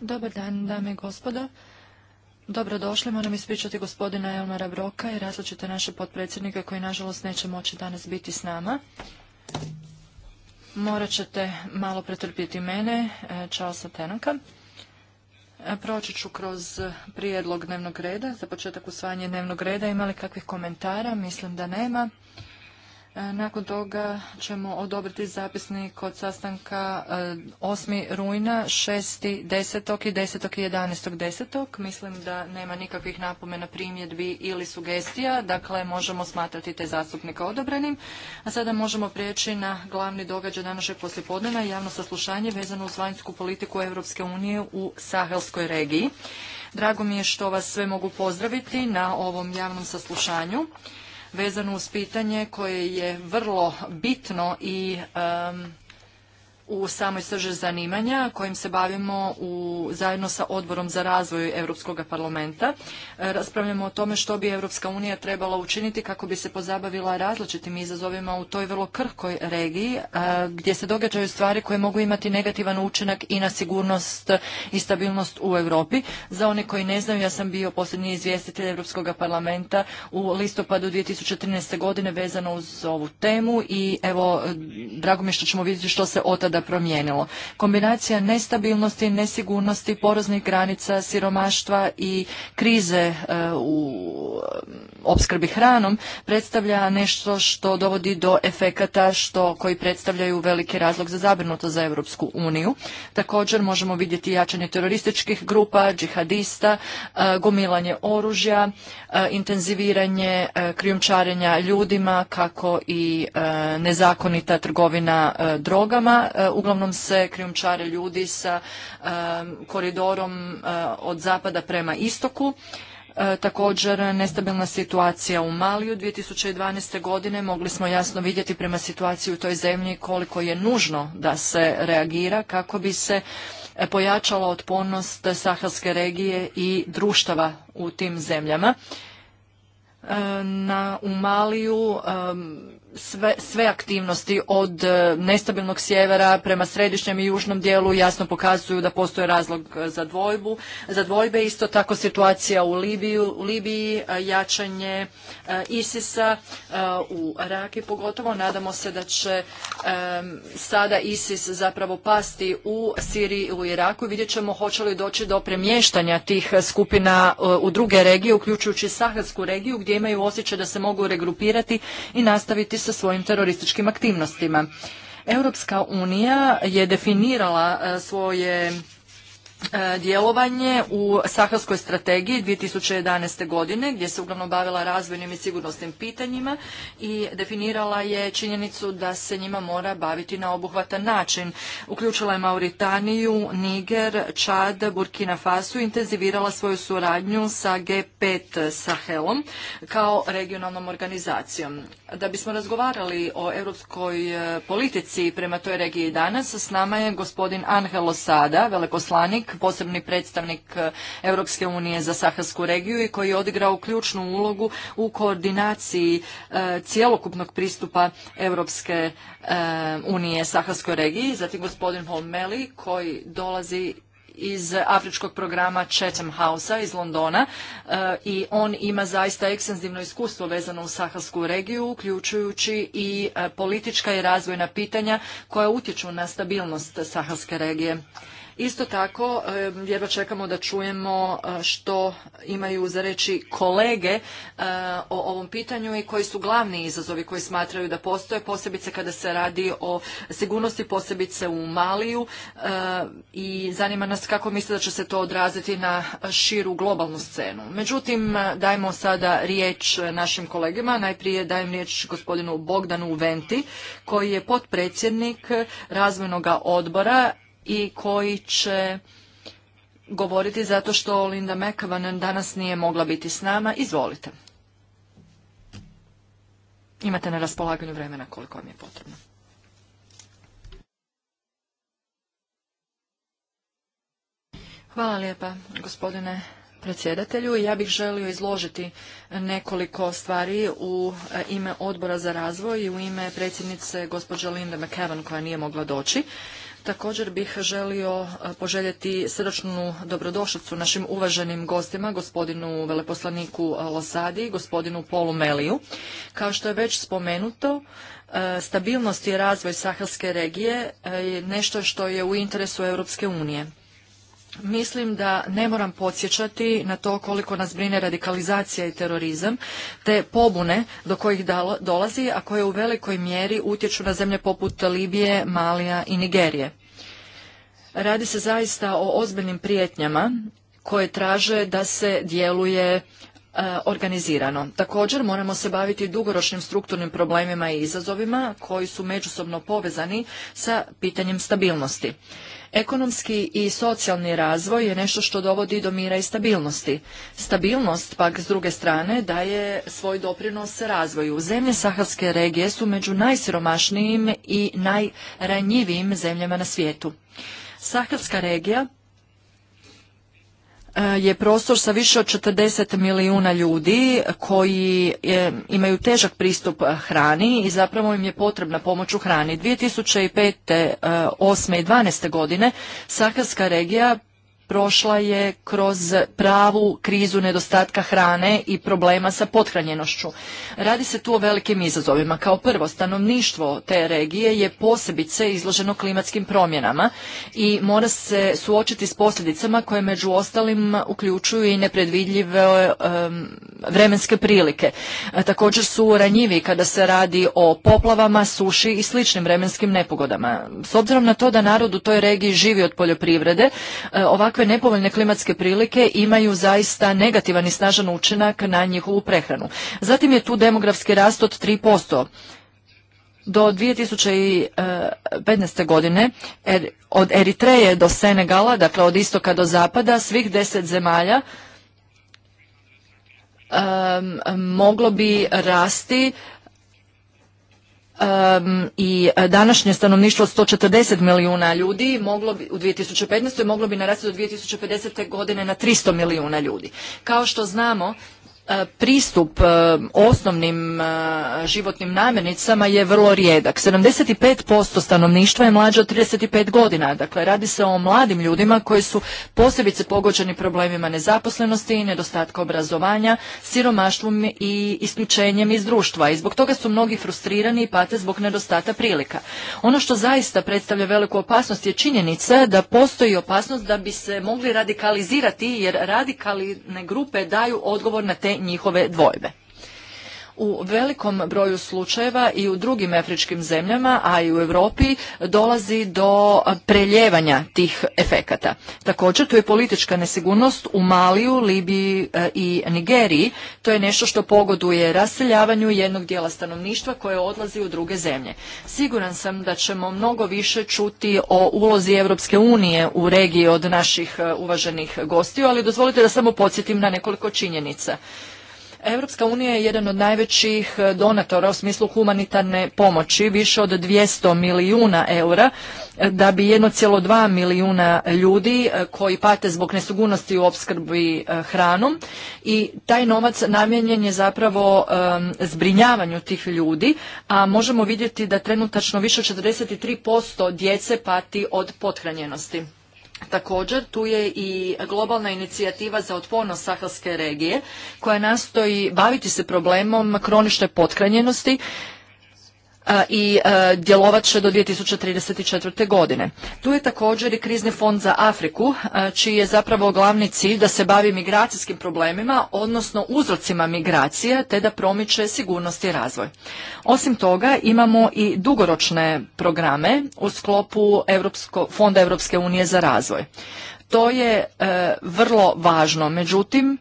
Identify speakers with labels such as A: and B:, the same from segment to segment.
A: Dobar dan, dame i gospodo. Dobrodošli, moram ispričati gospodina Elmara Broka i različite naše potpredsjednike koji nažalost neće moći danas biti s nama. Morat ćete malo pretrpjeti mene, e, Charlesa Tenaka. E, proći ću kroz prijedlog dnevnog reda, za početak usvajanje dnevnog reda. imali kakvih komentara? Mislim da nema. Nakon toga ćemo odobriti zapisnik od sastanka 8. E, rujna, 6. 10. i 10. i 11. 10. Mislim da nema nikakvih napomena primjedbi ili sugestija, dakle možemo smatrati te zastupnika odobrenim. A sada možemo prijeći na glavni događaj današnjeg poslijepodneva, javno saslušanje vezano uz vanjsku politiku Europske unije u Sahelskoj regiji. Drago mi je što vas sve mogu pozdraviti na ovom javnom saslušanju vezano uz pitanje koje je vrlo bitno i u samoj srži zanimanja kojim se bavimo u, zajedno sa odborom za razvoj Europskog parlamenta. E, raspravljamo o tome što bi Europska unija trebala učiniti kako bi se pozabavila različitim izazovima u toj vrlo krhkoj regiji e, gdje se događaju stvari koje mogu imati negativan učinak i na sigurnost i stabilnost u Europi. Za one koji ne znaju, ja sam bio posljednji izvjestitelj Europskog parlamenta u listopadu 2013. godine vezano uz ovu temu i evo, drago mi što ćemo vidjeti što se od promijenilo. Kombinacija nestabilnosti, nesigurnosti, poroznih granica, siromaštva i krize e, u e, opskrbi hranom predstavlja nešto što dovodi do efekata što, koji predstavljaju veliki razlog za zabrinuto za Europsku uniju. Također možemo vidjeti jačanje terorističkih grupa, džihadista, e, gomilanje oružja, intenziviranje krijumčarenja ljudima kako i nezakonita trgovina drogama E, uglavnom se krijumčare ljudi sa e, koridorom e, od zapada prema istoku. Također, nestabilna situacija u Maliju 2012. godine mogli smo jasno vidjeti prema situaciji u toj zemlji koliko je nužno da se reagira kako bi se pojačala otpornost Sahalske regije i društava u tim zemljama. Na, u Maliju sve, sve aktivnosti od e, nestabilnog sjevera prema središnjem i južnom dijelu jasno pokazuju da postoje razlog e, za dvojbu. Za dvojbe isto tako situacija u Libiji, e, jačanje ISIS-a u Raki pogotovo. Nadamo se da će sada ISIS zapravo pasti u Siriji i u Iraku i vidjet ćemo hoće li doći do premještanja tih skupina u druge regije, uključujući Saharsku regiju gdje imaju osjećaj da se mogu regrupirati i nastaviti sa svojim terorističkim aktivnostima. Europska unija je definirala e, svoje E, djelovanje u Sahelskoj strategiji 2011. godine gdje se uglavnom bavila razvojnim i sigurnosnim pitanjima i definirala je činjenicu da se njima mora baviti na obuhvatan način. Uključila je Mauritaniju, Niger, Čad, Burkina Fasu i intenzivirala svoju suradnju sa G5 Sahelom kao regionalnom organizacijom. Da bismo razgovarali o europskoj e, politici prema toj regiji danas, s nama je gospodin Angelo Sada, veleposlanik posebni predstavnik e, Europske unije za Saharsku regiju i koji je odigrao ključnu ulogu u koordinaciji e, cjelokupnog pristupa Europske e, unije Saharskoj regiji. Zatim gospodin Melli koji dolazi iz afričkog programa Chatham House-a iz Londona i on ima zaista ekstenzivno iskustvo vezano u saharsku regiju, uključujući i politička i razvojna pitanja koja utječu na stabilnost saharske regije. Isto tako, jedva čekamo da čujemo e, što imaju za reći kolege e, o ovom pitanju i koji su glavni izazovi koji smatraju da postoje, posebice kada se radi o sigurnosti, posebice u Maliju e, i zanima nas kako misle da će se to odraziti na širu globalnu scenu. Međutim, dajmo sada riječ našim kolegama. Najprije dajem riječ gospodinu Bogdanu Venti, koji je potpredsjednik razvojnog odbora i koji će govoriti zato što Linda McAvan danas nije mogla biti s nama. Izvolite. Imate na raspolaganju vremena koliko vam je potrebno. Hvala lijepa, gospodine predsjedatelju. Ja bih želio izložiti nekoliko stvari u e, ime odbora za razvoj i u ime predsjednice gospođe Linda McEwan koja nije mogla doći. Također bih želio e, poželjeti srdačnu dobrodošlicu našim uvaženim gostima, gospodinu veleposlaniku e, Losadi i gospodinu Polu Meliju. Kao što je već spomenuto, e, stabilnost i razvoj sahelske regije je nešto što je u interesu Europske unije. Mislim da ne moram podsjećati na to koliko nas brine radikalizacija i terorizam, te pobune do kojih dolazi, a koje u velikoj mjeri utječu na zemlje poput Libije, Malija i Nigerije. Radi se zaista o ozbiljnim prijetnjama koje traže da se djeluje e, organizirano. Također moramo se baviti dugoročnim strukturnim problemima i izazovima koji su međusobno povezani sa pitanjem stabilnosti. Ekonomski i socijalni razvoj je nešto što dovodi do mira i stabilnosti. Stabilnost pak s druge strane daje svoj doprinos razvoju. Zemlje Saharske regije su među najsiromašnijim i najranjivijim zemljama na svijetu. Saharska regija je prostor sa više od 40 milijuna ljudi koji e, imaju težak pristup hrani i zapravo im je potrebna pomoć u hrani. 2005. 8. E, i 12. godine Saharska regija prošla je kroz pravu krizu nedostatka hrane i problema sa pothranjenošću. Radi se tu o velikim izazovima. Kao prvo, stanovništvo te regije je posebice izloženo klimatskim promjenama i mora se suočiti s posljedicama koje među ostalim uključuju i nepredvidljive vremenske prilike. E, također su ranjivi kada se radi o poplavama, suši i sličnim vremenskim nepogodama. S obzirom na to da narod u toj regiji živi od poljoprivrede, e, ovakve nepovoljne klimatske prilike imaju zaista negativan i snažan učinak na njihovu prehranu. Zatim je tu demografski rast od 3%. Do 2015. E, godine er, od Eritreje do Senegala, dakle od istoka do zapada, svih deset zemalja moglo bi rasti Um, i e, današnje stanovništvo od 140 milijuna ljudi moglo bi, u 2015. moglo bi narasti do 2050. godine na 300 milijuna ljudi. Kao što znamo, E, pristup e, osnovnim e, životnim namirnicama je vrlo rijedak. 75% stanovništva je mlađe od 35 godina, dakle radi se o mladim ljudima koji su posebice pogođeni problemima nezaposlenosti i nedostatka obrazovanja, siromaštvom i isključenjem iz društva i zbog toga su mnogi frustrirani i pate zbog nedostata prilika. Ono što zaista predstavlja veliku opasnost je činjenica da postoji opasnost da bi se mogli radikalizirati jer radikalne grupe daju odgovor na te njihove dvojbe. U velikom broju slučajeva i u drugim afričkim zemljama, a i u Europi dolazi do preljevanja tih efekata. Također tu je politička nesigurnost u Maliju, Libiji e, i Nigeriji. To je nešto što pogoduje raseljavanju jednog dijela stanovništva koje odlazi u druge zemlje. Siguran sam da ćemo mnogo više čuti o ulozi Europske unije u regiji od naših e, uvaženih gostiju, ali dozvolite da samo podsjetim na nekoliko činjenica. Europska unija je jedan od najvećih e, donatora u smislu humanitarne pomoći, više od 200 milijuna eura, e, da bi 1,2 milijuna ljudi e, koji pate zbog nesigurnosti u opskrbi hranom i taj novac namijenjen je zapravo zbrinjavanju tih ljudi, a možemo vidjeti da trenutačno više od 43% djece pati od pothranjenosti. Također, tu je i globalna inicijativa za otpornost sahelske regije koja nastoji baviti se problemom kronične potkranjenosti i djelovat će do 2034. godine. Tu je također i krizni fond za Afriku, čiji je zapravo glavni cilj da se bavi migracijskim problemima, odnosno uzrocima migracija, te da promiče sigurnost i razvoj. Osim toga, imamo i dugoročne programe u sklopu Evropsko, Fonda Europske unije za razvoj. To je e, vrlo važno, međutim,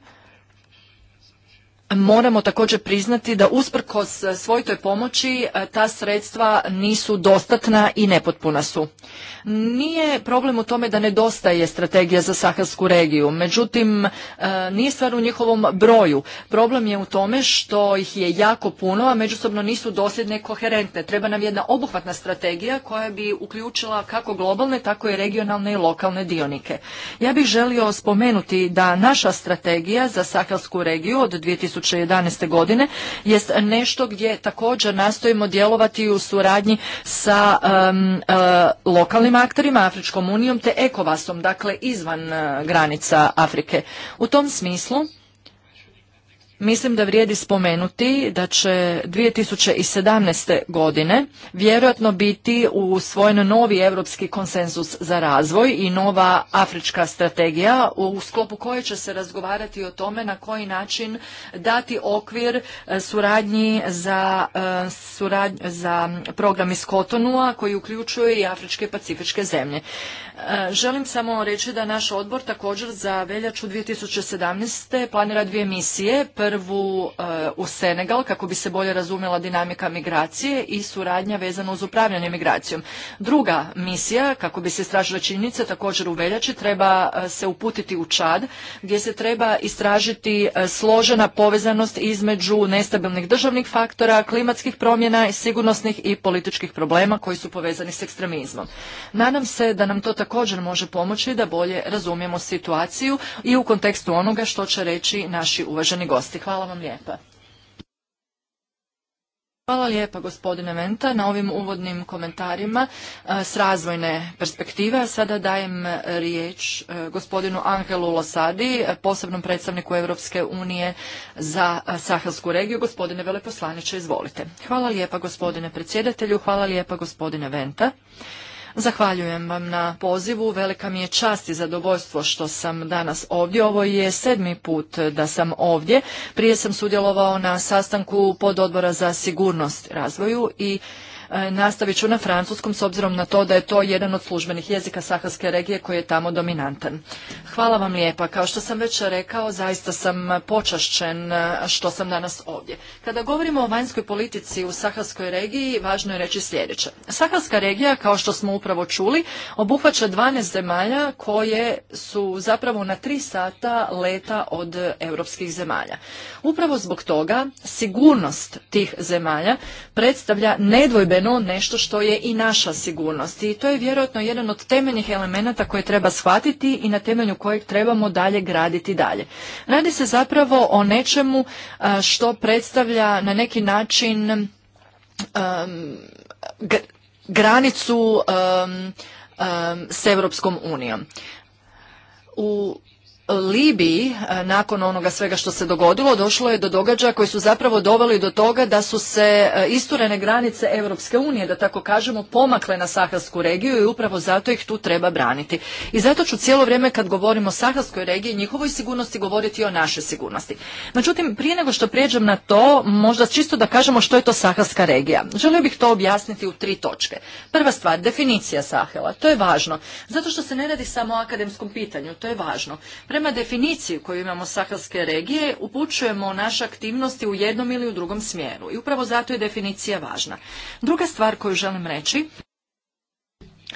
A: Moramo također priznati da usprkos svoj pomoći e, ta sredstva nisu dostatna i nepotpuna su. Nije problem u tome da nedostaje strategija za saharsku regiju, međutim e, nije stvar u njihovom broju. Problem je u tome što ih je jako puno, a međusobno nisu dosljedne i koherentne. Treba nam jedna obuhvatna strategija koja bi uključila kako globalne, tako i regionalne i lokalne dionike. Ja bih želio spomenuti da naša strategija za saharsku regiju od 2000 2011. godine jest nešto gdje također nastojimo djelovati u suradnji sa e, lokalnim akterima, Afričkom unijom te ekovasom, dakle izvan e, granica Afrike. U tom smislu mislim da vrijedi spomenuti da će 2017. godine vjerojatno biti usvojen novi europski konsenzus za razvoj i nova afrička strategija u sklopu koje će se razgovarati o tome na koji način dati okvir e, suradnji za, e, za program iz Kotonua koji uključuje i afričke i pacifičke zemlje. E, želim samo reći da naš odbor također za veljaču 2017. planira dvije misije. Prvu e, u Senegal kako bi se bolje razumjela dinamika migracije i suradnja vezana uz upravljanje migracijom. Druga misija kako bi se istražile činjenice također u veljači treba e, se uputiti u Čad gdje se treba istražiti složena povezanost između nestabilnih državnih faktora, klimatskih promjena, sigurnosnih i političkih problema koji su povezani s ekstremizmom. Nadam se da nam to također može pomoći da bolje razumijemo situaciju i u kontekstu onoga što će reći naši uvaženi gosti. Hvala vam lijepa. Hvala lijepa gospodine Venta na ovim uvodnim komentarima s razvojne perspektive. Sada dajem riječ e, gospodinu Angelu Losadi, posebnom predstavniku Europske unije za Sahelsku regiju. Gospodine veleposlaniče, izvolite. Hvala lijepa gospodine predsjedatelju, hvala lijepa gospodine Venta. Zahvaljujem vam na pozivu. Velika mi je čast i zadovoljstvo što sam danas ovdje. Ovo je sedmi put da sam ovdje. Prije sam sudjelovao na sastanku pododbora za sigurnost razvoju i E, nastavit ću na francuskom s obzirom na to da je to jedan od službenih jezika Saharske regije koji je tamo dominantan. Hvala vam lijepa. Kao što sam već rekao, zaista sam počašćen e, što sam danas ovdje. Kada govorimo o vanjskoj politici u Saharskoj regiji, važno je reći sljedeće. Saharska regija, kao što smo upravo čuli, obuhvaća 12 zemalja koje su zapravo na 3 sata leta od europskih zemalja. Upravo zbog toga sigurnost tih zemalja predstavlja nedvojbeno no nešto što je i naša sigurnost. I to je vjerojatno jedan od temeljnih elemenata koje treba shvatiti i na temelju kojeg trebamo dalje graditi dalje. Radi se zapravo o nečemu što predstavlja na neki način granicu s Europskom unijom. U Libiji, eh, nakon onoga svega što se dogodilo, došlo je do događaja koji su zapravo doveli do toga da su se eh, isturene granice Europske unije, da tako kažemo, pomakle na saharsku regiju i upravo zato ih tu treba braniti. I zato ću cijelo vrijeme kad govorimo o saharskoj regiji, njihovoj sigurnosti, govoriti i o našoj sigurnosti. Međutim, prije nego što prijeđem na to, možda čisto da kažemo što je to saharska regija. Želio bih to objasniti u tri točke. Prva stvar, definicija Sahela. To je važno. Zato što se ne radi samo o akademskom pitanju. To je važno Prema definiciji koju imamo sahelske regije, upućujemo naše aktivnosti u jednom ili u drugom smjeru i upravo zato je definicija važna. Druga stvar koju želim reći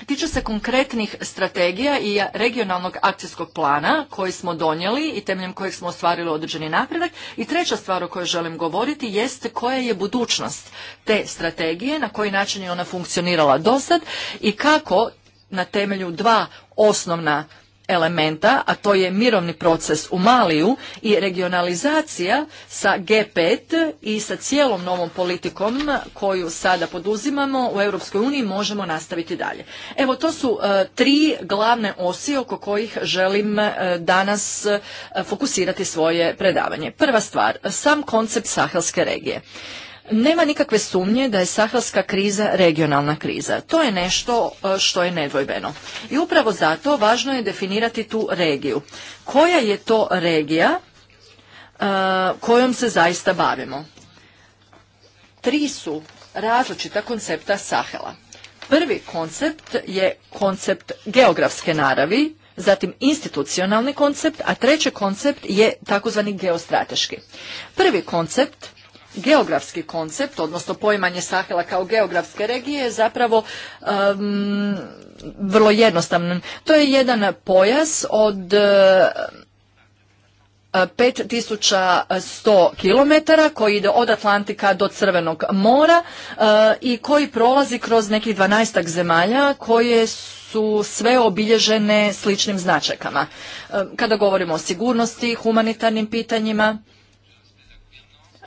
A: tiče se konkretnih strategija i regionalnog akcijskog plana koji smo donijeli i temeljem kojeg smo ostvarili određeni napredak. I treća stvar o kojoj želim govoriti jest koja je budućnost te strategije, na koji način je ona funkcionirala do sad i kako na temelju dva osnovna elementa, a to je mirovni proces u Maliju i regionalizacija sa G5 i sa cijelom novom politikom koju sada poduzimamo u Europskoj uniji možemo nastaviti dalje. Evo to su e, tri glavne osi oko kojih želim e, danas e, fokusirati svoje predavanje. Prva stvar, sam koncept sahelske regije. Nema nikakve sumnje da je sahelska kriza regionalna kriza. To je nešto e, što je nedvojbeno. I upravo zato važno je definirati tu regiju. Koja je to regija e, kojom se zaista bavimo? Tri su različita koncepta Sahela. Prvi koncept je koncept geografske naravi, zatim institucionalni koncept, a treći koncept je takozvani geostrateški. Prvi koncept geografski koncept, odnosno poimanje Sahela kao geografske regije je zapravo vrlo jednostavno. To je jedan pojas od 5100 e, e, km koji ide od Atlantika do Crvenog mora e, i koji prolazi kroz nekih 12 zemalja koje su sve obilježene sličnim značajkama. kada govorimo o sigurnosti, humanitarnim pitanjima,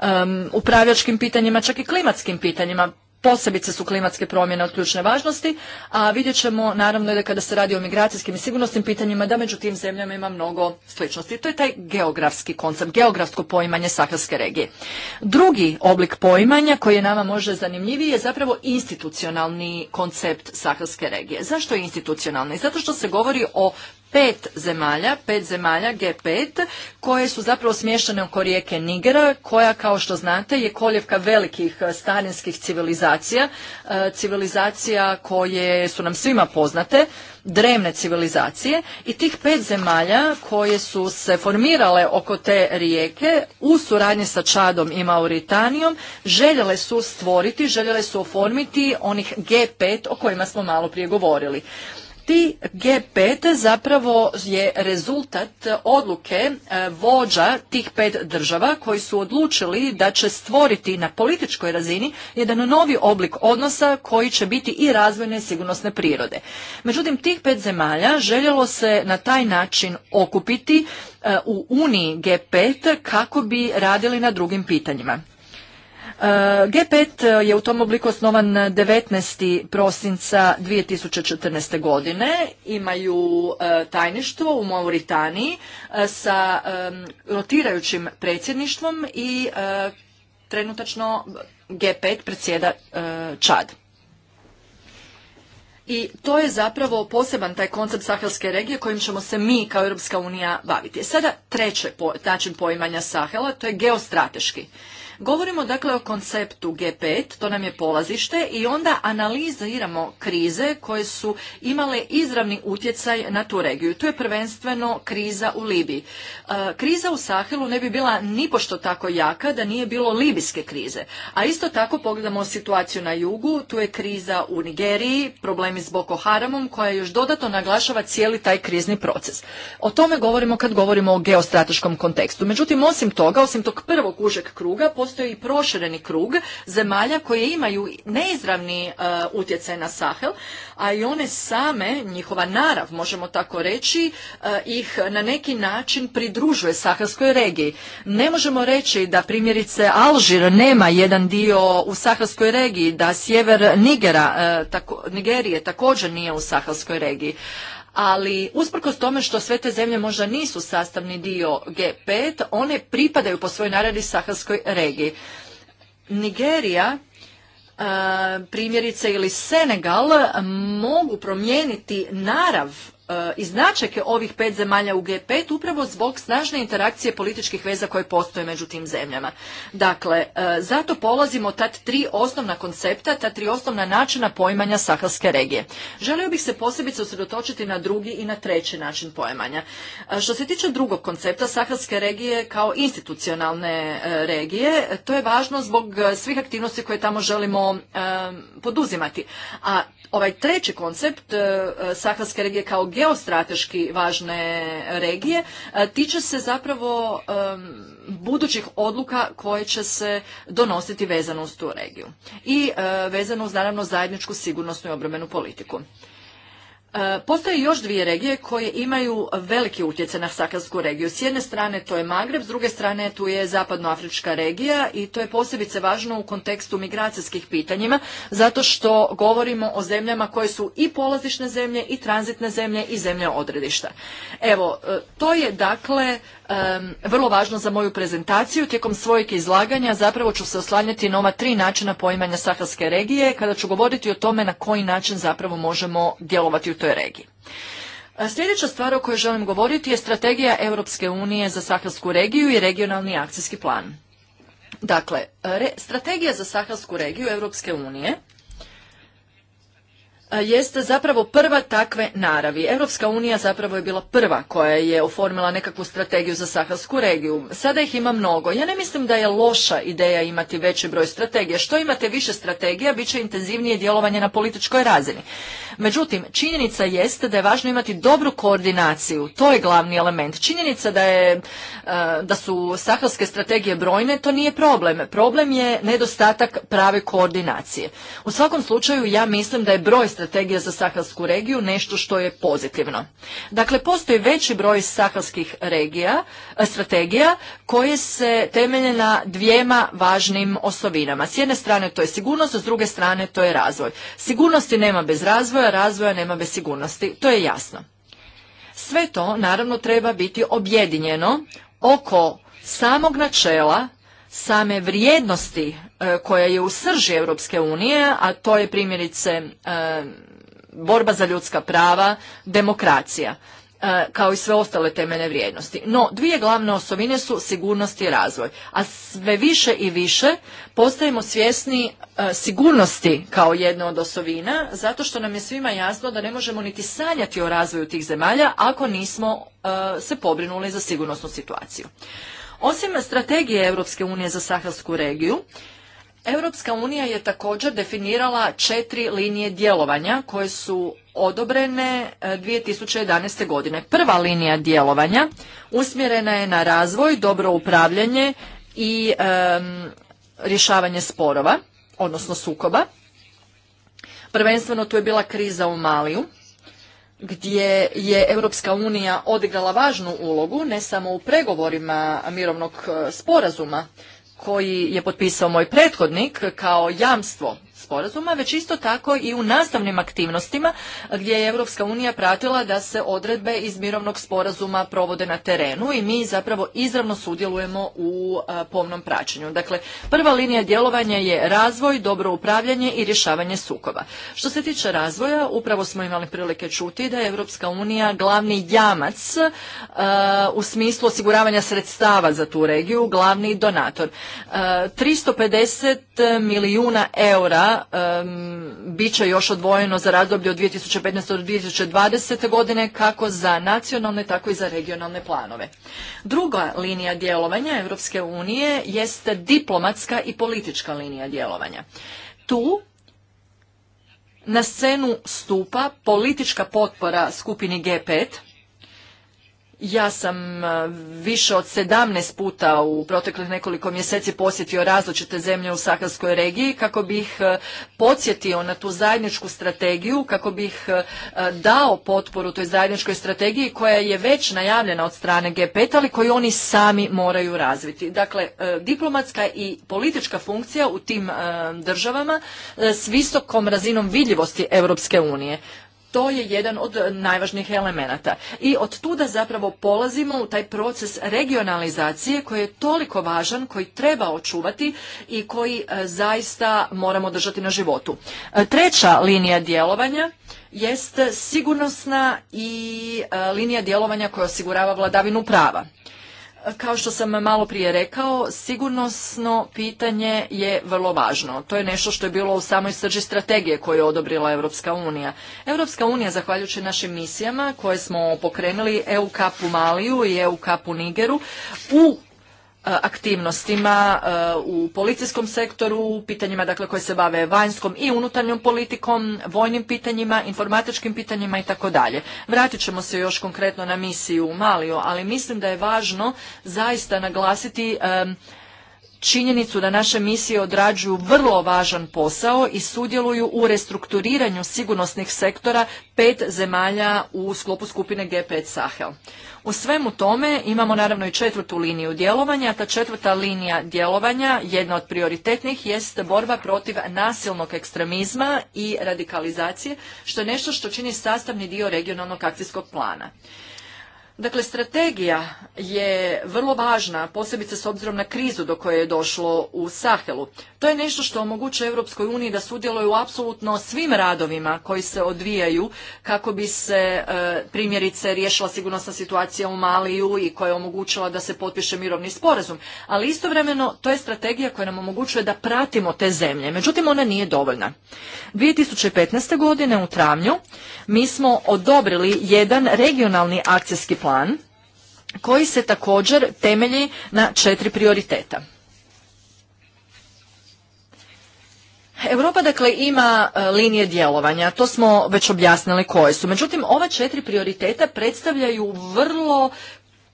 A: um, upravljačkim pitanjima, čak i klimatskim pitanjima. Posebice su klimatske promjene od ključne važnosti, a vidjet ćemo naravno da kada se radi o migracijskim i sigurnosnim pitanjima da među tim zemljama ima mnogo sličnosti. To je taj geografski koncept, geografsko poimanje Saharske regije. Drugi oblik poimanja koji je nama možda zanimljiviji je zapravo institucionalni koncept Saharske regije. Zašto je institucionalni? Zato što se govori o pet zemalja, pet zemalja G5, koje su zapravo smještene oko rijeke Nigera, koja kao što znate je koljevka velikih e, starinskih civilizacija, e, civilizacija koje su nam svima poznate, drevne civilizacije i tih pet zemalja koje su se formirale oko te rijeke u suradnji sa Čadom i Mauritanijom željele su stvoriti, željele su oformiti onih G5 o kojima smo malo prije govorili. G5 zapravo je rezultat odluke e, vođa tih pet država koji su odlučili da će stvoriti na političkoj razini jedan novi oblik odnosa koji će biti i razvojne sigurnosne prirode. Međutim, tih pet zemalja željelo se na taj način okupiti e, u Uniji G5 kako bi radili na drugim pitanjima. E, G5 je u tom obliku osnovan 19. prosinca 2014. godine. Imaju e, tajništvo u Mauritaniji e, sa rotirajućim predsjedništvom i trenutačno G5 predsjeda Čad. I to je zapravo poseban taj koncept sahelske regije kojim ćemo se mi kao Europska unija baviti. Sada treće način poimanja Sahela, to je geostrateški. Govorimo dakle o konceptu G5, to nam je polazište i onda analiziramo krize koje su imale izravni utjecaj na tu regiju. Tu je prvenstveno kriza u Libiji. E, kriza u Sahelu ne bi bila nipošto tako jaka da nije bilo libijske krize. A isto tako pogledamo situaciju na jugu, tu je kriza u Nigeriji, problemi s Boko Haramom koja još dodatno naglašava cijeli taj krizni proces. O tome govorimo kad govorimo o geostrateškom kontekstu. Međutim, osim toga, osim tog prvog užeg kruga, postoji prošireni krug zemalja koje imaju neizravni e, utjecaj na Sahel, a i one same, njihova narav, možemo tako reći, e, ih na neki način pridružuje Sahelskoj regiji. Ne možemo reći da primjerice Alžir nema jedan dio u Sahelskoj regiji, da sjever Nigera, e, Nigerije također nije u Sahelskoj regiji ali usprkos tome što sve te zemlje možda nisu sastavni dio G5, one pripadaju po svojoj naradi Saharskoj regiji. Nigerija e, primjerice ili Senegal mogu promijeniti narav E, i značajke ovih pet zemalja u G5 upravo zbog snažne interakcije političkih veza koje postoje među tim zemljama. Dakle, e, zato polazimo ta tri osnovna koncepta, ta tri osnovna načina poimanja saharske regije. Želio bih se posebice usredotočiti na drugi i na treći način poimanja. E, što se tiče drugog koncepta saharske regije kao institucionalne regije, to je važno zbog svih aktivnosti koje tamo želimo poduzimati. A ovaj treći koncept e, e, Saharske regije kao geostrateški važne regije e, tiče se zapravo budućih odluka koje će se donositi vezano uz tu regiju i vezano uz naravno zajedničku sigurnosnu i obrambenu politiku. E, postoje još dvije regije koje imaju veliki utjecaj na Sahelsku regiju. S jedne strane to je Magreb, s druge strane tu je zapadnoafrička regija i to je posebice važno u kontekstu migracijskih pitanjima zato što govorimo o zemljama koje su i polazišne zemlje i tranzitne zemlje i zemlje odredišta. Evo, e, to je dakle um, vrlo važno za moju prezentaciju. Tijekom svojeg izlaganja zapravo ću se oslanjati na ova tri načina poimanja Sahelske regije kada ću govoriti o tome na koji način zapravo možemo djelovati u toj regiji. Sljedeća stvar o kojoj želim govoriti je strategija Europske unije za Sahelsku regiju i regionalni akcijski plan. Dakle, strategija za Sahelsku regiju Europske unije E, jeste zapravo prva takve naravi. Europska unija zapravo je bila prva koja je oformila nekakvu strategiju za saharsku regiju. Sada ih ima mnogo. Ja ne mislim da je loša ideja imati veći broj strategija. Što imate više strategija, bit će intenzivnije djelovanje na političkoj razini. Međutim, činjenica jeste da je važno imati dobru koordinaciju. To je glavni element. Činjenica da, je, e, da su sahalske strategije brojne, to nije problem. Problem je nedostatak prave koordinacije. U svakom slučaju ja mislim da je broj strategija za sahelsku regiju nešto što je pozitivno. Dakle, postoji veći broj sahalskih regija, e, strategija koje se temelje na dvijema važnim osovinama. S jedne strane to je sigurnost, s druge strane to je razvoj. Sigurnosti nema bez razvoja, razvoja nema bez sigurnosti, to je jasno. Sve to naravno treba biti objedinjeno oko samog načela same vrijednosti e, koja je u srži Europske unije, a to je primjerice e, borba za ljudska prava, demokracija. E, kao i sve ostale temeljne vrijednosti. No, dvije glavne osobine su sigurnost i razvoj. A sve više i više postajemo svjesni e, sigurnosti kao jedne od osovina, zato što nam je svima jasno da ne možemo niti sanjati o razvoju tih zemalja ako nismo e, se pobrinuli za sigurnosnu situaciju. Osim strategije Europske unije za sahelsku regiju, Europska unija je također definirala četiri linije djelovanja koje su odobrene 2011. E, godine. Prva linija djelovanja usmjerena je na razvoj, dobro upravljanje i rješavanje sporova, odnosno sukoba. Prvenstveno tu je bila kriza u Maliju gdje je Europska unija odigrala važnu ulogu ne samo u pregovorima mirovnog e, sporazuma koji je potpisao moj prethodnik kao jamstvo sporazuma, već isto tako i u nastavnim aktivnostima gdje je Europska unija pratila da se odredbe iz mirovnog sporazuma provode na terenu i mi zapravo izravno sudjelujemo u pomnom praćenju. Dakle, prva linija djelovanja je razvoj, dobro upravljanje i rješavanje sukoba. Što se tiče razvoja, upravo smo imali prilike čuti da je Europska unija glavni jamac u smislu osiguravanja sredstava za tu regiju, glavni donator. 350 milijuna eura bit će još odvojeno za razdoblje od 2015. do 2020. godine kako za nacionalne, tako i za regionalne planove. Druga linija djelovanja Europske unije jeste diplomatska i politička linija djelovanja. Tu na scenu stupa politička potpora skupini G5, ja sam e, više od 17 puta u proteklih nekoliko mjeseci posjetio različite zemlje u Sakarskoj regiji kako bih e, podsjetio na tu zajedničku strategiju, kako bih e, dao potporu toj zajedničkoj strategiji koja je već najavljena od strane G5, ali koju oni sami moraju razviti. Dakle, diplomatska i politička funkcija u tim državama s visokom razinom vidljivosti Europske unije to je jedan od najvažnijih elemenata. I od tuda zapravo polazimo u taj proces regionalizacije koji je toliko važan, koji treba očuvati i koji e, zaista moramo držati na životu. E, treća linija djelovanja jest sigurnosna i e, linija djelovanja koja osigurava vladavinu prava. Kao što sam malo prije rekao, sigurnosno pitanje je vrlo važno. To je nešto što je bilo u samoj srži strategije koju je odobrila Europska unija. Europska unija, zahvaljujući našim misijama koje smo pokrenuli EU kapu Maliju i EU u Nigeru, u E, aktivnostima e, u policijskom sektoru, pitanjima dakle koje se bave vanjskom i unutarnjom politikom, vojnim pitanjima, informatičkim pitanjima i tako dalje. Vratit ćemo se još konkretno na misiju u Malio, ali mislim da je važno zaista naglasiti e, činjenicu da naše misije odrađuju vrlo važan posao i sudjeluju u restrukturiranju sigurnosnih sektora pet zemalja u sklopu skupine G5 Sahel. U svemu tome imamo naravno i četvrtu liniju djelovanja. Ta četvrta linija djelovanja, jedna od prioritetnih, jest borba protiv nasilnog ekstremizma i radikalizacije, što je nešto što čini sastavni dio regionalnog akcijskog plana. Dakle, strategija je vrlo važna, posebice s obzirom na krizu do koje je došlo u Sahelu. To je nešto što omogućuje Europskoj uniji da sudjeluje u apsolutno svim radovima koji se odvijaju kako bi se e, primjerice riješila sigurnosna situacija u Maliju i koja je omogućila da se potpiše mirovni sporazum. Ali istovremeno to je strategija koja nam omogućuje da pratimo te zemlje. Međutim, ona nije dovoljna. 2015. godine u travnju mi smo odobrili jedan regionalni akcijski plan plan koji se također temelji na četiri prioriteta. Europa dakle ima e, linije djelovanja, to smo već objasnili koje su. Međutim, ova četiri prioriteta predstavljaju vrlo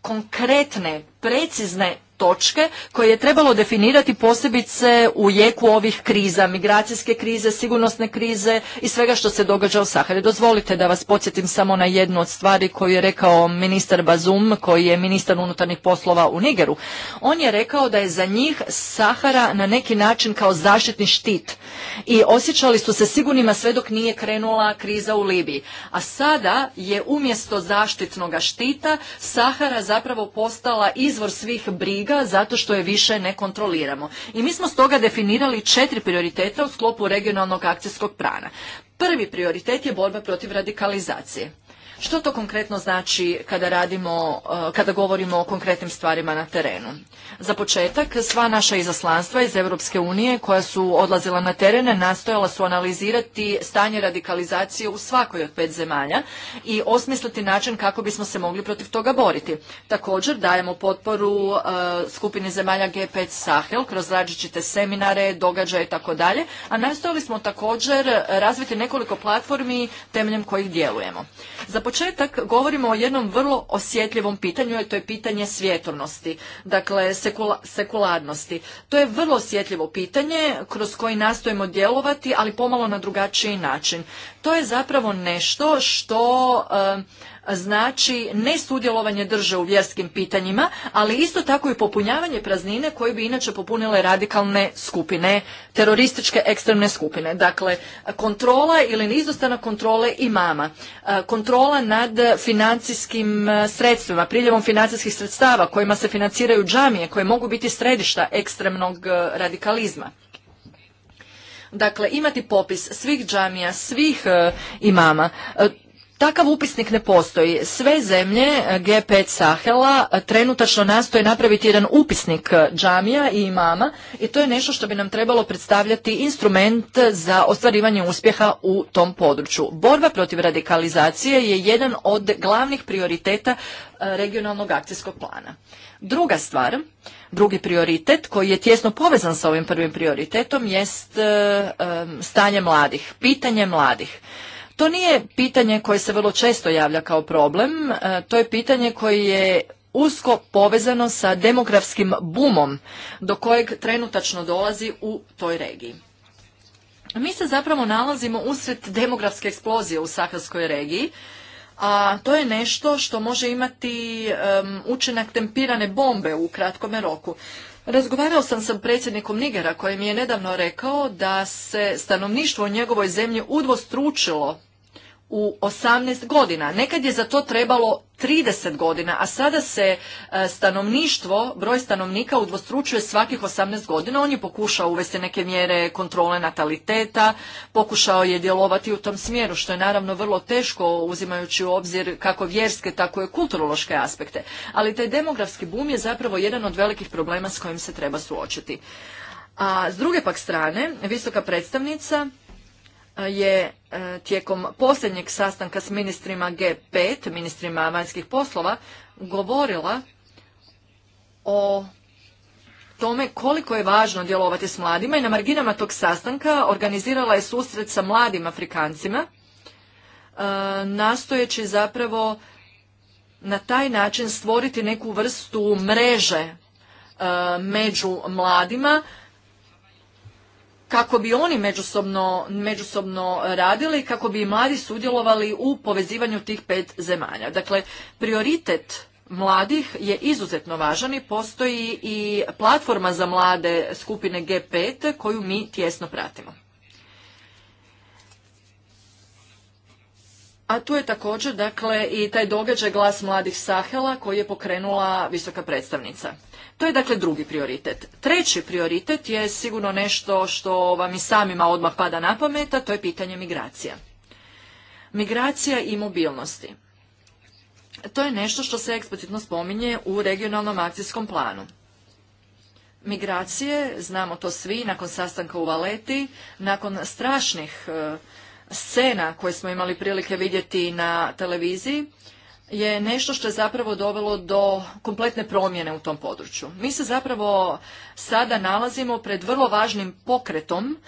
A: konkretne, precizne točke koje je trebalo definirati posebice u jeku ovih kriza, migracijske krize, sigurnosne krize i svega što se događa u Sahari. Dozvolite da vas podsjetim samo na jednu od stvari koju je rekao ministar Bazum, koji je ministar unutarnjih poslova u Nigeru. On je rekao da je za njih Sahara na neki način kao zaštitni štit i osjećali su se sigurnima sve dok nije krenula kriza u Libiji. A sada je umjesto zaštitnog štita Sahara zapravo postala izvor svih briga briga zato što je više ne kontroliramo. I mi smo stoga definirali četiri prioriteta u sklopu regionalnog akcijskog prana. Prvi prioritet je borba protiv radikalizacije. Što to konkretno znači kada radimo, eh, kada govorimo o konkretnim stvarima na terenu? Za početak, sva naša izaslanstva iz Europske unije koja su odlazila na terene nastojala su analizirati stanje radikalizacije u svakoj od pet zemalja i osmisliti način kako bismo se mogli protiv toga boriti. Također dajemo potporu eh, skupini zemalja G5 Sahel kroz različite seminare, događaje i tako dalje, a nastojali smo također razviti nekoliko platformi temeljem kojih djelujemo. Za početak govorimo o jednom vrlo osjetljivom pitanju, a to je pitanje svjetornosti, dakle sekularnosti. To je vrlo osjetljivo pitanje kroz koji nastojimo djelovati, ali pomalo na drugačiji način. To je zapravo nešto što znači ne sudjelovanje drže u vjerskim pitanjima, ali isto tako i popunjavanje praznine koje bi inače popunile radikalne skupine, terorističke ekstremne skupine. Dakle, kontrola ili neizostanak kontrole imama, kontrola nad financijskim sredstvima, priljevom financijskih sredstava kojima se financiraju džamije koje mogu biti središta ekstremnog radikalizma. Dakle, imati popis svih džamija, svih imama, Takav upisnik ne postoji. Sve zemlje eh, G5 Sahela eh, trenutačno nastoje napraviti jedan upisnik eh, džamija i imama i to je nešto što bi nam trebalo predstavljati instrument za ostvarivanje uspjeha u tom području. Borba protiv radikalizacije je jedan od glavnih prioriteta regionalnog akcijskog plana. Druga stvar, drugi prioritet koji je tjesno povezan sa ovim prvim prioritetom jest stanje mladih, pitanje mladih. To nije pitanje koje se vrlo često javlja kao problem, e, to je pitanje koje je usko povezano sa demografskim bumom do kojeg trenutačno dolazi u toj regiji. Mi se zapravo nalazimo usred demografske eksplozije u Saharskoj regiji, a to je nešto što može imati učinak tempirane bombe u kratkome roku. Razgovarao sam sa predsjednikom Nigera koji mi je nedavno rekao da se stanovništvo u njegovoj zemlji udvostručilo u 18 godina. Nekad je za to trebalo 30 godina, a sada se e, stanovništvo, broj stanovnika udvostručuje svakih 18 godina. On je pokušao uvesti neke mjere kontrole nataliteta, pokušao je djelovati u tom smjeru, što je naravno vrlo teško uzimajući u obzir kako vjerske, tako i kulturološke aspekte. Ali taj demografski bum je zapravo jedan od velikih problema s kojim se treba suočiti. A s druge pak strane, visoka predstavnica je e, tijekom posljednjeg sastanka s ministrima G5, ministrima vanjskih poslova, govorila o tome koliko je važno djelovati s mladima i na marginama tog sastanka organizirala je susret sa mladim Afrikancima, e, nastojeći zapravo na taj način stvoriti neku vrstu mreže e, među mladima, kako bi oni međusobno, međusobno radili, kako bi mladi sudjelovali u povezivanju tih pet zemalja. Dakle, prioritet mladih je izuzetno važan i postoji i platforma za mlade skupine G5 koju mi tjesno pratimo. A tu je također dakle i taj događaj glas mladih Sahela koji je pokrenula visoka predstavnica. To je dakle drugi prioritet. Treći prioritet je sigurno nešto što vam i samima odmah pada na pamet, a to je pitanje migracija. Migracija i mobilnosti. To je nešto što se eksplicitno spominje u regionalnom akcijskom planu. Migracije, znamo to svi, nakon sastanka u Valeti, nakon strašnih eh, scena koje smo imali prilike vidjeti na televiziji je nešto što je zapravo dovelo do kompletne promjene u tom području. Mi se zapravo sada nalazimo pred vrlo važnim pokretom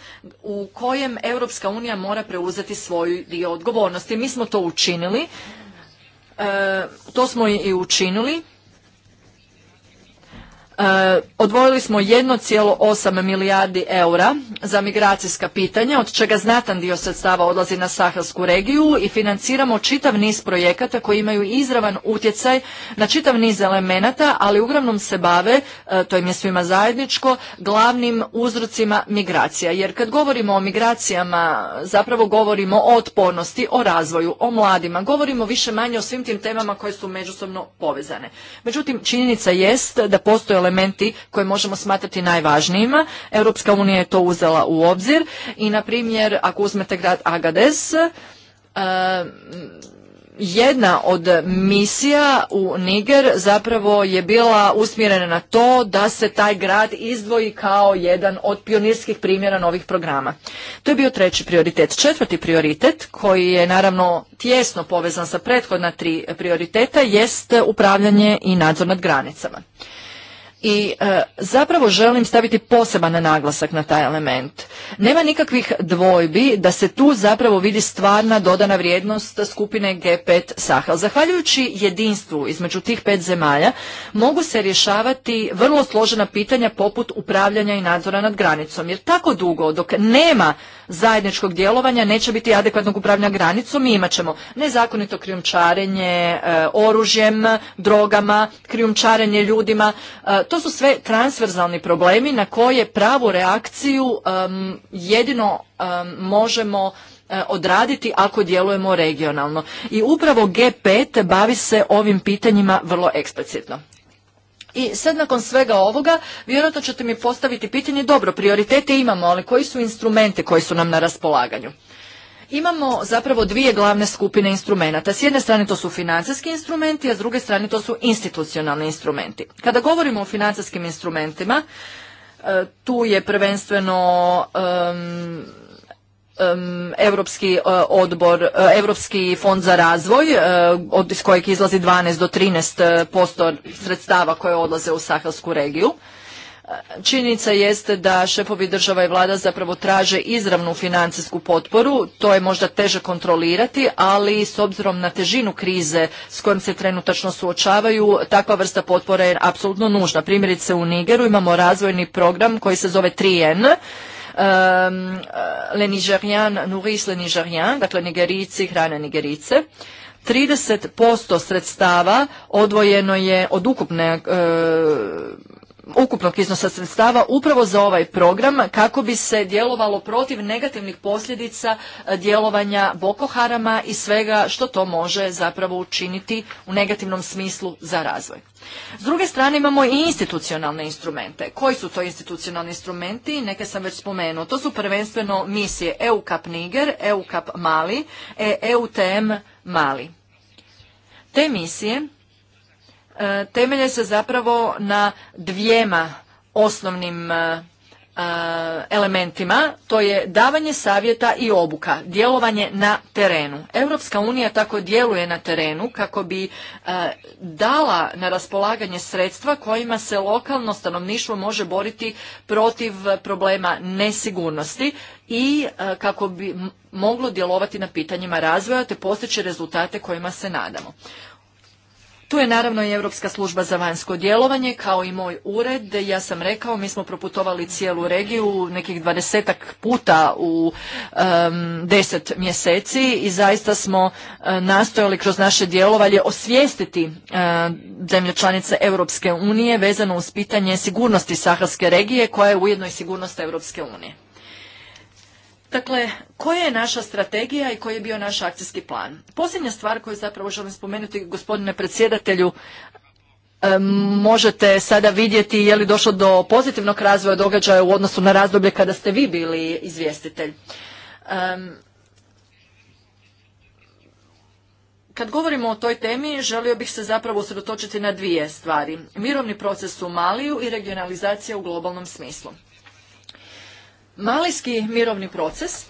A: u kojem Europska unija mora preuzeti svoju dio odgovornosti. Mi smo to učinili, e, to smo i učinili E, odvojili smo 1,8 milijardi eura za migracijska pitanja, od čega znatan dio sredstava odlazi na Sahelsku regiju i financiramo čitav niz projekata koji imaju izravan utjecaj na čitav niz elemenata, ali uglavnom se bave, e, to im je svima zajedničko, glavnim uzrocima migracija. Jer kad govorimo o migracijama, zapravo govorimo o otpornosti, o razvoju, o mladima, govorimo više manje o svim tim temama koje su međusobno povezane. Međutim, činjenica jest da postoje elementi koje možemo smatrati najvažnijima. Europska unija je to uzela u obzir i, na primjer, ako uzmete grad Agades, e, jedna od misija u Niger zapravo je bila usmjerena na to da se taj grad izdvoji kao jedan od pionirskih primjera novih programa. To je bio treći prioritet. Četvrti prioritet koji je naravno tjesno povezan sa prethodna tri prioriteta jest upravljanje i nadzor nad granicama i e, zapravo želim staviti poseban naglasak na taj element. Nema nikakvih dvojbi da se tu zapravo vidi stvarna dodana vrijednost skupine G5 Sahel. Zahvaljujući jedinstvu između tih pet zemalja mogu se rješavati vrlo složena pitanja poput upravljanja i nadzora nad granicom. Jer tako dugo dok nema zajedničkog djelovanja neće biti adekvatnog upravljanja granicom i imat ćemo nezakonito krijumčarenje e, oružjem, drogama, krijumčarenje ljudima. E, to su sve transverzalni problemi na koje pravu reakciju jedino možemo e, odraditi ako djelujemo regionalno. I upravo G5 bavi se ovim pitanjima vrlo eksplicitno. I sad nakon svega ovoga, vjerojatno ćete mi postaviti pitanje, dobro, prioritete imamo, ali koji su instrumente koji su nam na raspolaganju? Imamo zapravo dvije glavne skupine instrumenta. S jedne strane to su financijski instrumenti, a s druge strane to su institucionalni instrumenti. Kada govorimo o financijskim instrumentima, e, tu je prvenstveno Europski e, odbor, e, Europski fond za razvoj, iz kojeg izlazi 12 do 13 posto sredstava koje odlaze u sahelsku regiju. Činjenica jeste da šefovi država i vlada zapravo traže izravnu financijsku potporu, to je možda teže kontrolirati, ali s obzirom na težinu krize s kojom se trenutačno suočavaju, takva vrsta potpore je apsolutno nužna. Primjerice u Nigeru imamo razvojni program koji se zove 3N, Le Nigerian, Nouris Le Nigerian, dakle Nigerici, hrane Nigerice. 30% sredstava odvojeno je od ukupne e, ukupnog iznosa sredstava upravo za ovaj program kako bi se djelovalo protiv negativnih posljedica e, djelovanja Boko Harama i svega što to može zapravo učiniti u negativnom smislu za razvoj. S druge strane imamo i institucionalne instrumente. Koji su to institucionalni instrumenti? Neke sam već spomenuo. To su prvenstveno misije EUCAP Niger, EUCAP Mali, EUTM Mali. Te misije E, temelje se zapravo na dvijema osnovnim e, e, elementima, to je davanje savjeta i obuka, djelovanje na terenu. Europska unija tako djeluje na terenu kako bi dala na raspolaganje sredstva kojima se lokalno stanovništvo može boriti protiv problema nesigurnosti i kako bi moglo djelovati na pitanjima razvoja te postići rezultate kojima se nadamo. Tu je naravno i Europska služba za vanjsko djelovanje, kao i moj ured. Ja sam rekao, mi smo proputovali cijelu regiju nekih dvadesetak puta u deset mjeseci i zaista smo e, nastojali kroz naše djelovanje osvijestiti e, zemlje članice Europske unije vezano uz pitanje sigurnosti Saharske regije koja je ujedno i sigurnost Europske unije. Dakle, koja je naša strategija i koji je bio naš akcijski plan? Posljednja stvar koju zapravo želim spomenuti, gospodine predsjedatelju, možete sada vidjeti je li došlo do pozitivnog razvoja događaja u odnosu na razdoblje kada ste vi bili izvjestitelj. Kad govorimo o toj temi, želio bih se zapravo usredotočiti na dvije stvari. Mirovni proces u Maliju i regionalizacija u globalnom smislu. Malijski mirovni proces,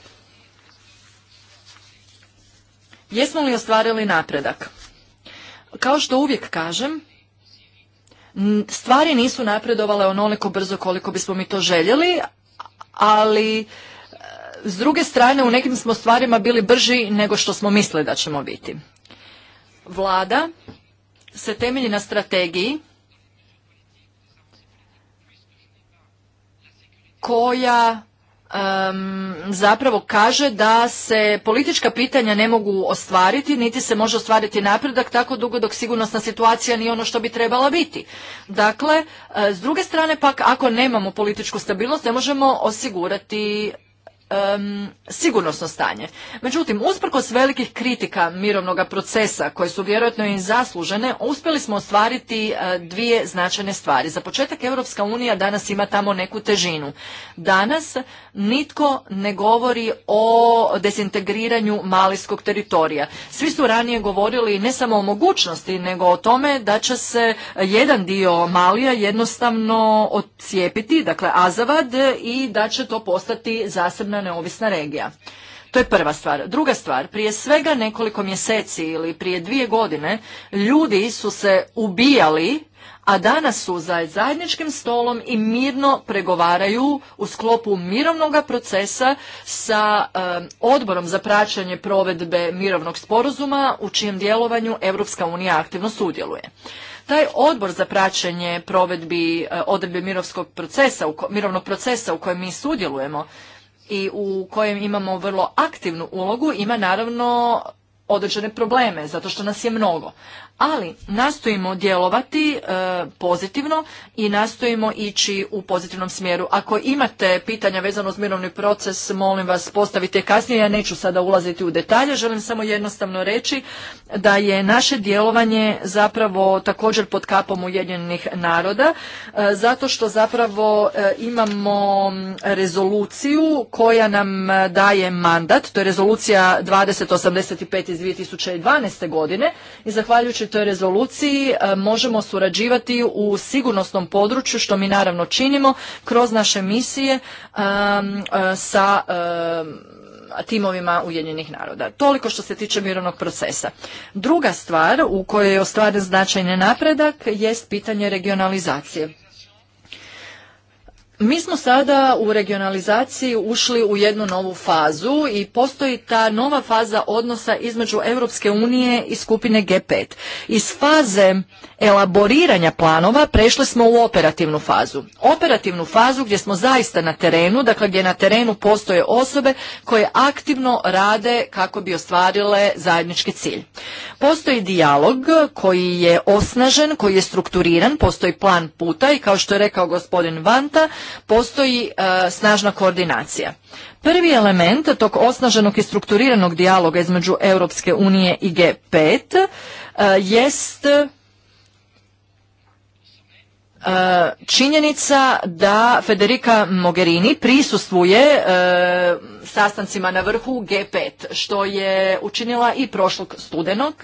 A: jesmo li ostvarili napredak? Kao što uvijek kažem, stvari nisu napredovale onoliko brzo koliko bismo mi to željeli, ali e, s druge strane u nekim smo stvarima bili brži nego što smo mislili da ćemo biti. Vlada se temelji na strategiji koja um, zapravo kaže da se politička pitanja ne mogu ostvariti, niti se može ostvariti napredak tako dugo dok sigurnosna situacija nije ono što bi trebala biti. Dakle, eh, s druge strane pak, ako nemamo političku stabilnost, ne možemo osigurati um, sigurnosno stanje. Međutim, usprkos velikih kritika mirovnog procesa, koje su vjerojatno i zaslužene, uspjeli smo ostvariti e, dvije značajne stvari. Za početak, Europska unija danas ima tamo neku težinu. Danas nitko ne govori o desintegriranju malijskog teritorija. Svi su ranije govorili ne samo o mogućnosti, nego o tome da će se jedan dio Malija jednostavno odcijepiti, dakle Azavad, i da će to postati zasebna neovisna regija. To je prva stvar. Druga stvar, prije svega nekoliko mjeseci ili prije dvije godine ljudi su se ubijali, a danas su za zajedničkim stolom i mirno pregovaraju u sklopu mirovnog procesa sa odborom za praćanje provedbe mirovnog sporazuma u čijem djelovanju Europska unija aktivno sudjeluje. Taj odbor za praćenje provedbi e, mirovskog procesa, mirovnog procesa u kojem mi sudjelujemo i u kojem imamo vrlo aktivnu ulogu ima naravno određene probleme zato što nas je mnogo ali nastojimo djelovati e, pozitivno i nastojimo ići u pozitivnom smjeru. Ako imate pitanja vezano uz mirovni proces, molim vas postavite kasnije, ja neću sada ulaziti u detalje, želim samo jednostavno reći da je naše djelovanje zapravo također pod kapom Ujedinjenih naroda, e, zato što zapravo e, imamo rezoluciju koja nam daje mandat, to je rezolucija 2085 iz 2012. godine i zahvaljujući toj rezoluciji e, možemo surađivati u sigurnosnom području, što mi naravno činimo, kroz naše misije e, e, sa timovima Ujedinjenih naroda. Toliko što se tiče mirovnog procesa. Druga stvar u kojoj je ostvaren značajni napredak jest pitanje regionalizacije mi smo sada u regionalizaciji ušli u jednu novu fazu i postoji ta nova faza odnosa između Europske unije i skupine G5. Iz faze elaboriranja planova prešli smo u operativnu fazu. Operativnu fazu gdje smo zaista na terenu, dakle gdje na terenu postoje osobe koje aktivno rade kako bi ostvarile zajednički cilj. Postoji dijalog koji je osnažen, koji je strukturiran, postoji plan puta i kao što je rekao gospodin Vanta, postoji e, snažna koordinacija. Prvi element tog osnaženog i strukturiranog dijaloga između Europske unije i G5 e, jest e, činjenica da Federica Mogherini prisustvuje sastancima na vrhu G5, što je učinila i prošlog studenog.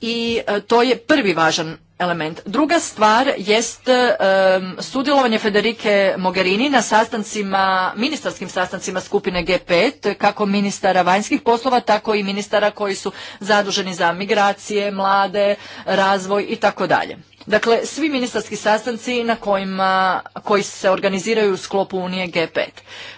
A: I to je prvi važan element. Druga stvar jest sudjelovanje Federike Mogherini na sastancima, ministarskim sastancima skupine G5, kako ministara vanjskih poslova, tako i ministara koji su zaduženi za migracije, mlade, razvoj i tako dalje. Dakle, svi ministarski sastanci na kojima, koji se organiziraju u sklopu Unije G5.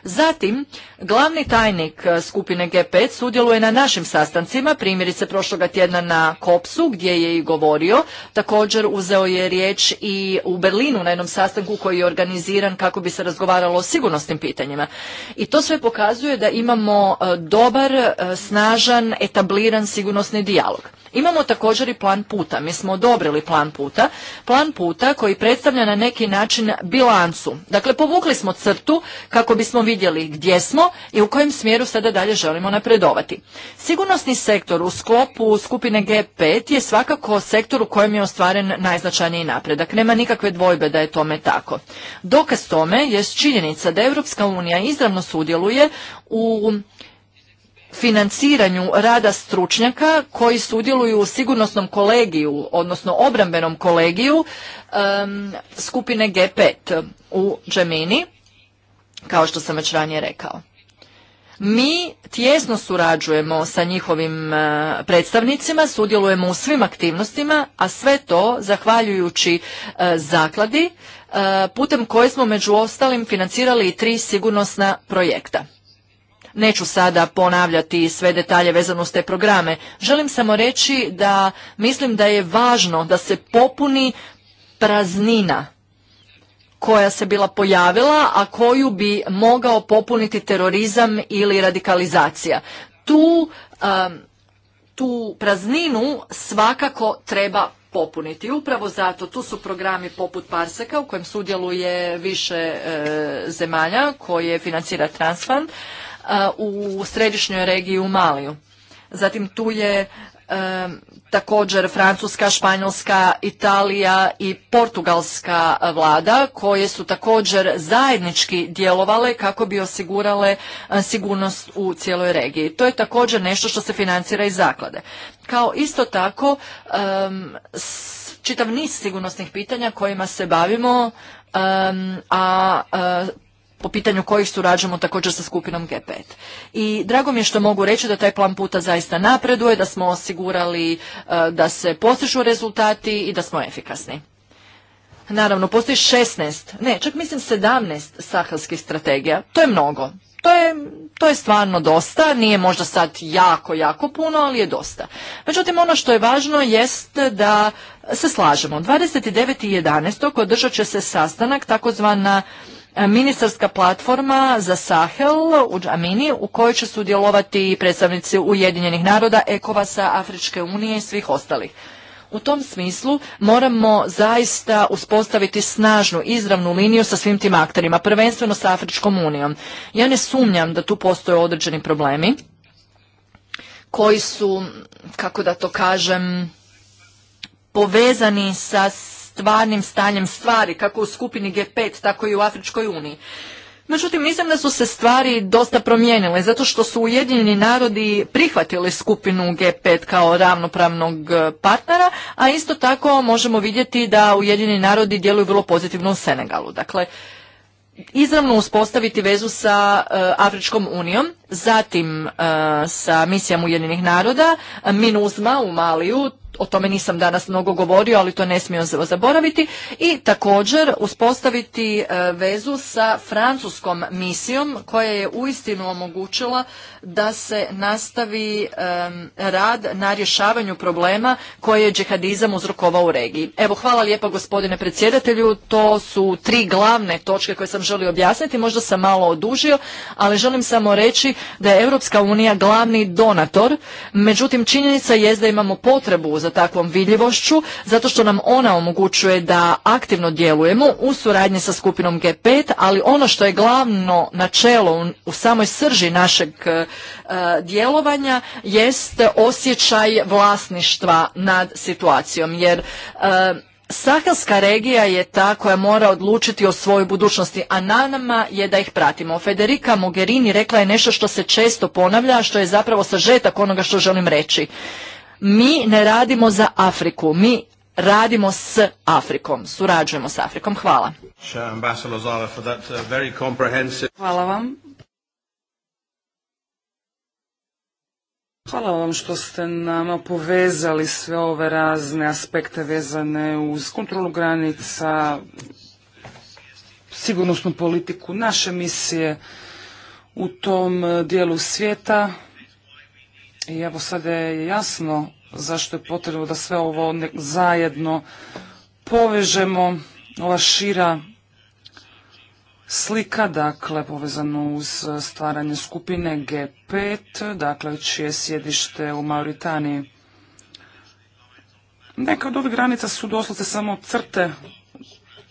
A: Zatim, glavni tajnik e, skupine G5 sudjeluje na našim sastancima, primjerice prošloga tjedna na Kopsu, gdje je i govorio. Također uzeo je riječ i u Berlinu na jednom sastanku koji je organiziran kako bi se razgovaralo o sigurnosnim pitanjima. I to sve pokazuje da imamo e, dobar, e, snažan, etabliran sigurnosni dijalog. Imamo također i plan puta. Mi smo odobrili plan puta plan puta koji predstavlja na neki način bilancu. Dakle, povukli smo crtu kako bismo vidjeli gdje smo i u kojem smjeru sada dalje želimo napredovati. Sigurnosni sektor u sklopu skupine G5 je svakako sektor u kojem je ostvaren najznačajniji napredak. Nema nikakve dvojbe da je tome tako. Dokaz tome je činjenica da Europska unija izravno sudjeluje u financiranju rada stručnjaka koji sudjeluju u sigurnosnom kolegiju, odnosno obrambenom kolegiju skupine G5 u Džemini, kao što sam već ranije rekao. Mi tjesno surađujemo sa njihovim e, predstavnicima, sudjelujemo u svim aktivnostima, a sve to zahvaljujući e, zakladi e, putem koje smo među ostalim financirali i tri sigurnosna projekta. Neću sada ponavljati sve detalje vezano s te programe. Želim samo reći da mislim da je važno da se popuni praznina koja se bila pojavila, a koju bi mogao popuniti terorizam ili radikalizacija. Tu, um, tu prazninu svakako treba popuniti. Upravo zato tu su programi poput Parseka u kojem sudjeluje više e, zemalja koje financira Transfund u središnjoj regiji u Maliju. Zatim tu je e, također Francuska, Španjolska, Italija i Portugalska vlada koje su također zajednički djelovale kako bi osigurale e, sigurnost u cijeloj regiji. To je također nešto što se financira iz zaklade. Kao isto tako čitav niz sigurnosnih pitanja kojima se bavimo a e, po pitanju kojih surađujemo također sa skupinom G5. I drago mi je što mogu reći da taj plan puta zaista napreduje, da smo osigurali e, da se postižu rezultati i da smo efikasni. Naravno, postoji 16, ne, čak mislim 17 sahelskih strategija. To je mnogo. To je, to je stvarno dosta, nije možda sad jako, jako puno, ali je dosta. Međutim, ono što je važno jest da se slažemo. 29.11. održat će se sastanak takozvana E, ministarska platforma za Sahel u Džamini u kojoj će sudjelovati predstavnici Ujedinjenih naroda, Ekovasa, Afričke unije i svih ostalih. U tom smislu moramo zaista uspostaviti snažnu, izravnu liniju sa svim tim akterima, prvenstveno sa Afričkom unijom. Ja ne sumnjam da tu postoje određeni problemi koji su, kako da to kažem, povezani sa stvarnim stanjem stvari, kako u skupini G5, tako i u Afričkoj uniji. Međutim, mislim da su se stvari dosta promijenile, zato što su Ujedinjeni narodi prihvatili skupinu G5 kao ravnopravnog e, partnera, a isto tako možemo vidjeti da Ujedinjeni narodi djeluju vrlo pozitivno u Senegalu. Dakle, izravno uspostaviti vezu sa e, Afričkom unijom zatim e, sa misijom Ujedinih naroda, Minuzma u Maliju, o tome nisam danas mnogo govorio, ali to ne smijem zaboraviti, i također uspostaviti e, vezu sa francuskom misijom koja je uistinu omogućila da se nastavi rad na rješavanju problema koje je džihadizam uzrokovao u regiji. Evo, hvala lijepa gospodine predsjedatelju, to su tri glavne točke koje sam želio objasniti, možda sam malo odužio, ali želim samo reći da je Europska unija glavni donator, međutim činjenica je da imamo potrebu za takvom vidljivošću, zato što nam ona omogućuje da aktivno djelujemo u suradnji sa skupinom G5, ali ono što je glavno načelo u samoj srži našeg e, djelovanja jest osjećaj vlasništva nad situacijom, jer e, Sahelska regija je ta koja mora odlučiti o svojoj budućnosti, a na nama je da ih pratimo. Federica Mogherini rekla je nešto što se često ponavlja, što je zapravo sažetak onoga što želim reći. Mi ne radimo za Afriku, mi radimo s Afrikom, surađujemo s Afrikom. Hvala.
B: Uh, Hvala vam
C: Hvala vam što ste nama povezali sve ove razne aspekte vezane uz kontrolu granica, sigurnosnu politiku, naše misije u tom e, dijelu svijeta. I evo sada je jasno zašto je potrebno da sve ovo zajedno povežemo, ova šira slika, dakle povezano uz e, stvaranje skupine G5, dakle čije sjedište u Mauritaniji. Neka od ovih granica su doslovce samo crte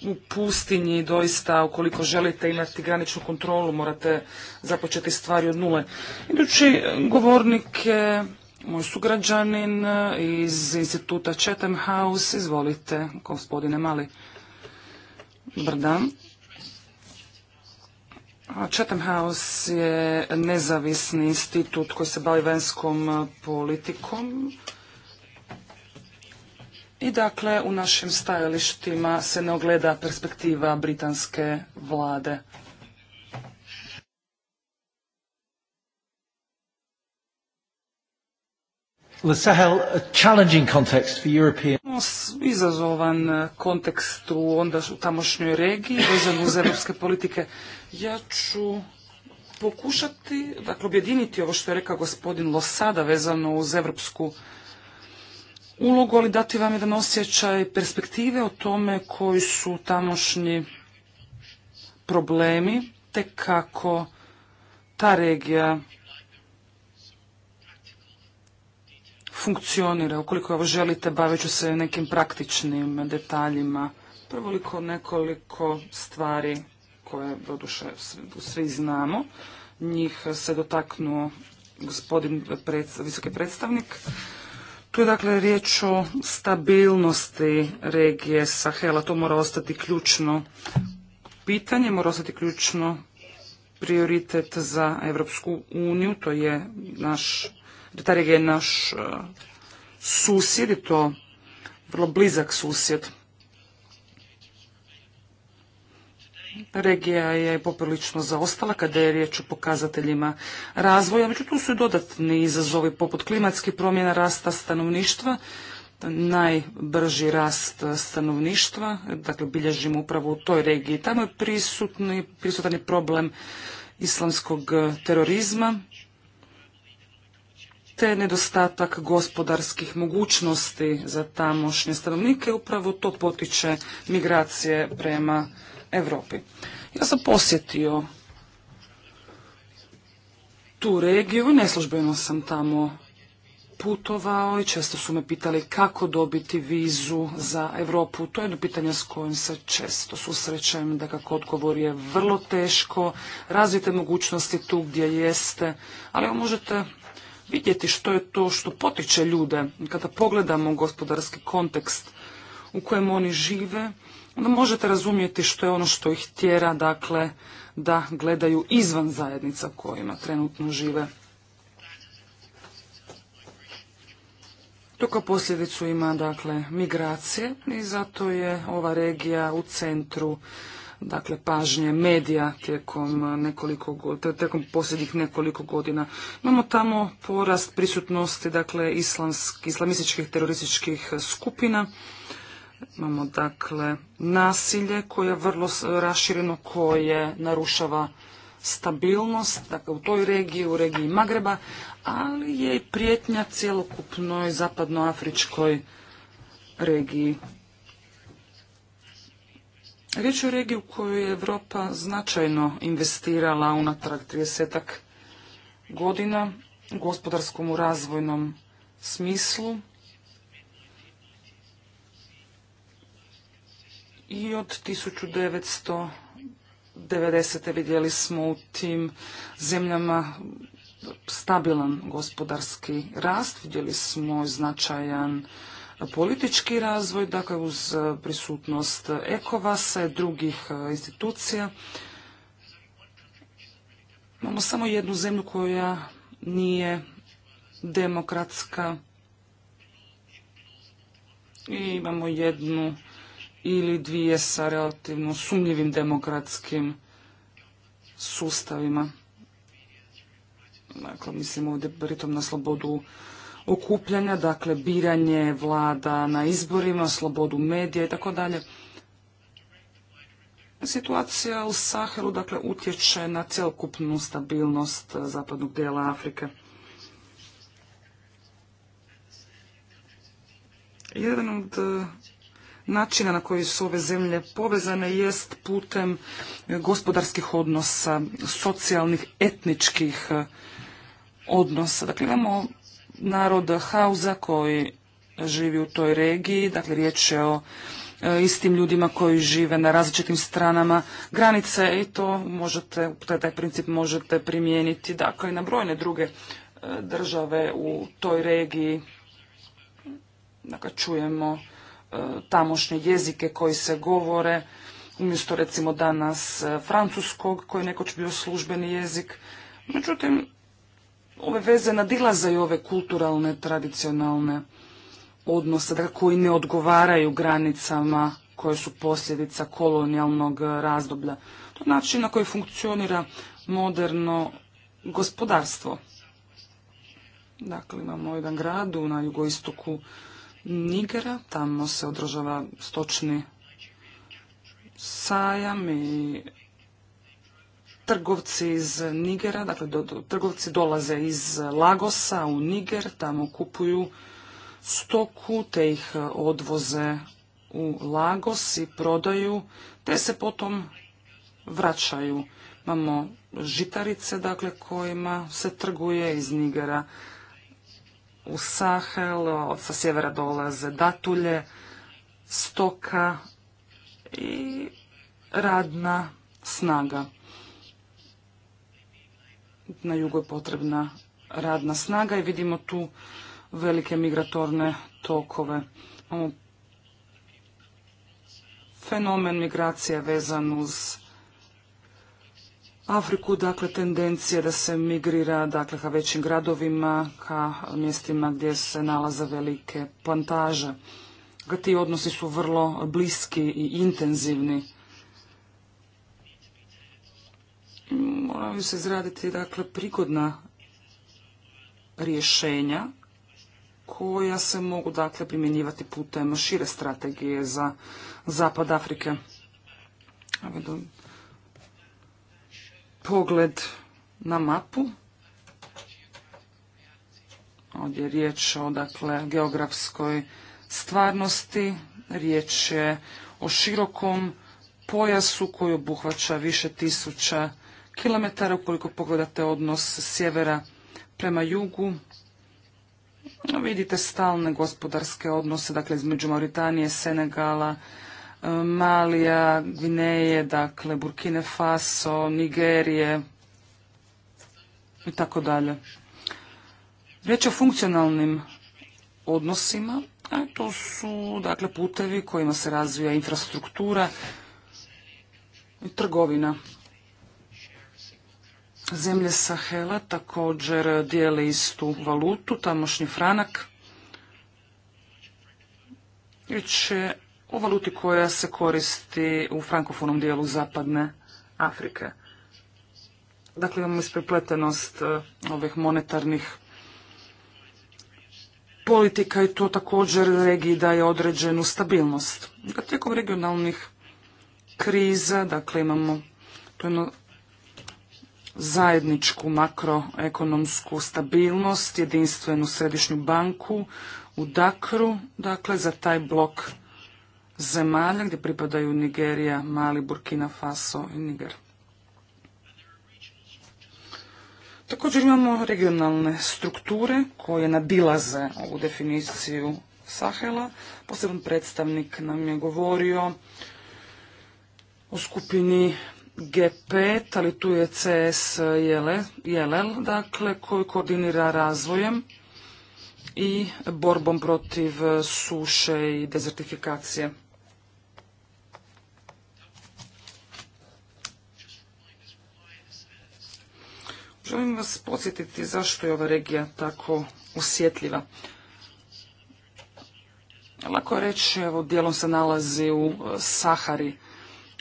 C: u pustinji doista ukoliko želite imati graničnu kontrolu morate započeti stvari od nule. Idući e, govornik je moj sugrađanin e, iz instituta Chatham House. Izvolite, gospodine Mali. Brdan. Chatham House je nezavisni institut koji se bavi vanjskom politikom. I dakle, u našim stajalištima se ne ogleda perspektiva britanske vlade. Sahel, Izazovan e, kontekst u onda u tamošnjoj regiji vezan uz europske politike. Ja ću pokušati, dakle, objediniti ovo što je rekao gospodin Losada vezano uz europsku ulogu, ali dati vam jedan osjećaj perspektive o tome koji su tamošnji problemi, te kako ta regija funkcionira. Ukoliko ovo želite, bavit ću se nekim praktičnim detaljima. Prvoliko nekoliko stvari koje doduše svi znamo. Njih se dotaknuo gospodin visoki predstavnik. Tu je dakle riječ o stabilnosti regije Sahela. To mora ostati ključno pitanje, mora ostati ključno prioritet za Europsku uniju. To je naš da ta regija je naš e, susjed i to vrlo blizak susjed. Regija je poprilično zaostala kada je riječ o pokazateljima razvoja, međutim tu su i dodatni izazovi poput klimatskih promjena rasta stanovništva, najbrži rast stanovništva, dakle bilježimo upravo u toj regiji. Tamo je prisutni, prisutan je problem islamskog terorizma, te nedostatak gospodarskih mogućnosti za tamošnje stanovnike upravo to potiče migracije prema Europi. Ja sam posjetio tu regiju i neslužbeno sam tamo putovao i često su me pitali kako dobiti vizu za Europu. To je jedno pitanje s kojim se često susrećem, da kako odgovor je vrlo teško, Razvite mogućnosti tu gdje jeste, ali možete vidjeti što je to što potiče ljude. Kada pogledamo gospodarski kontekst u kojem oni žive, onda možete razumjeti što je ono što ih tjera, dakle, da gledaju izvan zajednica kojima trenutno žive. To kao posljedicu ima, dakle, migracije i zato je ova regija u centru dakle pažnje medija tijekom nekoliko tijekom posljednjih nekoliko godina. Imamo tamo porast prisutnosti dakle islamski, islamističkih terorističkih skupina. Imamo dakle nasilje koje je vrlo rašireno, koje narušava stabilnost, dakle u toj regiji, u regiji Magreba, ali je i prijetnja cjelokupnoj zapadnoafričkoj regiji. Riječ je o regiji u kojoj je Europa značajno investirala unatrag 30 godina u gospodarskom u razvojnom smislu. I od 1990. vidjeli smo u tim zemljama stabilan gospodarski rast, vidjeli smo značajan politički razvoj, dakle uz e, prisutnost ekovasa i drugih e, institucija. Imamo samo jednu zemlju koja nije demokratska i imamo jednu ili dvije sa relativno sumnjivim demokratskim sustavima. Dakle, mislim ovdje pritom na slobodu okupljanja, dakle biranje vlada na izborima, slobodu medija i tako dalje. Situacija u Sahelu dakle utječe na cjelokupnu stabilnost zapadnog dijela Afrike. Jedan od e, načina na koji su ove zemlje povezane jest putem gospodarskih odnosa, socijalnih, etničkih e, odnosa. Dakle, imamo narod Hauza koji živi u toj regiji, dakle riječ je o e, istim ljudima koji žive na različitim stranama granice i to možete, taj, taj princip možete primijeniti dakle i na brojne druge e, države u toj regiji. Dakle, čujemo e, tamošnje jezike koji se govore, umjesto recimo danas francuskog koji je nekoć bio službeni jezik. Međutim, ove veze nadilaze i ove kulturalne, tradicionalne odnose dakle, koji ne odgovaraju granicama koje su posljedica kolonijalnog e, razdoblja. To je način na koji funkcionira moderno gospodarstvo. Dakle, imamo jedan grad na jugoistoku Nigera, tamo se održava stočni sajam i trgovci iz Nigera, dakle trgovci dolaze iz Lagosa u Niger, tamo kupuju stoku te ih e, odvoze u Lagos i prodaju, te se potom vraćaju. Imamo žitarice, dakle, kojima se trguje iz Nigera u Sahel, sa sjevera dolaze datulje, stoka i radna snaga na jugu je potrebna radna snaga i vidimo tu velike migratorne tokove. Imamo fenomen migracije vezan uz Afriku, dakle tendencije da se migrira dakle, ka većim gradovima, ka mjestima gdje se nalaze velike plantaže. Ti odnosi su vrlo bliski i intenzivni. moraju se izraditi dakle prigodna rješenja koja se mogu dakle primjenjivati putem šire strategije za zapad Afrike. Pogled na mapu. Ovdje je riječ o dakle geografskoj stvarnosti, riječ je o širokom pojasu koji obuhvaća više tisuća km. Ukoliko pogledate odnos sjevera prema jugu, vidite stalne gospodarske odnose, dakle između Mauritanije, Senegala, Malija, Gvineje, dakle Burkine Faso, Nigerije i tako dalje. Riječ je o funkcionalnim odnosima, a to su dakle putevi kojima se razvija infrastruktura i trgovina. Zemlje Sahela također dijele istu valutu, tamošnji franak. Riječ je o valuti koja se koristi u frankofonom dijelu zapadne Afrike. Dakle, imamo isprepletenost eh, ovih monetarnih politika i to također regiji daje određenu stabilnost. Tijekom regionalnih kriza, dakle imamo to zajedničku makroekonomsku stabilnost, jedinstvenu središnju banku u Dakru, dakle za taj blok zemalja gdje pripadaju Nigerija, Mali, Burkina Faso i Niger. Također imamo regionalne strukture koje nadilaze ovu definiciju Sahela. Poseban predstavnik nam je govorio o skupini G5, ali tu je CS dakle, koji koordinira razvojem i borbom protiv suše i dezertifikacije. Želim vas podsjetiti zašto je ova regija tako usjetljiva. Lako je reći, evo, dijelom se nalazi u Sahari,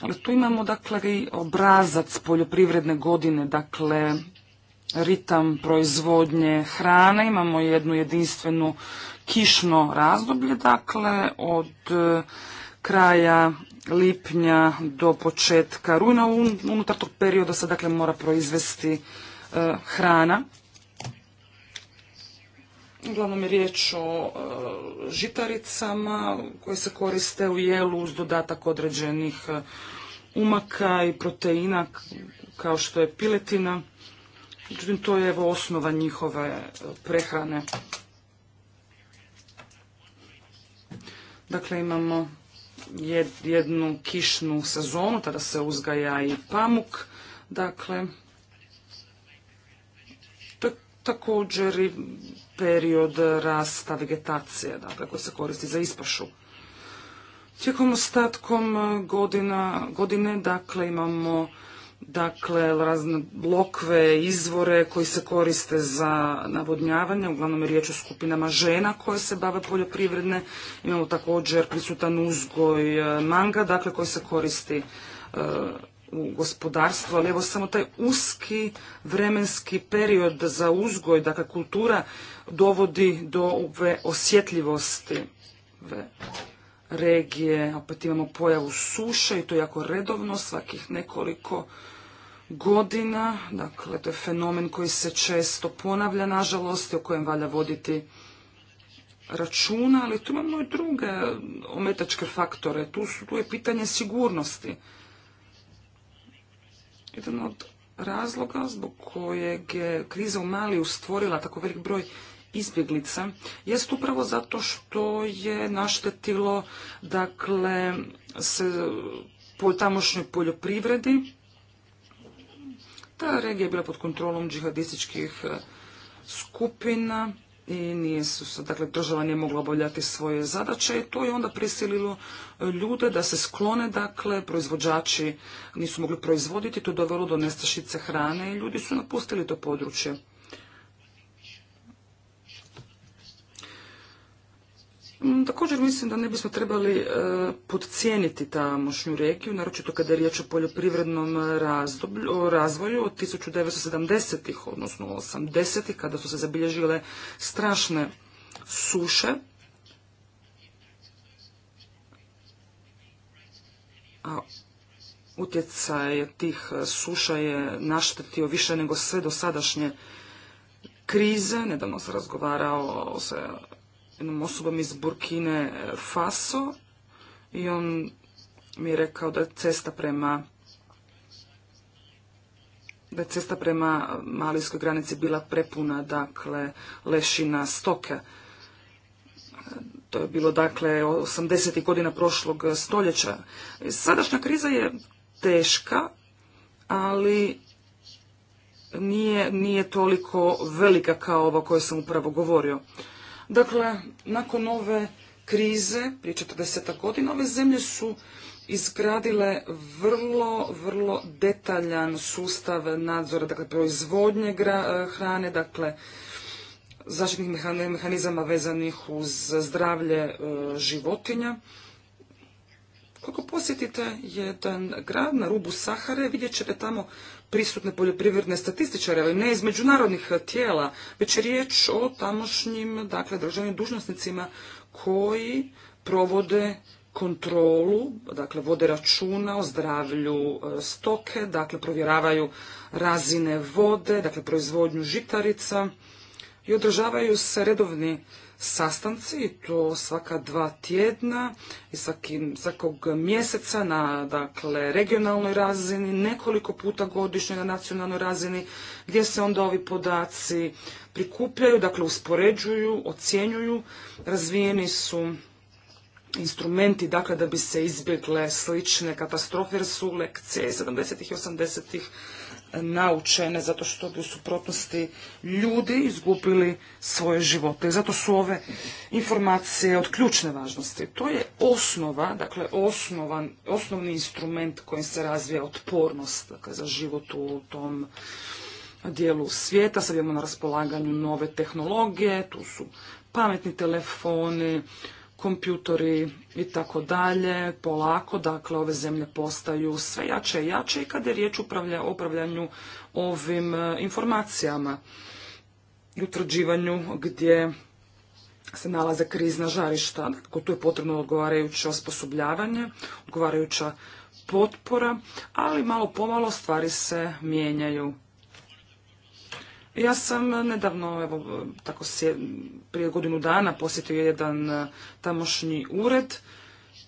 C: ali tu imamo dakle i obrazac poljoprivredne godine, dakle ritam proizvodnje hrane, imamo jednu jedinstvenu kišno razdoblje, dakle od e, kraja lipnja do početka rujna, unutar tog perioda se dakle mora proizvesti e, hrana. Uglavnom je riječ o e, žitaricama koje se koriste u jelu uz dodatak određenih umaka i proteina kao što je piletina. Međutim, to je evo osnova njihove e, prehrane. Dakle, imamo jednu kišnu sezonu, tada se uzgaja i pamuk. Dakle, također i period rasta vegetacije, dakle, koji se koristi za ispašu. Tijekom ostatkom e, godina, godine, dakle, imamo dakle, razne blokve, izvore koji se koriste za navodnjavanje, uglavnom je riječ o skupinama žena koje se bave poljoprivredne. Imamo također prisutan uzgoj e, manga, dakle, koji se koristi e, u gospodarstvu, ali evo samo taj uski vremenski period za uzgoj, dakle kultura dovodi do ove osjetljivosti regije, opet imamo pojavu suše i to jako redovno, svakih nekoliko godina. Dakle, to je fenomen koji se često ponavlja, nažalost, i o kojem valja voditi računa, ali tu imamo i druge ometačke faktore. Tu, su, tu je pitanje sigurnosti. Jedan od razloga zbog kojeg je kriza u Maliju stvorila tako velik broj izbjeglica jest upravo zato što je naštetilo dakle se po tamošnjoj poljoprivredi. Ta regija je bila pod kontrolom džihadističkih e, skupina i nije su, dakle, država nije mogla obavljati svoje zadaće i to je onda prisililo e, ljude da se sklone, dakle, proizvođači nisu mogli proizvoditi, to dovelo do nestašice hrane i ljudi su napustili to područje. Mm, također mislim da ne bismo trebali e, podcijeniti tamošnju regiju, naročito kada je riječ o poljoprivrednom razvoju od 1970-ih, odnosno 80-ih, kada su se zabilježile strašne suše. A utjecaj tih suša je naštetio više nego sve dosadašnje krize. Nedavno se razgovarao se jednom osobom iz Burkine Faso i on mi je rekao da je cesta prema da cesta prema malijskoj granici bila prepuna dakle lešina stoke. To je bilo dakle 80. godina prošlog stoljeća. Sadašnja kriza je teška, ali nije, nije toliko velika kao ova koju sam upravo govorio. Dakle, nakon ove krize, prije 40 godina, ove zemlje su izgradile vrlo, vrlo detaljan sustav nadzora, dakle, proizvodnje e, hrane, dakle, zaštitnih mehanizama vezanih uz zdravlje e, životinja. Ako posjetite jedan grad na rubu Sahare, vidjet ćete tamo prisutne poljoprivredne statističare, ali ne iz međunarodnih tijela, već je riječ o tamošnjim dakle, državnim dužnosnicima koji provode kontrolu, dakle vode računa o zdravlju e, stoke, dakle provjeravaju razine vode, dakle proizvodnju žitarica i održavaju se redovni sastanci i to svaka dva tjedna i svakog mjeseca na dakle, regionalnoj razini, nekoliko puta godišnje na nacionalnoj razini gdje se onda ovi podaci prikupljaju, dakle uspoređuju, ocjenjuju, razvijeni su instrumenti dakle da bi se izbjegle slične katastrofe jer su lekcije 70. i 80 naučene zato što bi u suprotnosti ljudi izgubili svoje živote. I zato su ove informacije od ključne važnosti. To je osnova, dakle osnovan, osnovni instrument kojim se razvija otpornost dakle, za život u tom dijelu svijeta. Sad imamo na raspolaganju nove tehnologije, tu su pametni telefoni, kompjutori i tako dalje, polako, dakle ove zemlje postaju sve jače i jače i kada je riječ o upravljanju ovim e, informacijama i utvrđivanju gdje se nalaze krizna žarišta. Dakle, tu je potrebno odgovarajuće osposobljavanje, odgovarajuća potpora, ali malo pomalo stvari se mijenjaju. Ja sam eh, nedavno, evo, eh, tako prije godinu dana posjetio jedan eh, tamošnji ured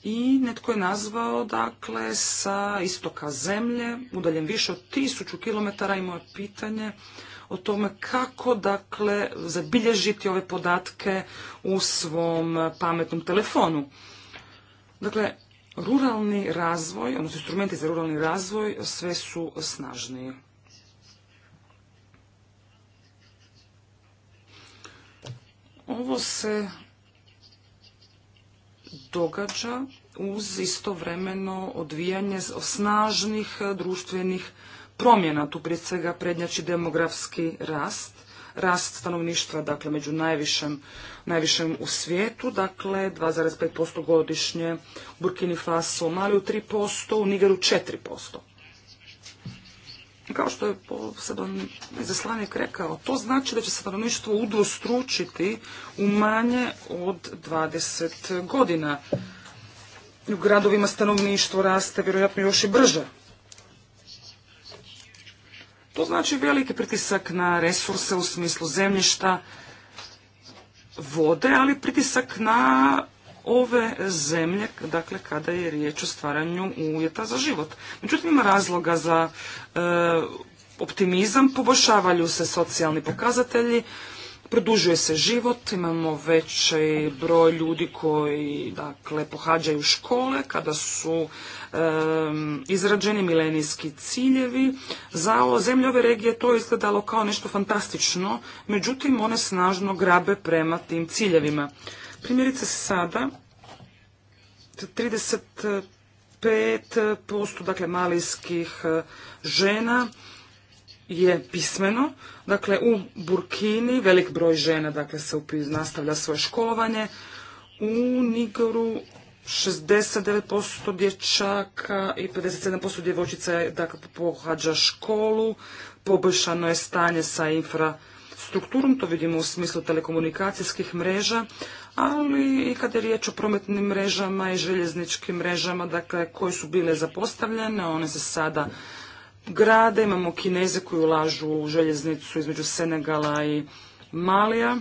C: i netko je nazvao, dakle, sa istoka zemlje, udaljen više od tisuću kilometara imao moje pitanje o tome kako, dakle, zabilježiti ove podatke u svom pametnom telefonu. Dakle, ruralni razvoj, odnosno instrumenti za ruralni razvoj sve su snažniji. Ovo se događa uz istovremeno odvijanje snažnih društvenih promjena. Tu prije svega prednjači demografski rast, rast stanovništva dakle među najvišem, u svijetu, dakle 2,5% godišnje, u Burkini Faso, Maliju 3%, u Nigeru 4%. Kao što je izaslanik rekao, to znači da će stanovništvo udvostručiti u manje od 20 godina. U gradovima stanovništvo raste vjerojatno još i brže. To znači veliki pritisak na resurse u smislu zemljišta, vode, ali pritisak na ove zemlje, dakle, kada je riječ o stvaranju uvjeta za život. Međutim, ima razloga za e, optimizam, poboljšavaju se socijalni pokazatelji, produžuje se život, imamo veći broj ljudi koji dakle, pohađaju škole kada su e, izrađeni milenijski ciljevi. Za ovo zemlje ove regije to je izgledalo kao nešto fantastično, međutim one snažno grabe prema tim ciljevima. Primjerice sada 35% dakle malijskih e, žena je pismeno. Dakle, u Burkini velik broj žena dakle, se nastavlja svoje školovanje. U Nigoru 69% dječaka i 57% djevojčica dakle, pohađa školu. Poboljšano je stanje sa infra infrastrukturom, to vidimo u smislu telekomunikacijskih mreža, ali i kada je riječ o prometnim mrežama i željezničkim mrežama, dakle koje su bile zapostavljene, one se sada grade, imamo kineze koji ulažu u željeznicu između Senegala i Malija.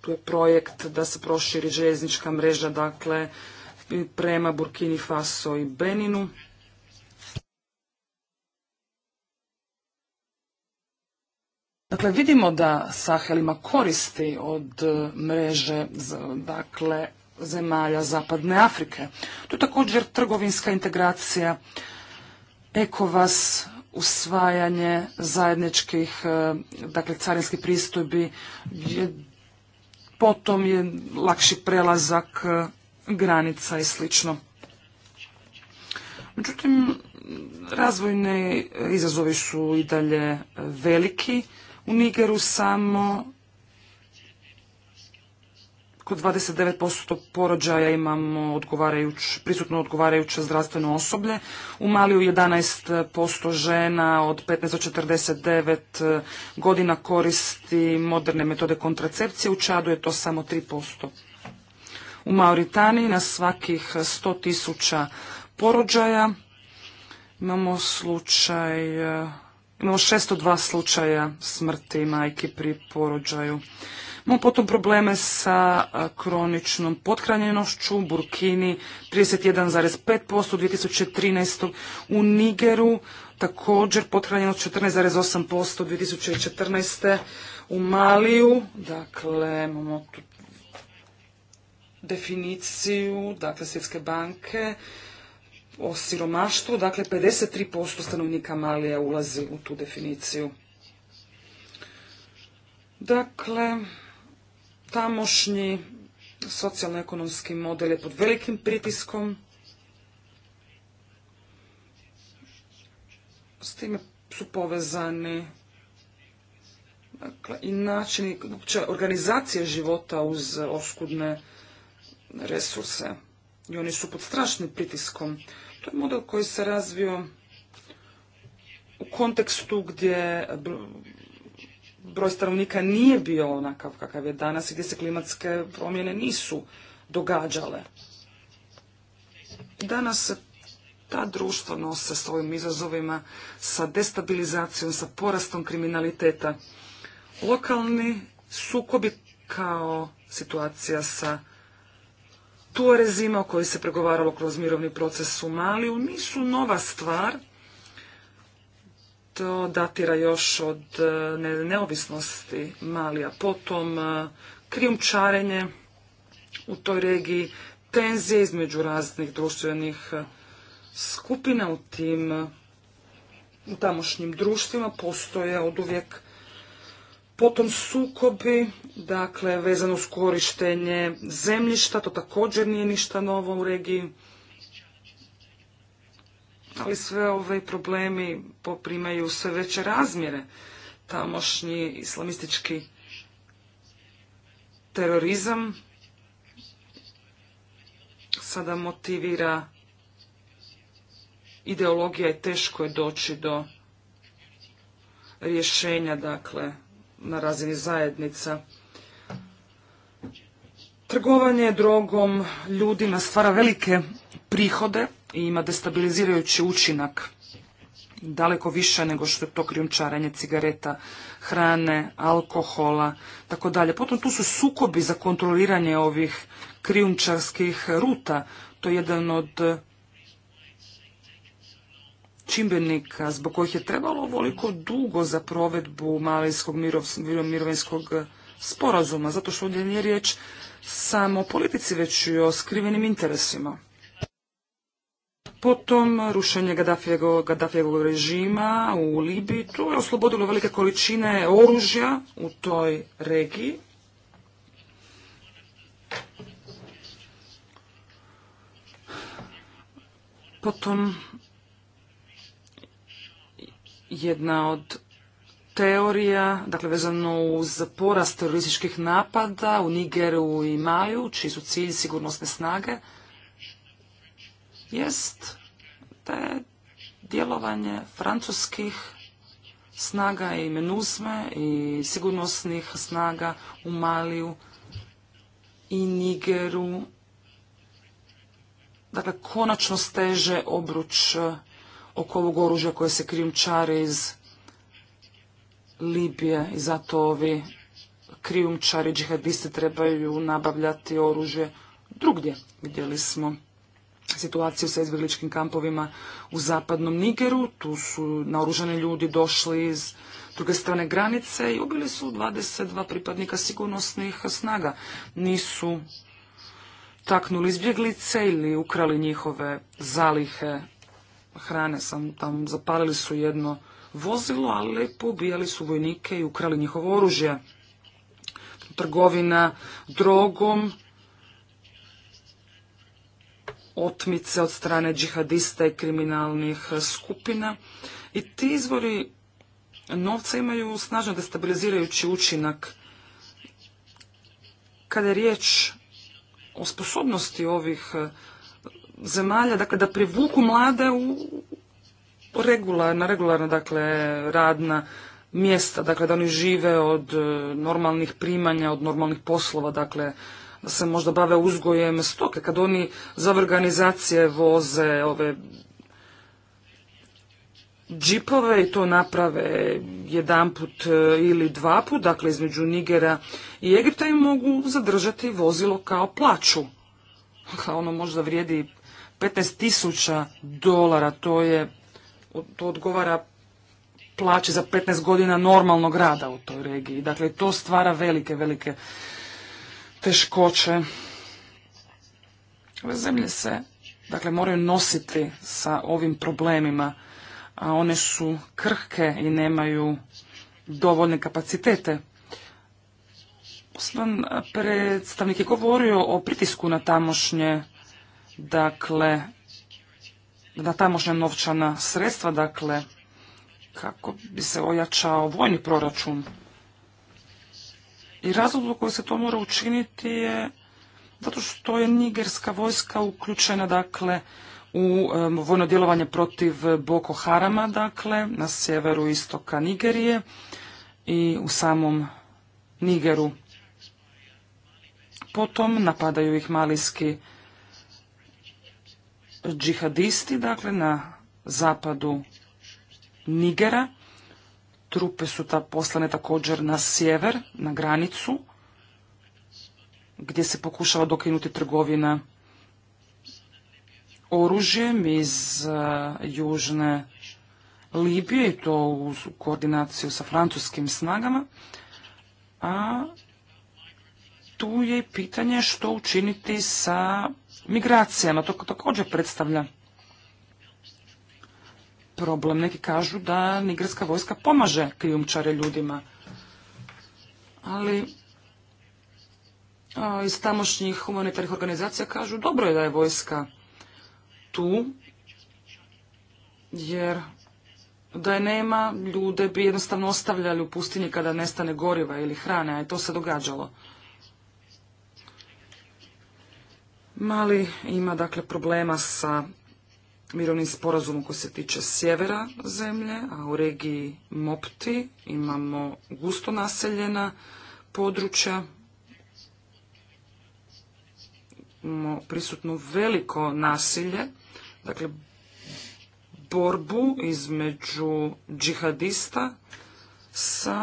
C: Tu je projekt da se proširi željeznička mreža, dakle, prema Burkini Faso i Beninu. Dakle, vidimo da Sahel ima koristi od e, mreže dakle, zemalja Zapadne Afrike. Tu je također trgovinska integracija, ekovas, usvajanje zajedničkih e, dakle, carinskih pristojbi, potom je lakši prelazak e, granica i sl. Međutim, razvojne izazovi su i dalje veliki u Nigeru samo kod 29% porođaja imamo odgovarajuć, prisutno odgovarajuće zdravstveno osoblje. U Maliju 11% žena od 15 do 49 godina koristi moderne metode kontracepcije, u Čadu je to samo 3%. U Mauritaniji na svakih 100.000 porođaja imamo slučaj Imamo 602 slučaja smrti majke pri porođaju. Imamo potom probleme sa kroničnom pothranjenošću u Burkini 31,5% 2013. U Nigeru također pothranjenost 14,8% 2014. U Maliju, dakle, imamo tu definiciju, dakle, Svjetske banke, o siromaštvu, dakle 53% stanovnika Malije ulazi u tu definiciju. Dakle, tamošnji socijalno-ekonomski model je pod velikim pritiskom. S time su povezani dakle, i načini organizacije života uz oskudne resurse i oni su pod strašnim pritiskom. To je model koji se razvio u kontekstu gdje broj stanovnika nije bio onakav kakav je danas i gdje se klimatske promjene nisu događale. Danas se ta društva nose s ovim izazovima, sa destabilizacijom, sa porastom kriminaliteta. Lokalni sukobi kao situacija sa rezima o kojoj se pregovaralo kroz mirovni proces u Maliju nisu nova stvar. To datira još od e, neovisnosti Malija. Potom e, krijumčarenje u toj regiji, tenzije između raznih društvenih e, skupina u tim u tamošnjim društvima postoje od uvijek Potom sukobi, dakle vezano uz korištenje zemljišta, to također nije ništa novo u regiji. Ali sve ove problemi poprimaju sve veće razmjere. Tamošnji islamistički terorizam sada motivira ideologija i teško je doći do rješenja, dakle, na razini zajednica. Trgovanje drogom ljudima stvara velike prihode i ima destabilizirajući učinak daleko više nego što je to krijumčarenje cigareta, hrane, alkohola, tako dalje. Potom tu su sukobi za kontroliranje ovih krijumčarskih ruta. To je jedan od čimbenika zbog kojih je trebalo ovoliko dugo za provedbu malijskog mirovinskog sporazuma, zato što ovdje nije riječ samo o politici, već i o skrivenim interesima. Potom rušenje Gaddafijevog, režima u Libiji, to je oslobodilo velike količine oružja u toj regiji. Potom jedna od teorija, dakle vezano uz porast terorističkih napada u Nigeru i Maju, čiji su cilj sigurnosne snage, jest da je djelovanje francuskih snaga i menuzme i sigurnosnih snaga u Maliju i Nigeru, dakle konačno steže obruč oko ovog oružja koje se krijumčare iz Libije i zato ovi krijumčari džihadiste trebaju nabavljati oružje drugdje. Vidjeli smo situaciju sa izbjegličkim kampovima u zapadnom Nigeru. Tu su naoružani ljudi došli iz druge strane granice i ubili su 22 pripadnika sigurnosnih snaga. Nisu taknuli izbjeglice ili ukrali njihove zalihe hrane sam tam zapalili su jedno vozilo, ali pobijali su vojnike i ukrali njihovo oružje. Trgovina drogom, otmice od strane džihadista i kriminalnih skupina. I ti izvori novca imaju snažno destabilizirajući učinak. Kada je riječ o sposobnosti ovih zemalja, dakle da privuku mlade u regularna, regularna dakle radna mjesta, dakle da oni žive od e, normalnih primanja, od normalnih poslova, dakle da se možda bave uzgojem stoke, kad oni za organizacije voze ove džipove i to naprave jedanput e, ili dva put, dakle između Nigera i Egipta i mogu zadržati vozilo kao plaću. Dakle, ono možda vrijedi 15 tisuća dolara, to je, to odgovara plaći za 15 godina normalnog rada u toj regiji. Dakle, to stvara velike, velike teškoće. Ove zemlje se, dakle, moraju nositi sa ovim problemima, a one su krhke i nemaju dovoljne kapacitete. Osman predstavnik je govorio o pritisku na tamošnje dakle, na tamošnja novčana sredstva, dakle, kako bi se ojačao vojni proračun. I razlog u koji se to mora učiniti je zato što je nigerska vojska uključena, dakle, u vojno djelovanje protiv eh, Boko Harama, dakle, na sjeveru istoka Nigerije i u samom Nigeru. Potom napadaju ih malijski džihadisti, dakle na zapadu Nigera. Trupe su ta poslane također na sjever, na granicu, gdje se pokušava dokinuti trgovina oružjem iz e, južne Libije i to u koordinaciju sa francuskim snagama. A tu je pitanje što učiniti sa migracijama. To također predstavlja problem. Neki kažu da nigerska vojska pomaže krijumčare ljudima. Ali iz tamošnjih humanitarnih organizacija kažu dobro je da je vojska tu, jer da je nema, ljude bi jednostavno ostavljali u pustinji kada nestane goriva ili hrane, a je to se događalo. Mali ima dakle problema sa mirovnim sporazumom koji se tiče sjevera zemlje, a u regiji Mopti imamo gusto naseljena područja, imamo prisutno veliko nasilje, dakle borbu između džihadista sa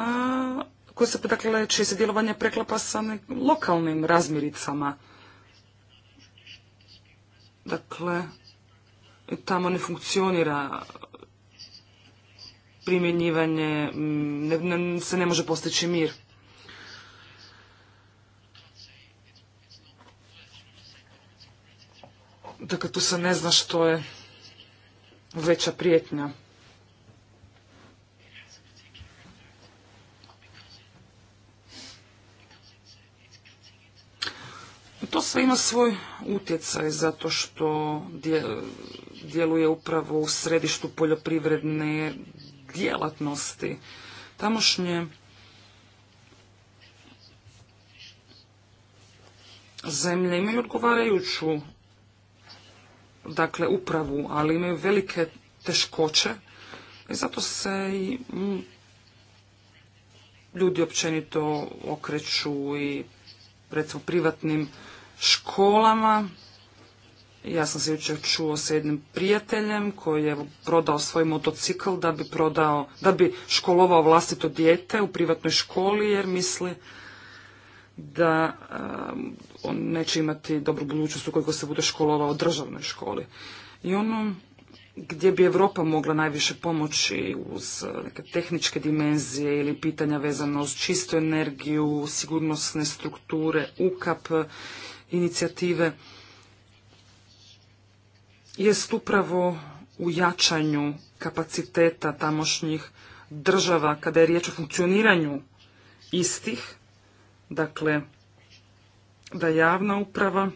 C: koje se, dakle, čije se djelovanje preklapa sa lokalnim razmiricama Dakle, tamo ne funkcionira primjenjivanje, se ne može postići mir. Dakle, tu se ne zna što je veća prijetnja. To sve ima svoj utjecaj zato što djeluje upravo u središtu poljoprivredne djelatnosti. Tamošnje zemlje imaju odgovarajuću dakle upravu, ali imaju velike teškoće i zato se i mm, ljudi općenito okreću i recimo privatnim školama. Ja sam se jučer čuo sa jednim prijateljem koji je prodao svoj motocikl da bi prodao, da bi školovao vlastito dijete u privatnoj školi jer misli da um, on neće imati dobru budućnost ukoliko se bude školovao u državnoj školi. I ono gdje bi Europa mogla najviše pomoći uz uh, neke tehničke dimenzije ili pitanja vezano uz čistu energiju, sigurnosne strukture, UKAP, inicijative jest upravo u jačanju kapaciteta tamošnjih država kada je riječ o funkcioniranju istih, dakle da javna uprava,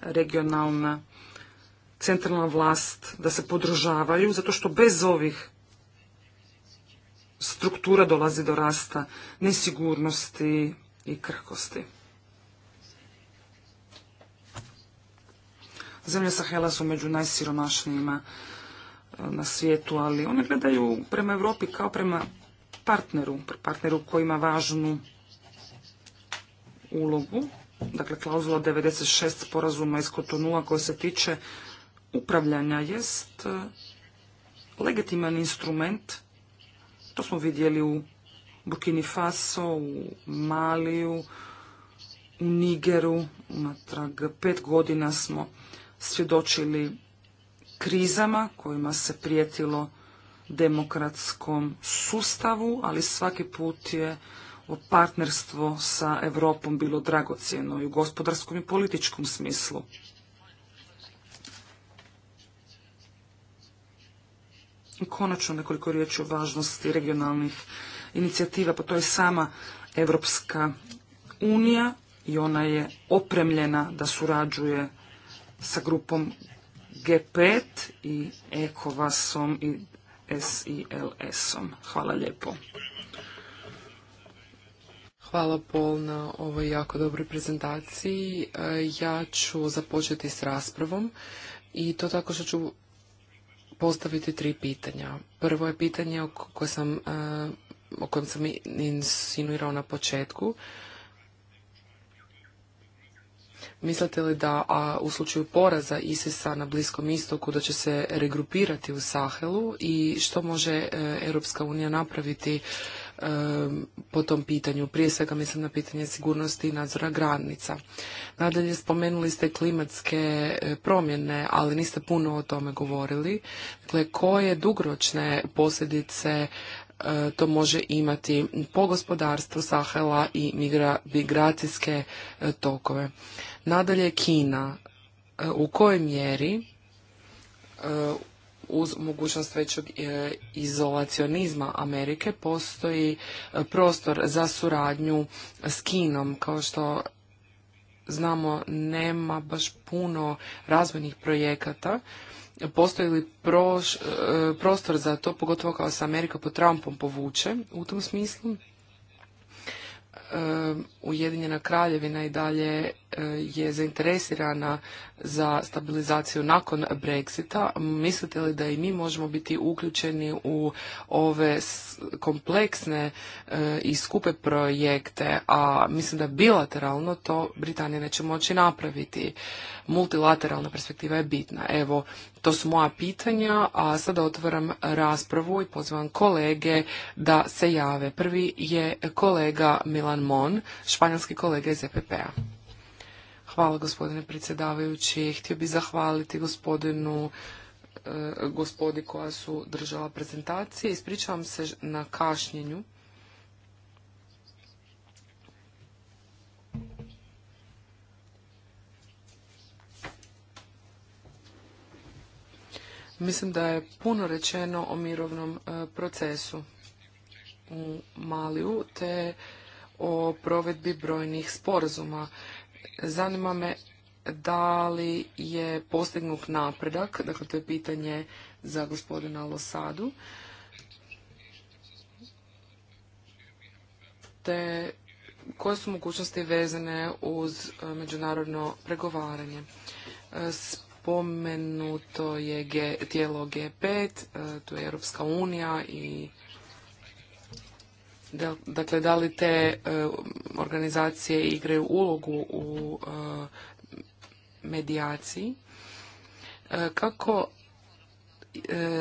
C: regionalna, centralna vlast, da se podržavaju, zato što bez ovih struktura dolazi do rasta nesigurnosti i krhkosti. Zemlje Sahela su među najsiromašnijima e, na svijetu, ali one gledaju prema Europi kao prema partneru, partneru koji ima važnu ulogu. Dakle, klauzula 96 sporazuma iz Kotonua koja se tiče upravljanja jest e, legitiman instrument. To smo vidjeli u Burkini Faso, u Maliju, u Nigeru. Unatrag pet godina smo svjedočili krizama kojima se prijetilo demokratskom sustavu, ali svaki put je partnerstvo sa Europom bilo dragocjeno i u gospodarskom i političkom smislu. I konačno nekoliko riječi o važnosti regionalnih inicijativa, pa to je sama Europska unija i ona je opremljena da surađuje sa grupom G5 i ekovasom i SILS-om. Hvala lijepo.
D: Hvala Pol na ovoj jako dobroj prezentaciji. E, ja ću započeti s raspravom i to tako što ću postaviti tri pitanja. Prvo je pitanje o kojem sam, e, o kojem sam insinuirao na početku, Mislite li da a, u slučaju poraza ISIS-a na Bliskom istoku da će se regrupirati u Sahelu i što može e, Europska unija napraviti e, po tom pitanju? Prije svega mislim na pitanje sigurnosti i nadzora granica. Nadalje spomenuli ste klimatske e, promjene, ali niste puno o tome govorili. Dakle, koje dugoročne posljedice E, to može imati po gospodarstvu Sahela i migracijske e, tokove. Nadalje Kina. E, u kojoj mjeri uz mogućnost većog izolacionizma Amerike postoji prostor za suradnju s Kinom kao što znamo nema baš puno razvojnih projekata postoji li e, prostor za to, pogotovo kao se Amerika pod Trumpom povuče u tom smislu. E, Ujedinjena kraljevina i dalje E, je zainteresirana za stabilizaciju nakon Brexita. Mislite li da i mi možemo biti uključeni u ove kompleksne e, i skupe projekte, a mislim da bilateralno to Britanija neće moći napraviti. Multilateralna perspektiva je bitna. Evo, to su moja pitanja, a sada otvaram raspravu i pozivam kolege da se jave. Prvi je kolega Milan Mon, španjanski kolega iz EPP-a. Hvala gospodine predsjedavajući. Htio bih zahvaliti gospodinu e, gospodi koja su držala prezentacije. Ispričavam se na kašnjenju. Mislim da je puno rečeno o mirovnom e, procesu u Maliju te o provedbi brojnih sporazuma zanima me da li je postignut napredak, dakle to je pitanje za gospodina Losadu, te koje su mogućnosti vezane uz e, međunarodno pregovaranje. E, spomenuto je tijelo G5, e, tu je Europska unija i Dakle, da li te e, organizacije igraju ulogu u e, medijaciji? E, kako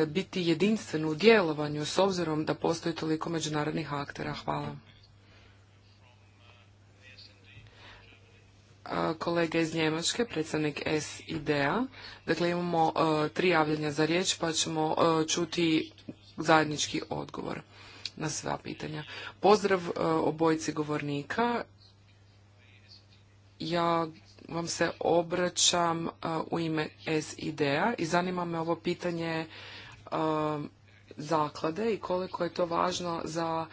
D: biti jedinstveno u djelovanju s obzirom da postoji toliko međunarodnih aktera? Hvala. kolega iz Njemačke, predstavnik SID-a. Dakle, imamo tri javljanja za riječ, pa ćemo čuti zajednički odgovor na sva pitanja. Pozdrav e, obojci govornika. Ja vam se obraćam e, u ime SID-a i zanima me ovo pitanje e, zaklade i koliko je to važno za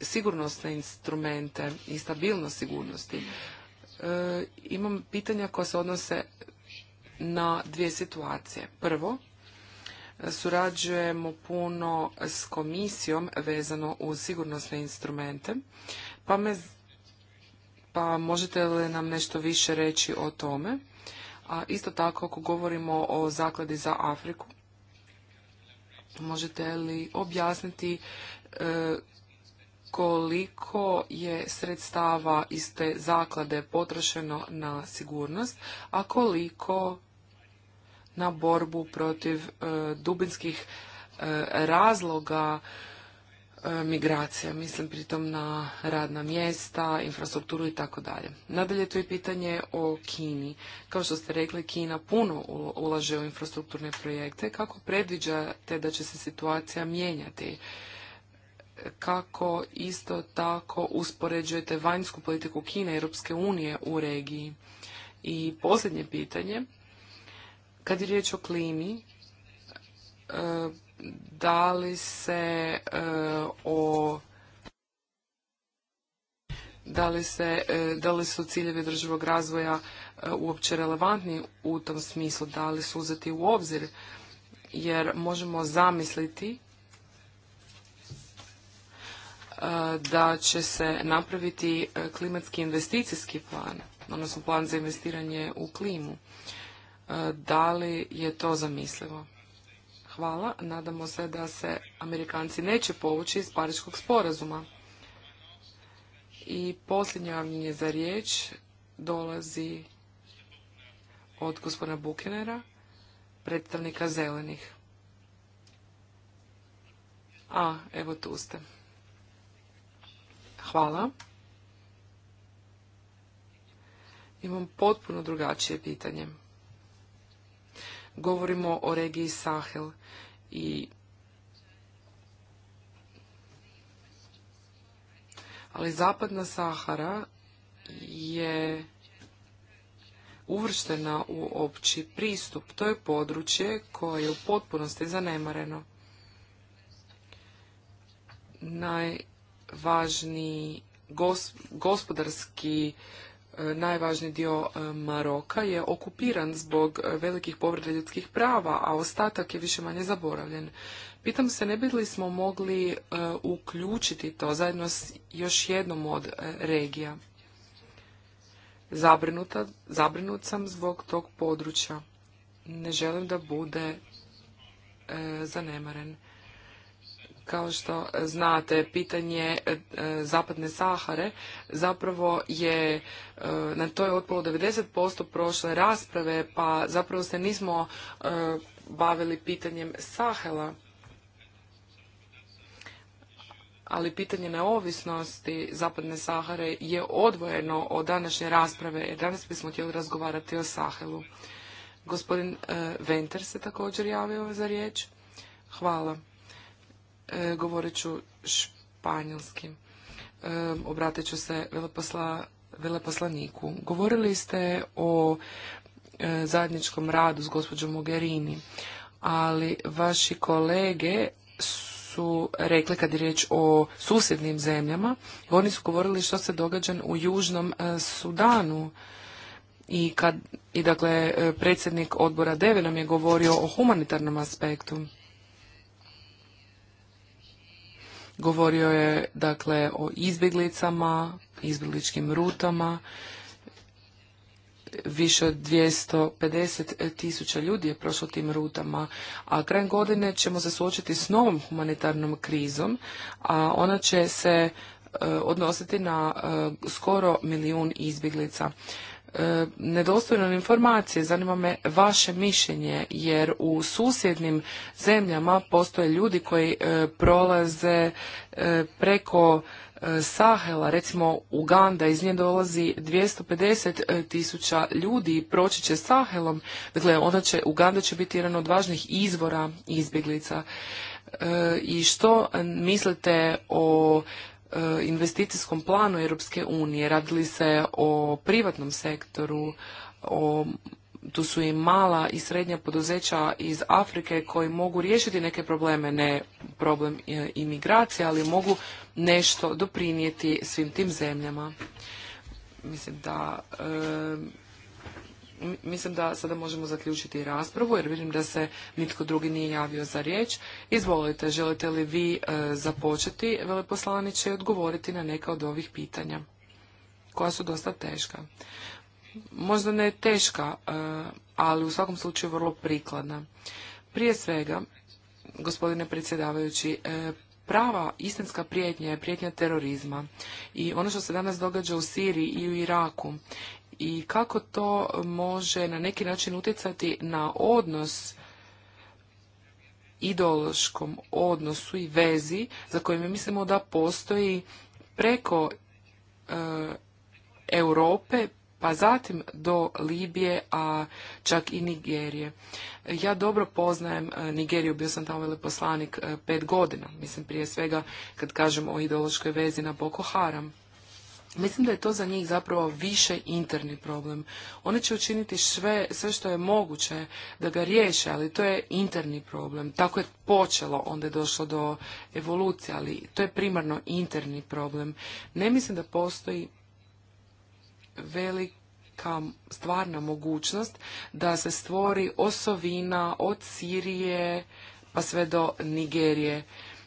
D: sigurnosne instrumente i stabilnost sigurnosti. Imam pitanja koja se odnose na dvije situacije. Prvo, surađujemo puno s komisijom vezano uz sigurnosne instrumente, pa, me, pa možete li nam nešto više reći o tome? A isto tako, ako govorimo o zakladi za Afriku, možete li objasniti e, koliko je sredstava iz te zaklade potrošeno na sigurnost, a koliko na borbu protiv e, dubinskih e, razloga e, migracija, mislim pritom na radna mjesta, infrastrukturu i tako dalje. Nadalje tu je pitanje o Kini. Kao što ste rekli, Kina puno ulaže u infrastrukturne projekte. Kako predviđate da će se situacija mijenjati? Kako isto tako uspoređujete vanjsku politiku Kine i Europske unije u regiji? I posljednje pitanje, kad je riječ o klimi, e, da li se e, o da li, se, e, da li su ciljevi državog razvoja uopće relevantni u tom smislu, da li su uzeti u obzir, jer možemo zamisliti da će se napraviti klimatski investicijski plan, odnosno plan za investiranje u klimu. E, da li je to zamislivo. Hvala, nadamo se da se Amerikanci neće povući iz Pariškog sporazuma. I posljednje je za riječ dolazi od gospodina Bukenera, predstavnika zelenih. A, evo tu ste. Hvala. Imam potpuno drugačije pitanje. Govorimo o regiji Sahel i ali zapadna Sahara je uvrštena u opći pristup. To je područje koje je u potpunosti zanemareno. Najvažniji gospodarski najvažniji dio e, Maroka je okupiran zbog e, velikih povreda ljudskih prava, a ostatak je više-manje zaboravljen. Pitam se ne bi li smo mogli e, uključiti to zajedno s još jednom od regija. Zabrinuta, zabrinut sam zbog tog područja. Ne želim da bude zanemaren. Kao što znate, pitanje e, Zapadne Sahare zapravo je, e, na to je otpalo 90% prošle rasprave, pa zapravo se nismo e, bavili pitanjem Sahela. ali pitanje neovisnosti Zapadne Sahare je odvojeno od današnje rasprave, jer danas bismo htjeli razgovarati o Sahelu. Gospodin Venter se također javio za riječ. Hvala. E, govorit ću španjolski. E, obratit ću se veleposlaniku. Govorili ste o e, zajedničkom radu s gospođom Mogherini, ali vaši kolege su rekli kad je riječ o susjednim zemljama, oni su govorili što se događa u Južnom Sudanu i i dakle predsjednik odbora Deve nam je govorio o humanitarnom aspektu. Govorio je dakle o izbjeglicama, izbjegličkim rutama. Više od 250 tisuća ljudi je prošlo tim rutama, a krajem godine ćemo se suočiti s novom humanitarnom krizom, a ona će se e, odnositi na e, skoro milijun izbjeglica. E, nedostojne informacije. Zanima me vaše mišljenje, jer u susjednim zemljama postoje ljudi koji e, prolaze e, preko Sahela, recimo Uganda, iz nje dolazi 250 tisuća ljudi i proći će Sahelom, dakle onda će, Uganda će biti jedan od važnih izvora izbjeglica. I što mislite o E, investicijskom planu Europske unije. Radili se o privatnom sektoru, o tu su i mala i srednja poduzeća iz Afrike koji mogu riješiti neke probleme, ne problem e, imigracije, ali mogu nešto doprinijeti svim tim zemljama. Mislim da e, mislim da sada možemo zaključiti raspravu jer vidim da se nitko drugi nije javio za riječ. Izvolite, želite li vi e, započeti veleposlaniće i odgovoriti na neka od ovih pitanja koja su dosta teška. Možda ne teška, e, ali u svakom slučaju vrlo prikladna. Prije svega, gospodine predsjedavajući, e, prava istinska prijetnja je prijetnja terorizma i ono što se danas događa u Siriji i u Iraku i kako to može na neki način utjecati na odnos ideološkom odnosu i vezi za koje mi mislimo da postoji preko e, Europe pa zatim do Libije, a čak i Nigerije. Ja dobro poznajem e, Nigeriju, bio sam tamo veleposlanik e, pet godina, mislim prije svega kad kažem o ideološkoj vezi na Boko Haram. Mislim da je to za njih zapravo više interni problem. Oni će učiniti sve, sve što je moguće da ga riješe, ali to je interni problem. Tako je počelo, onda je došlo do evolucije, ali to je primarno interni problem. Ne mislim da postoji velika stvarna mogućnost da se stvori osovina od Sirije pa sve do Nigerije.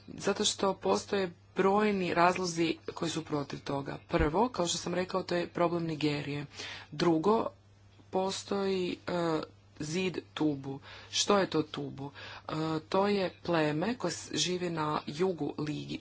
D: Zato što postoje brojni razlozi koji su protiv toga. Prvo, kao što sam rekao, to je problem Nigerije. Drugo, postoji e, zid Tubu. Što je to Tubu? E, to je pleme koje živi na jugu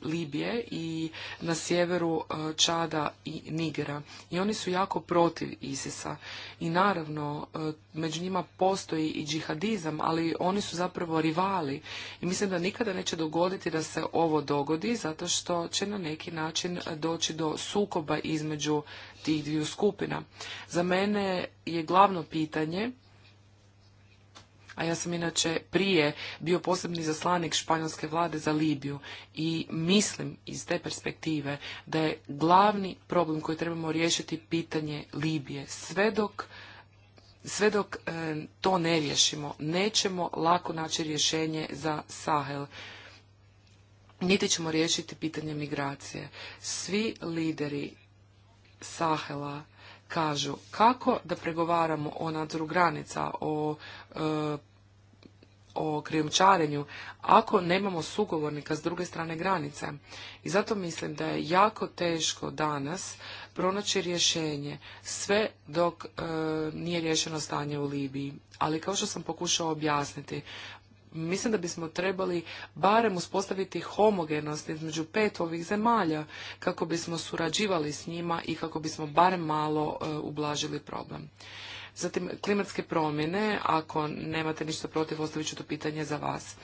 D: Libije i na sjeveru e, Čada i Nigera. I oni su jako protiv Isisa. I naravno, e, među njima postoji i džihadizam, ali oni su zapravo rivali. I mislim da nikada neće dogoditi da se ovo dogodi, zato što će na neki način doći do sukoba između tih dviju skupina. Za mene je glavno pitanje a ja sam inače prije bio posebni zaslanik španjolske vlade za Libiju i mislim iz te perspektive da je glavni problem koji trebamo riješiti pitanje Libije. Sve dok sve dok e, to ne riješimo, nećemo lako naći rješenje za Sahel. Niti ćemo riješiti pitanje migracije. Svi lideri Sahela kažu kako da pregovaramo o nadzoru granica, o, e, o krijumčarenju, ako nemamo sugovornika s druge strane granice. I zato mislim da je jako teško danas pronaći rješenje sve dok e, nije rješeno stanje u Libiji. Ali kao što sam pokušao objasniti, mislim da bismo trebali barem uspostaviti homogenost između pet ovih zemalja kako bismo surađivali s njima i kako bismo barem malo e, ublažili problem. Zatim, klimatske promjene, ako nemate ništa protiv, ostavit ću to pitanje za vas,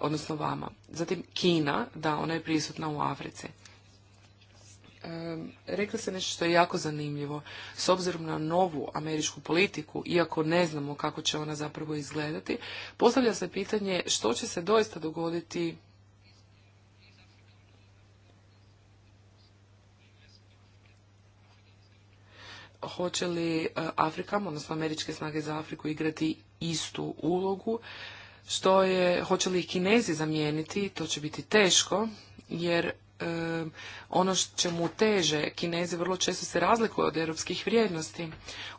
D: odnosno vama. Zatim, Kina, da, ona je prisutna u Africi. Rekla se nešto što je jako zanimljivo. S obzirom na novu američku politiku, iako ne znamo kako će ona zapravo izgledati, postavlja se pitanje što će se doista dogoditi hoće li e, Afrika, odnosno američke snage za Afriku igrati istu ulogu, što je, hoće li ih Kinezi zamijeniti, to će biti teško, jer ono čemu teže kinezi vrlo često se razlikuju od europskih vrijednosti.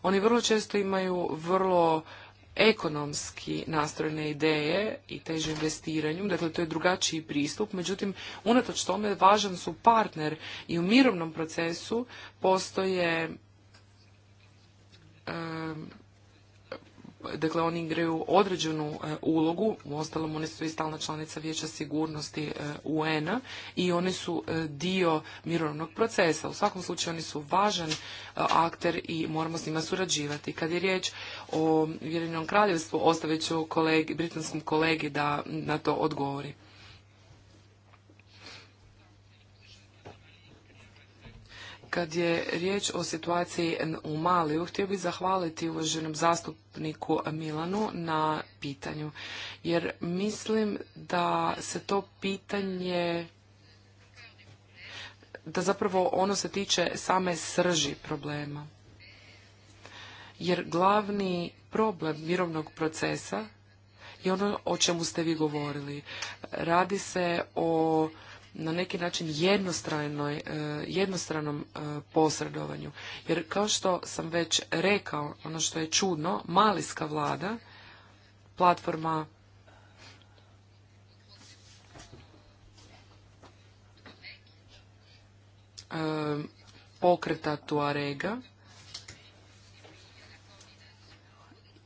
D: Oni vrlo često imaju vrlo ekonomski nastrojene ideje i teže investiranju, dakle to je drugačiji pristup, međutim unatoč tome važan su partner i u mirovnom procesu postoje dakle oni igraju određenu e, ulogu, uostalom oni su i stalna članica Vijeća sigurnosti e, UN-a i oni su e, dio mirovnog procesa. U svakom slučaju oni su važan akter i moramo s njima surađivati. Kad je riječ o vjerenom kraljevstvu, ostavit ću kolegi, britanskom kolegi da na to odgovori. Kad je riječ o situaciji u Maliju, htio bih zahvaliti uvaženom zastupniku Milanu na pitanju, jer mislim da se to pitanje da zapravo ono se tiče same srži problema. Jer glavni problem mirovnog procesa je ono o čemu ste vi govorili. Radi se o na neki način jednostranoj, e, jednostranom e, posredovanju. Jer kao što sam već rekao, ono što je čudno, maliska vlada, platforma e, pokreta Tuarega,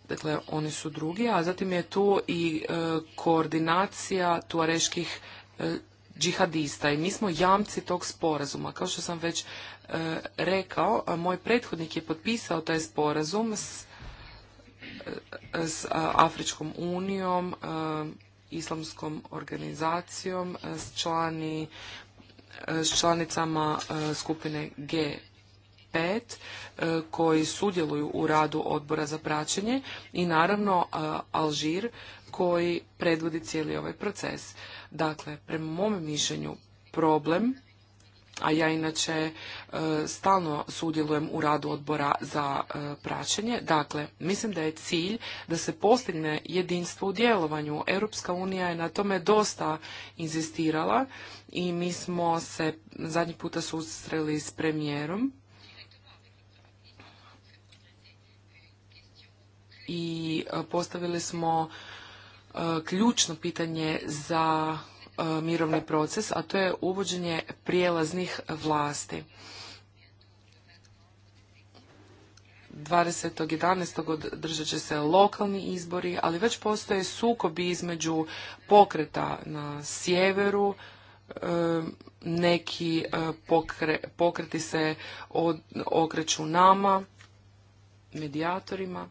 D: dakle oni su drugi, a zatim je tu i koordinacija tuareških džihadista i mi smo jamci tog sporazuma. Kao što sam već e, rekao, moj prethodnik je potpisao taj sporazum s, e, Afričkom unijom, e, islamskom organizacijom, s, člani, s članicama skupine G pet koji sudjeluju u radu odbora za praćenje i naravno Alžir koji predvodi cijeli ovaj proces. Dakle, prema mom mišljenju problem a ja inače e, stalno sudjelujem u radu odbora za e, praćenje. Dakle, mislim da je cilj da se postigne jedinstvo u djelovanju. Europska unija je na tome dosta inzistirala i mi smo se zadnji puta susreli s premijerom i e, postavili smo E, ključno pitanje za e, mirovni proces, a to je uvođenje prijelaznih vlasti. 20.11. održat će se lokalni izbori, ali već postoje sukobi između pokreta na sjeveru, e, neki pokreti se okreću nama, medijatorima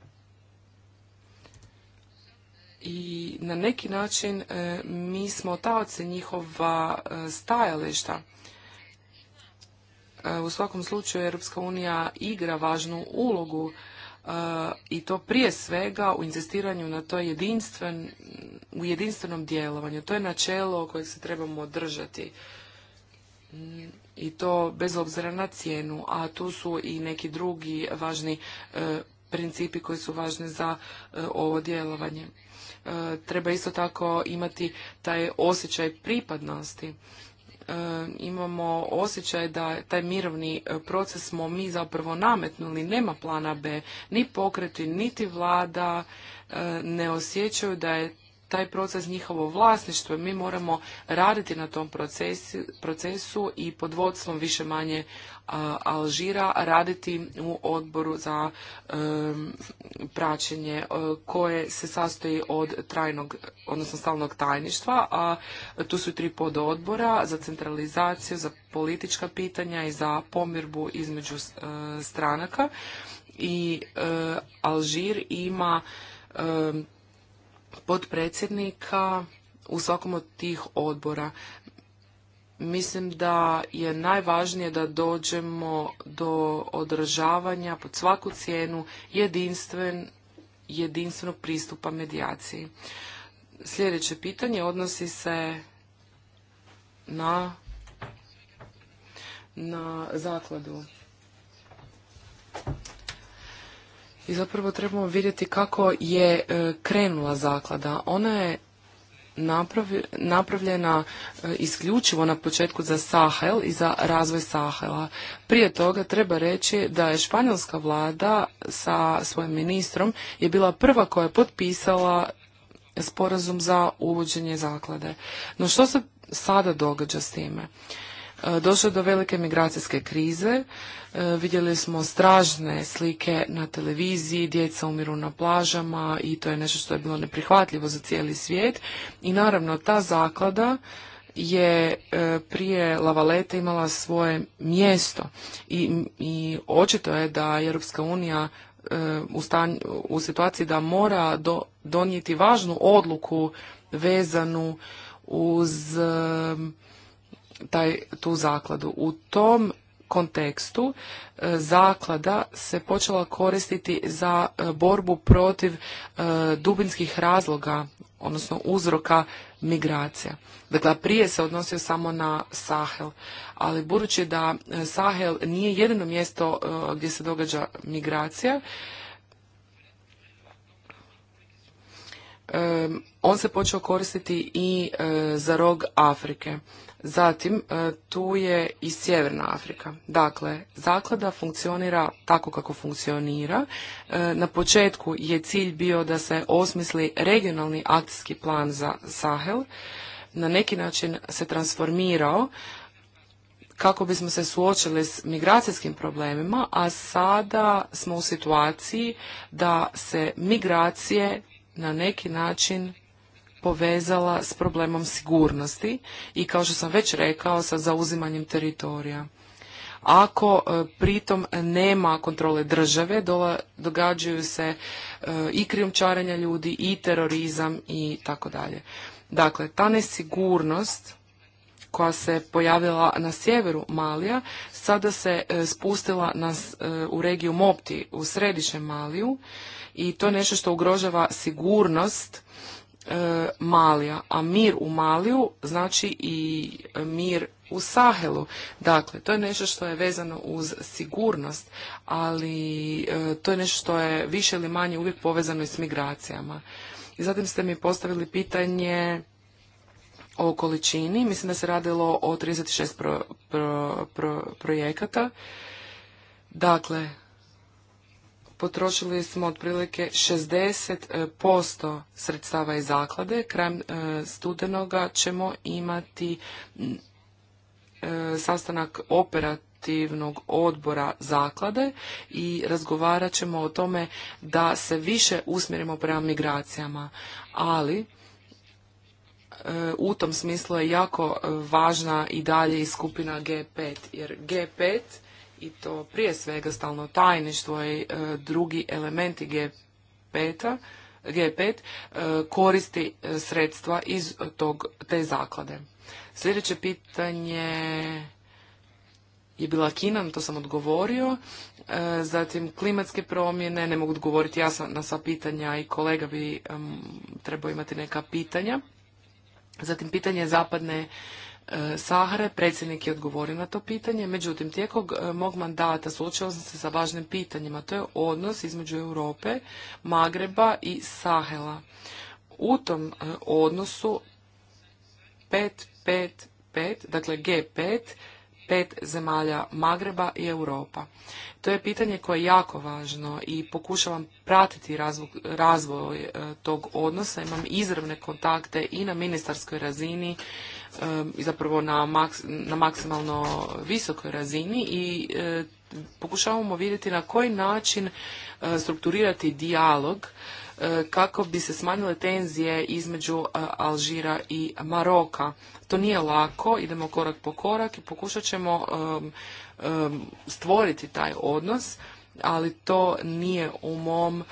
D: i na neki način e, mi smo taoci njihova e, stajališta. E, u svakom slučaju Europska unija igra važnu ulogu i to prije svega u inzistiranju na to jedinstven, u jedinstvenom djelovanju. To je načelo kojeg se trebamo držati i to bez obzira na cijenu, a tu su i neki drugi važni principi koji su važni za ovo djelovanje. E, treba isto tako imati taj osjećaj pripadnosti. E, imamo osjećaj da taj mirovni e, proces smo mi zapravo nametnuli, nema plana B, ni pokreti, niti vlada ne osjećaju da je taj proces njihovo vlasništvo. Mi moramo raditi na tom procesu i pod vodstvom više manje Alžira raditi u odboru za praćenje e, koje se sastoji od trajnog, odnosno stalnog tajništva, a tu su tri pododbora za centralizaciju, za politička pitanja i za pomirbu između e, stranaka. I e, Alžir ima podpredsjednika u svakom od tih odbora. Mislim da je najvažnije da dođemo do održavanja pod svaku cijenu jedinstven, jedinstvenog pristupa medijaciji. Sljedeće pitanje odnosi se na na zakladu. i zapravo trebamo vidjeti kako je e, krenula zaklada. Ona je napravljena e, isključivo na početku za Sahel i za razvoj Sahela. Prije toga treba reći da je španjolska vlada sa svojim ministrom je bila prva koja je potpisala sporazum za uvođenje zaklade. No što se sada događa s time? E, došlo do velike migracijske krize. E, vidjeli smo stražne slike na televiziji, djeca umiru na plažama i to je nešto što je bilo neprihvatljivo za cijeli svijet. I naravno ta zaklada je e, prije Lavalete imala svoje mjesto i, i očito je da Europska unija u, situaciji da mora donijeti važnu odluku vezanu uz taj, tu zakladu. U tom kontekstu e, zaklada se počela koristiti za e, borbu protiv e, dubinskih razloga, odnosno uzroka migracija. Dakle, prije se odnosio samo na Sahel, ali budući da Sahel nije jedino mjesto gdje se događa migracija, on se počeo koristiti i za rog Afrike. Zatim, e, tu je i Sjeverna Afrika. Dakle, zaklada funkcionira tako kako funkcionira. E, na početku je cilj bio da se osmisli regionalni akcijski plan za Sahel. Na neki način se transformirao kako bismo se suočili s migracijskim problemima, a sada smo u situaciji da se migracije na neki način povezala s problemom sigurnosti i kao što sam već rekao sa zauzimanjem teritorija. Ako e, pritom nema kontrole države, događaju se e, i krijumčarenja ljudi i terorizam i tako dalje. Dakle, ta nesigurnost koja se pojavila na sjeveru Malija, sada se e, spustila u regiju Mopti, u središnjem Maliju i to je nešto što ugrožava sigurnost E, Malija, a mir u Maliju znači i mir u Sahelu. Dakle, to je nešto što je vezano uz sigurnost, ali e, to je nešto što je više ili manje uvijek povezano i s migracijama. I zatim ste mi postavili pitanje o količini, mislim da se radilo o 36 pro, projekata. Dakle, potrošili smo otprilike 60% sredstava iz zaklade. Krajem e, studenoga ćemo imati e, sastanak operativnog odbora zaklade i razgovarat ćemo o tome da se više usmjerimo prema migracijama. Ali e, u tom smislu je jako važna i dalje i skupina G5, jer G5 i to prije svega stalno tajništvo i e, drugi elementi G5, g e, koristi e, sredstva iz tog, te zaklade. Sljedeće pitanje je bila Kina, to sam odgovorio. zatim klimatske promjene, ne mogu odgovoriti ja na sva pitanja i kolega bi trebao imati neka pitanja. Zatim pitanje zapadne Sahare, predsjednik je odgovorio na to pitanje, međutim tijekom e, mog mandata suočio sam se sa važnim pitanjima, to je odnos između Europe, Magreba i Sahela. U tom e, odnosu 5 5 dakle G5, pet zemalja Magreba i Europa. To je pitanje koje je jako važno i pokušavam pratiti razvoj, razvoj e, tog odnosa. Imam izravne kontakte i na ministarskoj razini Um, i zapravo na, na maksimalno visokoj razini i e, pokušavamo vidjeti na koji način e, strukturirati dijalog e, kako bi se smanjile tenzije između Alžira i Maroka. To nije lako, idemo korak po korak i pokušat ćemo stvoriti taj odnos ali to nije u mom e,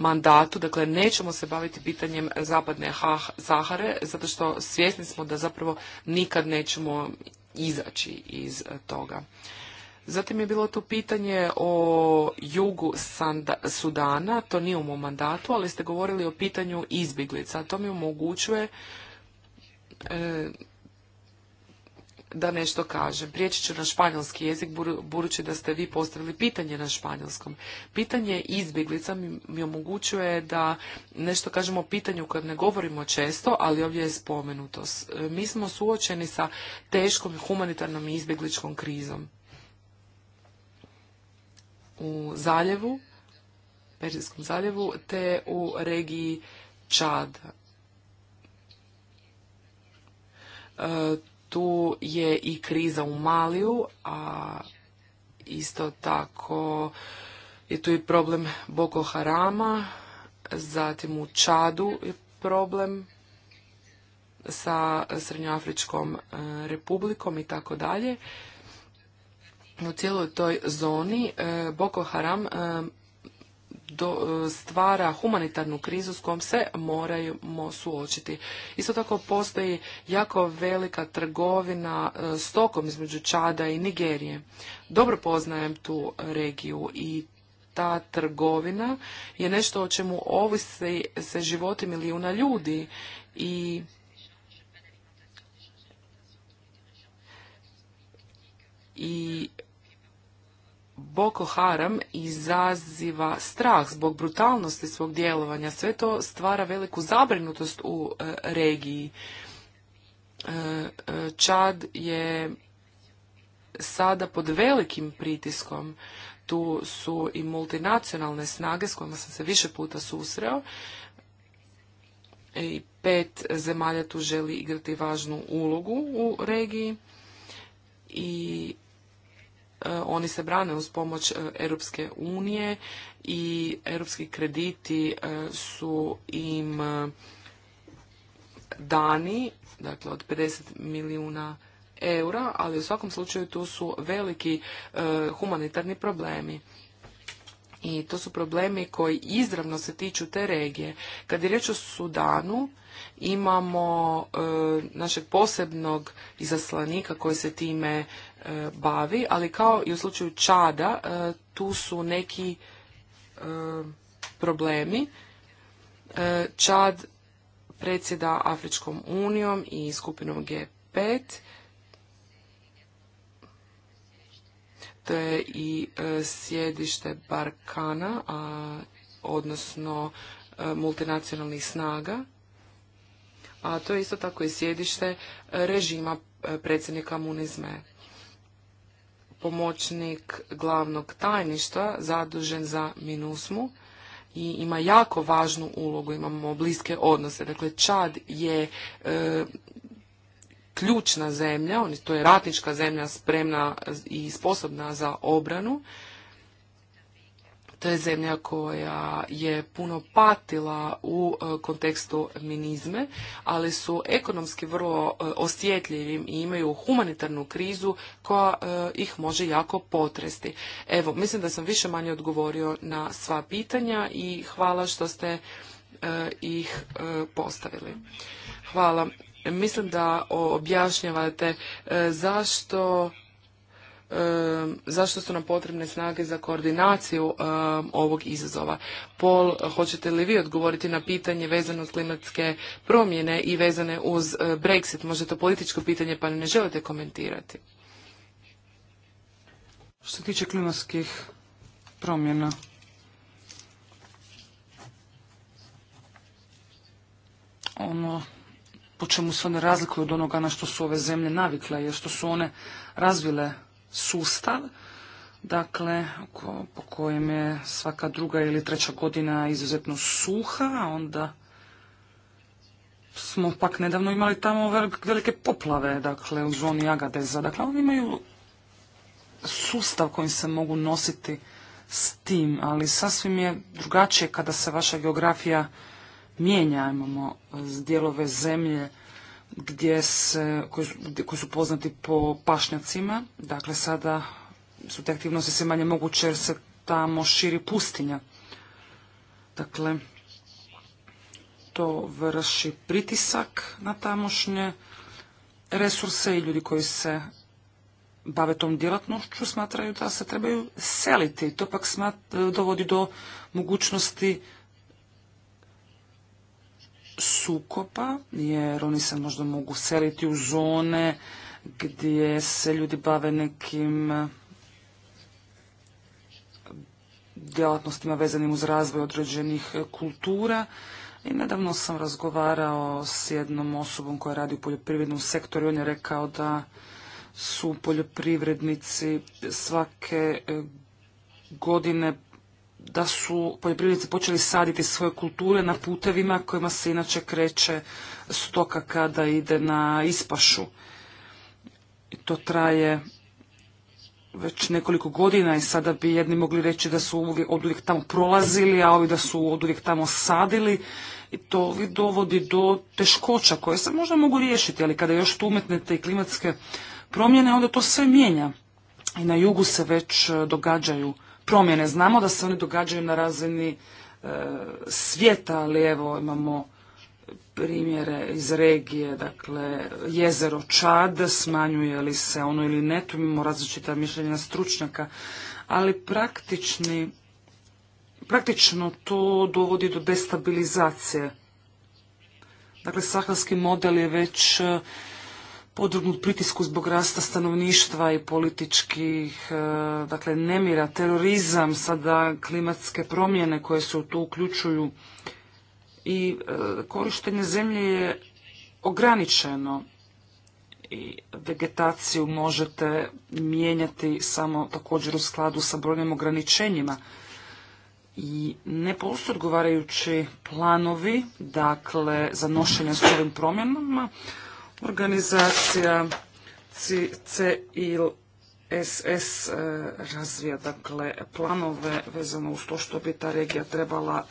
D: mandatu. Dakle, nećemo se baviti pitanjem zapadne Zahare, zato što svjesni smo da zapravo nikad nećemo izaći iz e, toga. Zatim je bilo tu pitanje o jugu Sudana, to nije u mom mandatu, ali ste govorili o pitanju izbjeglica. To mi omogućuje e, da nešto kažem. Prijeći ću na španjolski jezik, budući da ste vi postavili pitanje na španjolskom. Pitanje izbjeglica mi omogućuje da nešto kažemo o pitanju kojem ne govorimo često, ali ovdje je spomenuto. E, mi smo suočeni sa teškom humanitarnom i izbjegličkom krizom. U zaljevu, Perzijskom zaljevu, te u regiji Čad. E, tu je i kriza u Maliju, a isto tako je tu i problem Boko Harama, zatim u Čadu je problem sa Srednjoafričkom e, republikom i tako dalje. U cijeloj toj zoni e, Boko Haram e, E, stvara humanitarnu krizu s kojom se moramo suočiti. Isto tako postoji jako velika trgovina e, stokom između Čada i Nigerije. Dobro poznajem tu regiju i ta trgovina je nešto o čemu ovisi se životi milijuna ljudi i Boko Haram izaziva strah zbog brutalnosti svog djelovanja. Sve to stvara veliku zabrinutost u e, regiji. E, e, Čad je sada pod velikim pritiskom. Tu su i multinacionalne snage s kojima sam se više puta susreo. I pet zemalja tu želi igrati važnu ulogu u regiji. I E, oni se brane uz pomoć e, Europske unije i europski krediti e, su im dani, dakle od 50 milijuna eura, ali u svakom slučaju tu su veliki humanitarni problemi i to su problemi koji izravno se tiču te regije. Kad je riječ o Sudanu, imamo e, našeg posebnog izaslanika koji se time e, bavi, ali kao i u slučaju Čada, e, tu su neki problemi. Čad predsjeda Afričkom unijom i skupinom G5 te i e, sjedište Barkana, a, odnosno e, multinacionalnih snaga, a to je isto tako i sjedište režima e, predsjednika Munizme. Pomoćnik glavnog tajništva zadužen za Minusmu i ima jako važnu ulogu, imamo bliske odnose. Dakle, Čad je ključna zemlja, to je ratnička zemlja spremna i sposobna za obranu. To je zemlja koja je puno patila u e, kontekstu minizme, ali su ekonomski vrlo e, osjetljivi i imaju humanitarnu krizu koja e, ih može jako potresti. Evo, mislim da sam više manje odgovorio na sva pitanja i hvala što ste ih postavili. Hvala. Mislim da objašnjavate e, zašto e, zašto su nam potrebne snage za koordinaciju e, ovog izazova. Pol, hoćete li vi odgovoriti na pitanje vezano uz klimatske promjene i vezane uz Brexit? Možda to političko pitanje pa ne
C: želite komentirati. Što se tiče klimatskih promjena, ono po čemu se one razlikuju od onoga na što su ove zemlje navikle, jer što su one razvile sustav, dakle, po kojem je svaka druga ili treća godina izuzetno suha, onda smo pak nedavno imali tamo velike poplave, dakle, u zoni Agadeza. Dakle, oni imaju sustav kojim se mogu nositi s tim, ali sasvim je drugačije kada se vaša geografija mijenja. Imamo dijelove zemlje gdje se, koji, su, poznati po pašnjacima. Dakle, sada su te aktivnosti sve manje moguće jer se tamo širi pustinja. Dakle, to vrši pritisak na tamošnje resurse i ljudi koji se bave tom djelatnošću smatraju da se trebaju seliti. To pak dovodi do mogućnosti sukopa, jer oni se možda mogu seliti u zone gdje se ljudi bave nekim eh, djelatnostima vezanim uz razvoj određenih eh, kultura. I nedavno sam razgovarao s jednom osobom koja radi u poljoprivrednom sektoru i on je rekao da su poljoprivrednici svake eh, godine da su poljoprivrednici počeli saditi svoje kulture na putevima kojima se inače kreće stoka kada ide na ispašu. I to traje već nekoliko godina i sada bi jedni mogli reći da su od uvijek tamo prolazili, a ovi da su od uvijek tamo sadili i to dovodi do teškoća koje se možda mogu riješiti, ali kada još tu umetnete i klimatske promjene, onda to sve mijenja. I na jugu se već e, događaju promjene. Znamo da se one događaju na razini e, svijeta, ali evo imamo primjere iz regije, dakle jezero Čad, smanjuje li se ono ili ne, tu imamo različita mišljenja stručnjaka, ali praktični, praktično to dovodi do destabilizacije. Dakle, sahalski model je već podrugnut pritisku zbog rasta stanovništva i političkih e, dakle, nemira, terorizam, sada klimatske promjene koje se u to uključuju i e, korištenje zemlje je ograničeno i vegetaciju možete mijenjati samo također u skladu sa brojnim ograničenjima i ne postoje odgovarajući planovi dakle za nošenje s ovim promjenama organizacija CIL SS e, razvija dakle planove vezano uz to što bi ta regija trebala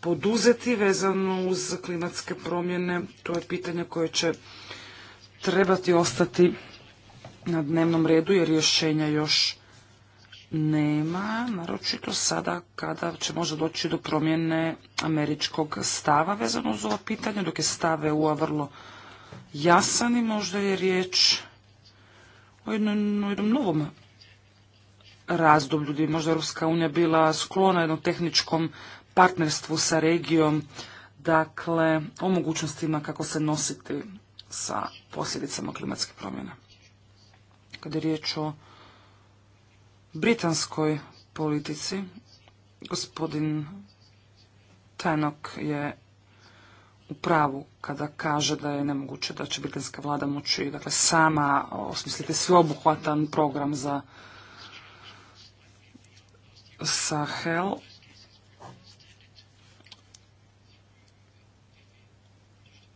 C: poduzeti vezano uz klimatske promjene. To je pitanje koje će trebati ostati na dnevnom redu jer rješenja još nema, naročito sada kada će možda doći do promjene američkog stava vezano uz ova pitanje, dok je stav eu vrlo jasan i možda je riječ o jednom, novom razdoblju gdje je možda Europska unija bila sklona jednom tehničkom partnerstvu sa regijom, dakle o mogućnostima kako se nositi sa posljedicama klimatskih promjena. Kada je riječ o britanskoj politici, gospodin Tanok je u pravu kada kaže da je nemoguće da će britanska vlada moći dakle, sama osmisliti sveobuhvatan program za Sahel.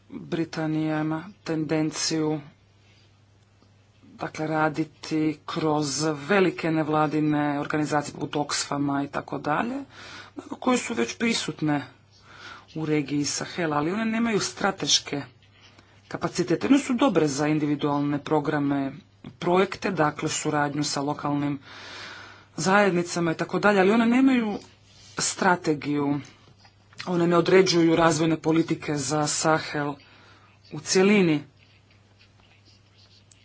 C: Britanija ima tendenciju dakle, raditi kroz velike nevladine organizacije poput Oxfama i tako dalje, dakle, koje su već prisutne u regiji Sahela, ali one nemaju strateške kapacitete. One su dobre za individualne programe, projekte, dakle suradnju sa lokalnim zajednicama i tako dalje, ali one nemaju strategiju, one ne određuju razvojne politike za Sahel u cijelini.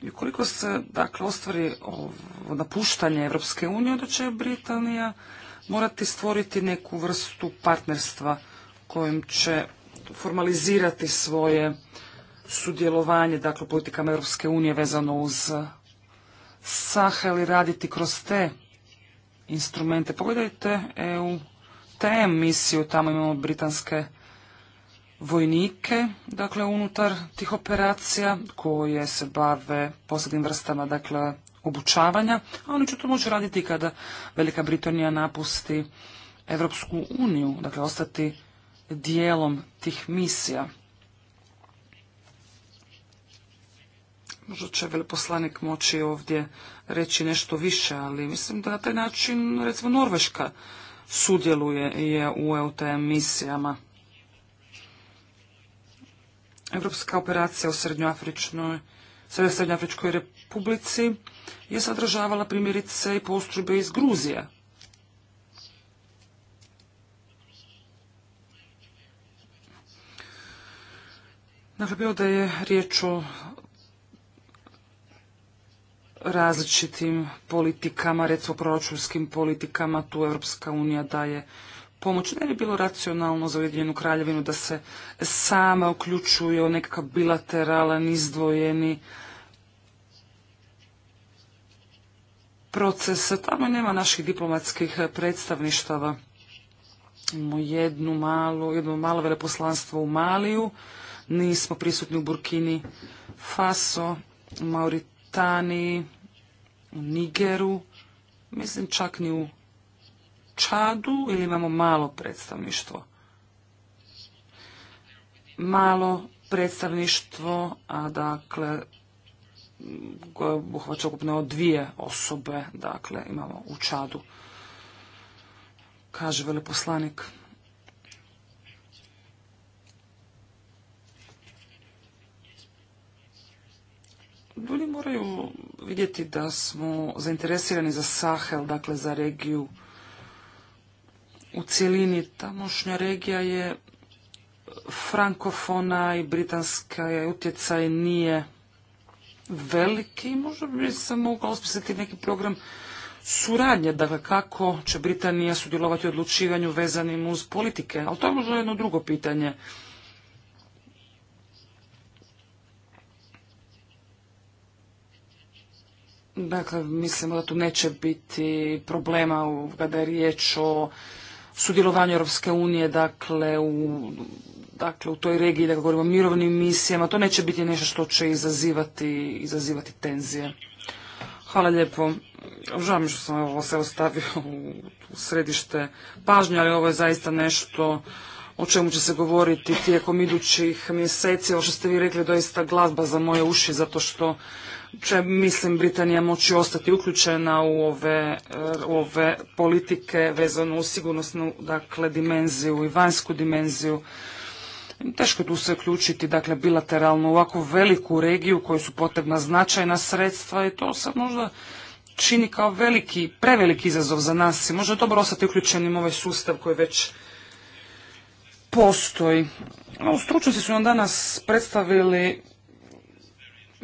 C: I ukoliko se dakle ostvari napuštanje Evropske unije, onda će Britanija morati stvoriti neku vrstu partnerstva kojim će formalizirati svoje sudjelovanje, dakle politikama Europske unije vezano uz Sahel i raditi kroz te instrumente. Pogledajte EU te misiju, tamo imamo britanske vojnike, dakle unutar tih operacija koje se bave posljednim vrstama, dakle obučavanja, a oni će to moći raditi kada Velika Britanija napusti Evropsku uniju, dakle ostati dijelom tih misija. Možda će veleposlanik moći ovdje reći nešto više, ali mislim da na taj način, recimo, Norveška sudjeluje je u EUTM misijama. Evropska operacija u Srednjoafričnoj Srednjoafričkoj republici je sadržavala primjerice i postrojbe iz Gruzije. Dakle, bilo da je riječ o različitim politikama, recimo proračunskim politikama, tu Europska unija daje pomoć. Ne bi bilo racionalno za Ujedinjenu kraljevinu da se sama uključuje u nekakav bilateralan, izdvojeni proces. Tamo nema naših diplomatskih predstavništava. Imamo jednu malu, jedno malo veleposlanstvo u Maliju, nismo prisutni u Burkini Faso, u Mauritaniji, u Nigeru, mislim čak ni u Čadu ili imamo malo predstavništvo. Malo predstavništvo, a dakle koje obuhvaća ukupno dvije osobe, dakle imamo u Čadu, kaže veleposlanik. Ljudi moraju vidjeti da smo zainteresirani za Sahel, dakle za regiju u cjelini. Tamošnja regija je frankofona i britanska je utjecaj nije veliki. Možda bi se mogla osmisliti neki program suradnje, dakle kako će Britanija sudjelovati u odlučivanju vezanim uz politike. Ali to je možda jedno drugo pitanje. Dakle, mislimo da tu neće biti problema kada je riječ o sudjelovanju Europske unije, dakle u, dakle, u toj regiji, da govorimo o mirovnim misijama, to neće biti nešto što će izazivati, izazivati tenzije. Hvala lijepo. Žao mi što sam ovo se ostavio u, u središte pažnje, ali ovo je zaista nešto o čemu će se govoriti tijekom idućih mjeseci. Ovo što ste vi rekli doista glazba za moje uši, zato što će, mislim, Britanija moći ostati uključena u ove, eh, ove politike vezano u sigurnosnu dakle, dimenziju i vanjsku dimenziju. Teško je tu se uključiti dakle, bilateralno u ovako veliku regiju koju su potrebna značajna sredstva i to se možda čini kao veliki, preveliki izazov za nas i možda je dobro ostati uključenim u ovaj sustav koji već postoji. stručnosti su nam danas predstavili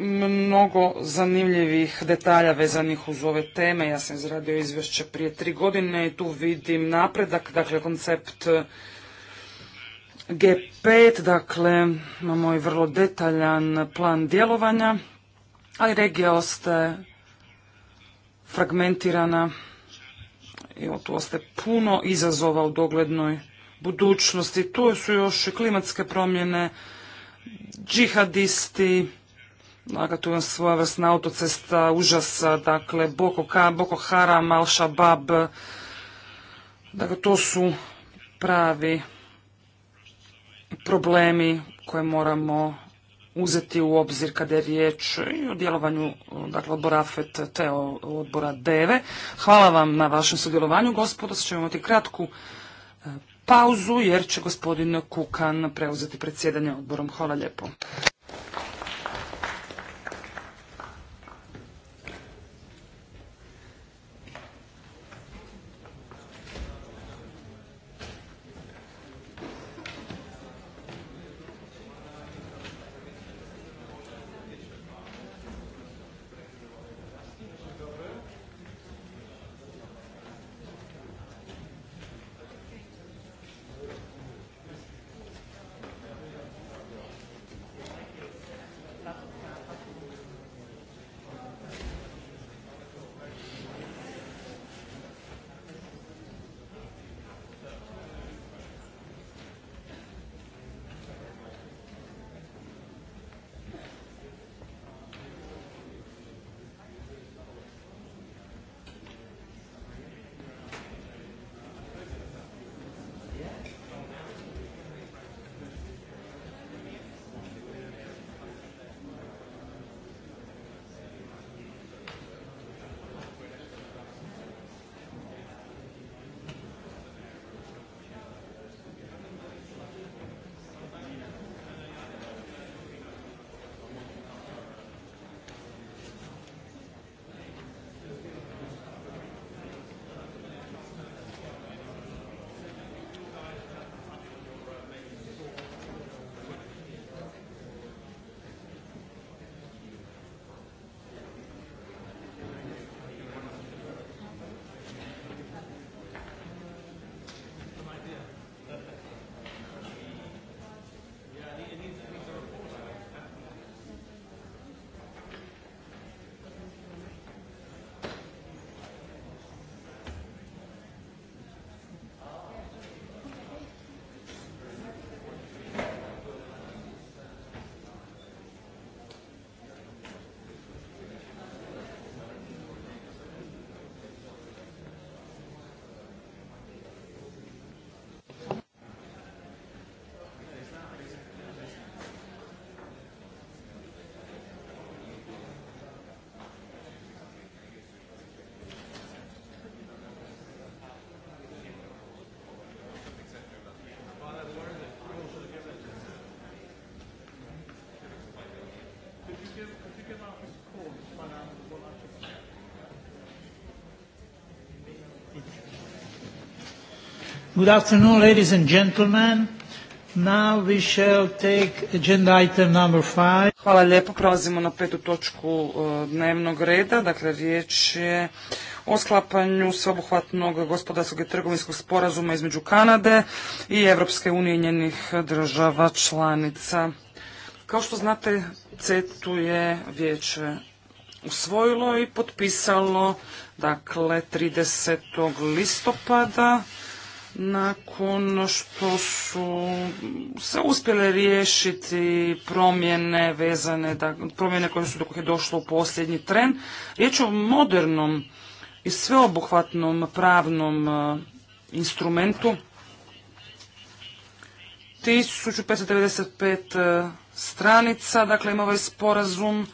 C: mnogo zanimljivih detalja vezanih uz ove teme. Ja sam izradio izvješće prije tri godine i tu vidim napredak, dakle koncept G5, dakle imamo i vrlo detaljan plan djelovanja, ali regija ostaje fragmentirana i tu ostaje puno izazova u doglednoj budućnosti. Tu su još i klimatske promjene, džihadisti, Dakle, tu je vrstna autocesta užasa, dakle, Boko, Hara, Haram, al Dakle, to su pravi problemi koje moramo uzeti u obzir kada je riječ i o djelovanju dakle, odbora AFET te odbora DEVE. Hvala vam na vašem sudjelovanju, gospodo. ćemo imati kratku e, pauzu jer će gospodin Kukan preuzeti predsjedanje odborom. Hvala lijepo.
B: Good afternoon, ladies and gentlemen. Now we shall take agenda item number five. Hvala lijepo. Prelazimo na petu točku e, dnevnog
C: reda. Dakle, riječ je o sklapanju sveobuhvatnog gospodarskog i trgovinskog sporazuma između Kanade i Europske unije i njenih država članica. Kao što znate, CETU je vijeće usvojilo i potpisalo dakle 30. listopada nakon što su se uspjele riješiti promjene vezane, da, promjene koje su dok je došlo u posljednji tren, riječ o modernom i sveobuhvatnom pravnom e, instrumentu 1595 e, stranica, dakle ima ovaj sporazum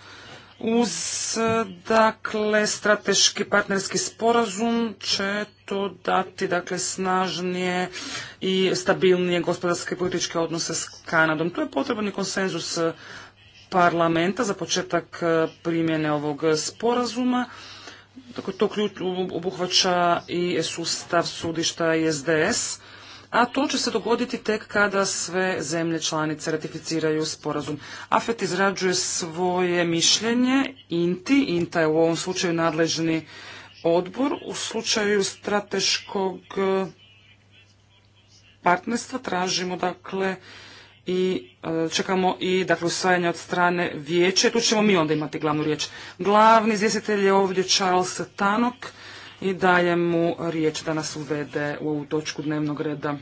C: uz e, dakle strateški partnerski sporazum će to dati dakle snažnije i stabilnije gospodarske i političke odnose s Kanadom. Tu je potreban konsenzus parlamenta za početak e, primjene ovog sporazuma. Dakle, to obuhvaća i sustav sudišta i SDS a to će se dogoditi tek kada sve zemlje članice ratificiraju sporazum. AFET izrađuje svoje mišljenje INTI, INTA je u ovom slučaju nadležni odbor, u slučaju strateškog eh, partnerstva tražimo dakle i eh, čekamo i dakle usvajanje od strane vijeća. Tu ćemo mi onda imati glavnu riječ. Glavni izvjestitelj je ovdje Charles Tanok i dajem mu riječ da nas uvede u ovu točku dnevnog reda.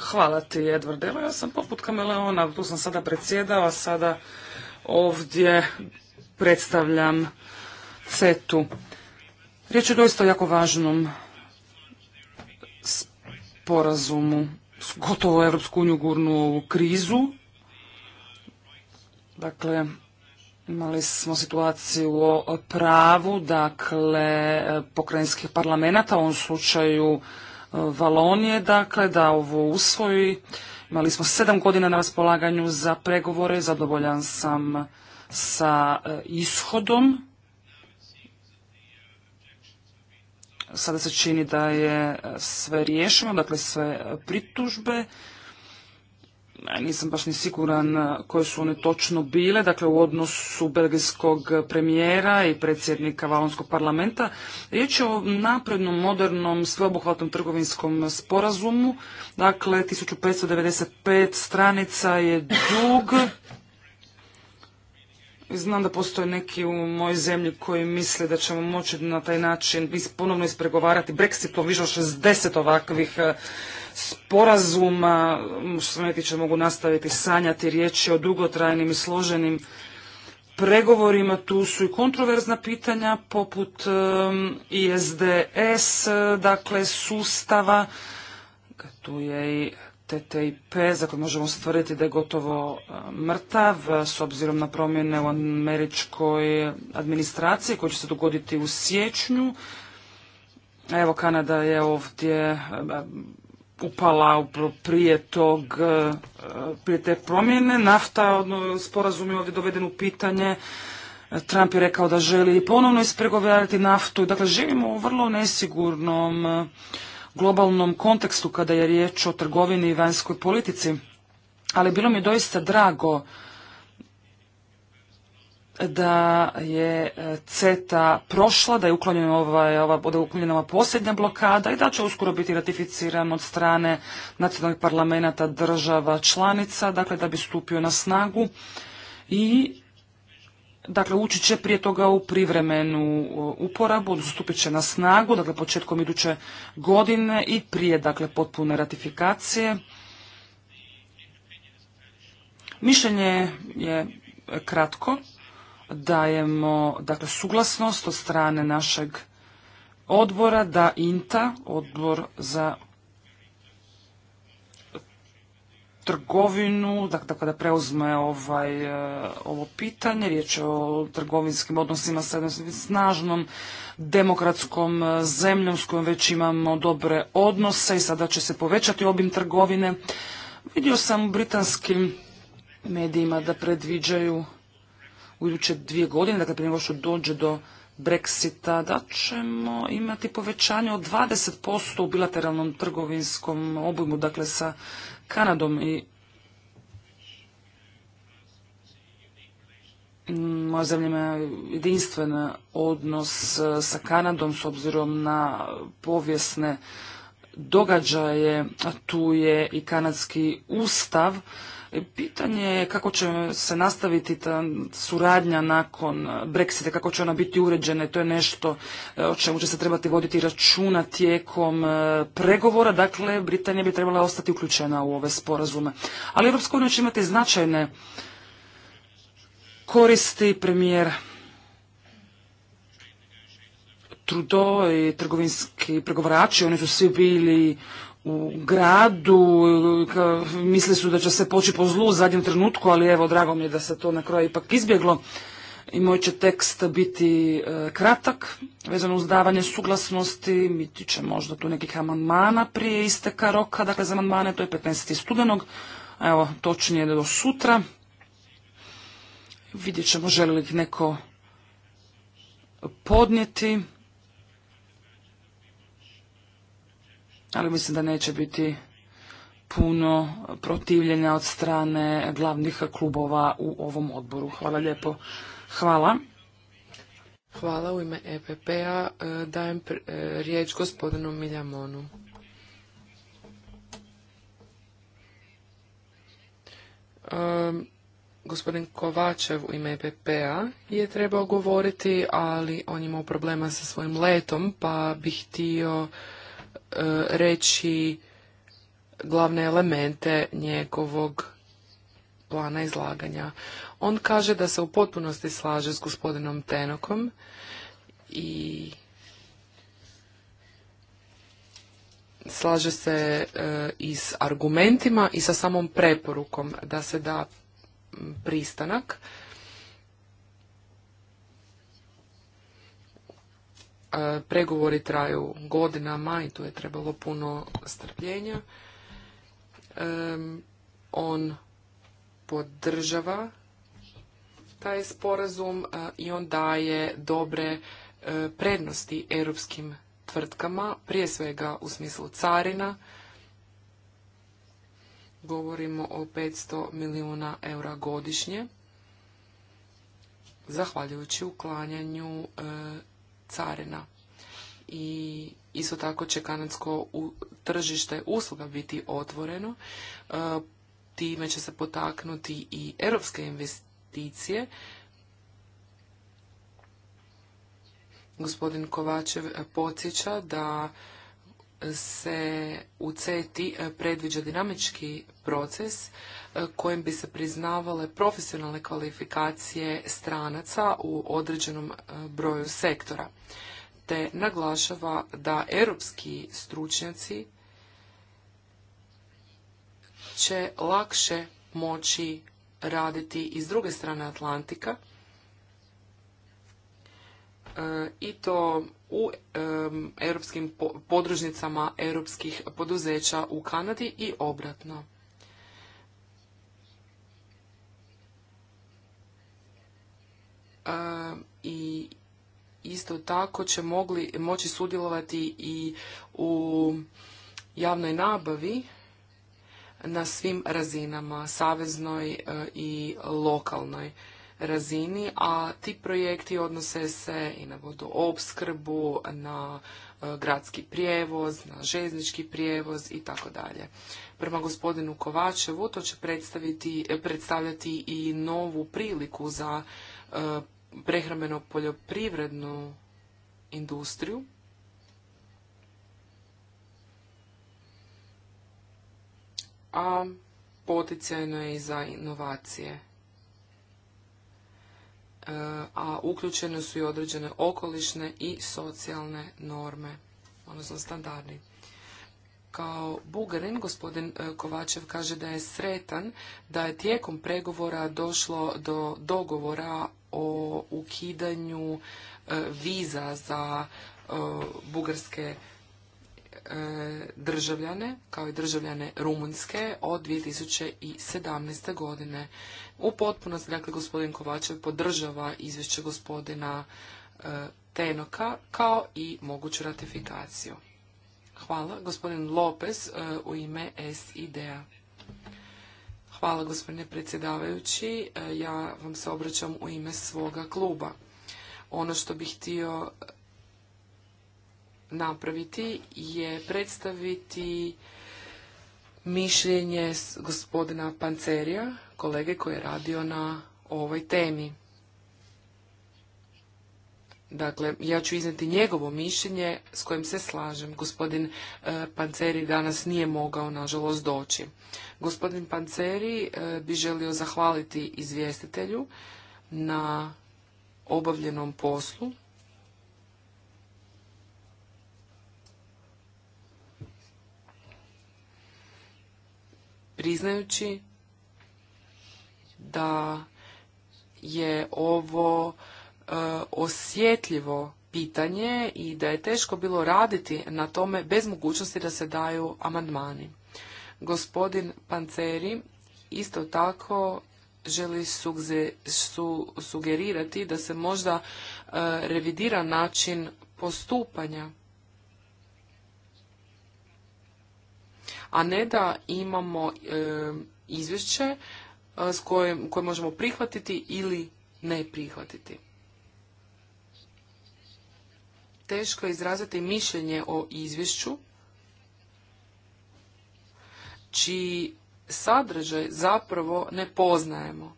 C: Hvala ti, Edward. Evo, ja sam poput kameleona, tu sam sada predsjedao, a sada ovdje predstavljam CETU. Riječ je doista jako važnom sporazumu. Gotovo Evropsku uniju gurnu krizu. Dakle, Imali smo situaciju o pravu, dakle, pokrajinskih parlamenta, u ovom slučaju e, Valonije, dakle, da ovo usvoji. Imali smo sedam godina na raspolaganju za pregovore, zadovoljan sam sa e, ishodom. Sada se čini da je sve riješeno, dakle sve pritužbe E, nisam baš ni siguran e, koje su one točno bile, dakle u odnosu belgijskog premijera i predsjednika Valonskog parlamenta. Riječ je o naprednom, modernom, sveobuhvatnom trgovinskom sporazumu, dakle 1595 stranica je dug. Znam da postoje neki u mojoj zemlji koji misle da ćemo moći na taj način ponovno ispregovarati Brexitom više od 60 ovakvih e, sporazuma, što se mogu nastaviti sanjati, riječi o dugotrajnim i složenim pregovorima, tu su i kontroverzna pitanja poput ISDS, dakle sustava, tu je i TTIP, za koje možemo stvoriti da je gotovo mrtav s obzirom na promjene u američkoj administraciji koje će se dogoditi u siječnju. Evo Kanada je ovdje upala prije tog, e, prije te promjene. Nafta, ono, sporazum je ovdje doveden u pitanje. Trump je rekao da želi ponovno ispregovarati naftu. Dakle, živimo u vrlo nesigurnom e, globalnom kontekstu kada je riječ o trgovini i vanjskoj politici. Ali bilo mi doista drago da je e, CETA prošla, da je uklonjena ova, uklonjena ova posljednja blokada i da će uskoro biti ratificiran od strane nacionalnih parlamenta država članica, dakle da bi stupio na snagu i dakle ući će prije toga u privremenu uporabu, stupit će na snagu, dakle početkom iduće godine i prije dakle potpune ratifikacije. Mišljenje je kratko dajemo dakle, suglasnost od strane našeg odbora da INTA, odbor za trgovinu, dakle da preuzme ovaj, eh, ovo pitanje, riječ je o trgovinskim odnosima sa jednom snažnom demokratskom eh, zemljom s kojom već imamo dobre odnose i sada će se povećati obim trgovine. Vidio sam u britanskim medijima da predviđaju u iduće dvije godine, dakle prije nego što dođe do Brexita, da ćemo imati povećanje od 20% u bilateralnom trgovinskom obujmu, dakle sa Kanadom i moja zemlja ima jedinstven odnos e, sa Kanadom s obzirom na povijesne događaje, a tu je i kanadski ustav Pitanje je kako će se nastaviti ta suradnja nakon eh, Brexita, kako će ona biti uređena. To je nešto eh, o čemu će se trebati voditi računa tijekom eh, pregovora. Dakle, Britanija bi trebala ostati uključena u ove sporazume. Ali EU će imati značajne koristi premijer Trudeau i trgovinski pregovarači, oni su svi bili u gradu, misli su da će se poći po zlu u zadnjem trenutku, ali evo, drago mi je da se to na kraju ipak izbjeglo. I moj će tekst biti e, kratak, vezano uz davanje suglasnosti, mi će možda tu nekih amandmana prije isteka roka, dakle za amandmane to je 15. studenog, evo, točnije do sutra. Vidjet ćemo želi li neko podnijeti. ali mislim da neće biti puno protivljenja od strane glavnih klubova u ovom odboru. Hvala lijepo. Hvala.
D: Hvala u ime EPP-a. E, dajem e, riječ gospodinu Miljamonu. E, gospodin Kovačev u ime EPP-a je trebao govoriti, ali on ima imao problema sa svojim letom, pa bi htio E, reći glavne elemente njegovog plana izlaganja. On kaže da se u potpunosti slaže s gospodinom Tenokom i slaže se e, i s argumentima i sa samom preporukom da se da pristanak E, pregovori traju godinama i tu je trebalo puno strpljenja. E, on podržava taj sporazum e, i on daje dobre prednosti europskim tvrtkama, prije svega u smislu carina. Govorimo o 500 milijuna eura godišnje, zahvaljujući uklanjanju carina. I isto tako će kanadsko tržište usluga biti otvoreno. E, time će se potaknuti i europske investicije. Gospodin Kovačev e, podsjeća da se u CETI predviđa dinamički proces e, kojim bi se priznavale profesionalne kvalifikacije stranaca u određenom e, broju sektora, te naglašava da europski stručnjaci će lakše moći raditi iz druge strane Atlantika i to u europskim podružnicama europskih poduzeća u Kanadi i obratno. I isto tako će mogli moći sudjelovati i u javnoj nabavi na svim razinama, saveznoj eh, i lokalnoj razini, a ti projekti odnose se i na vodoopskrbu, na e, gradski prijevoz, na željeznički prijevoz i tako dalje. Prema gospodinu Kovačevu to će e, predstavljati i novu priliku za e, prehrameno poljoprivrednu industriju. A poticajno je i za inovacije a uključene su i određene okolišne i socijalne norme, odnosno standardi. Kao Bugarin, gospodin e, Kovačev kaže da je sretan da je tijekom pregovora došlo do dogovora o ukidanju e, viza za e, bugarske E, državljane, kao i državljane Rumunjske od 2017. godine. U potpunosti, dakle, gospodin Kovačev podržava izvješće gospodina e, Tenoka, kao i moguću ratifikaciju. Hvala. Gospodin Lopez e, u ime sid Hvala, gospodine predsjedavajući. Ja vam se obraćam u ime svoga kluba. Ono što bih htio napraviti je predstaviti mišljenje gospodina Pancerija, kolege koji je radio na ovoj temi. Dakle, ja ću izneti njegovo mišljenje s kojim se slažem. Gospodin e, Panceri danas nije mogao, nažalost, doći. Gospodin Panceri e, bi želio zahvaliti izvjestitelju na obavljenom poslu priznajući da je ovo e, osjetljivo pitanje i da je teško bilo raditi na tome bez mogućnosti da se daju amandmani. Gospodin Panceri isto tako želi su, sugerirati da se možda e, revidira način postupanja a ne da imamo e, izvješće e, s kojim, koje možemo prihvatiti ili ne prihvatiti. Teško je izraziti mišljenje o izvješću čiji sadržaj zapravo ne poznajemo.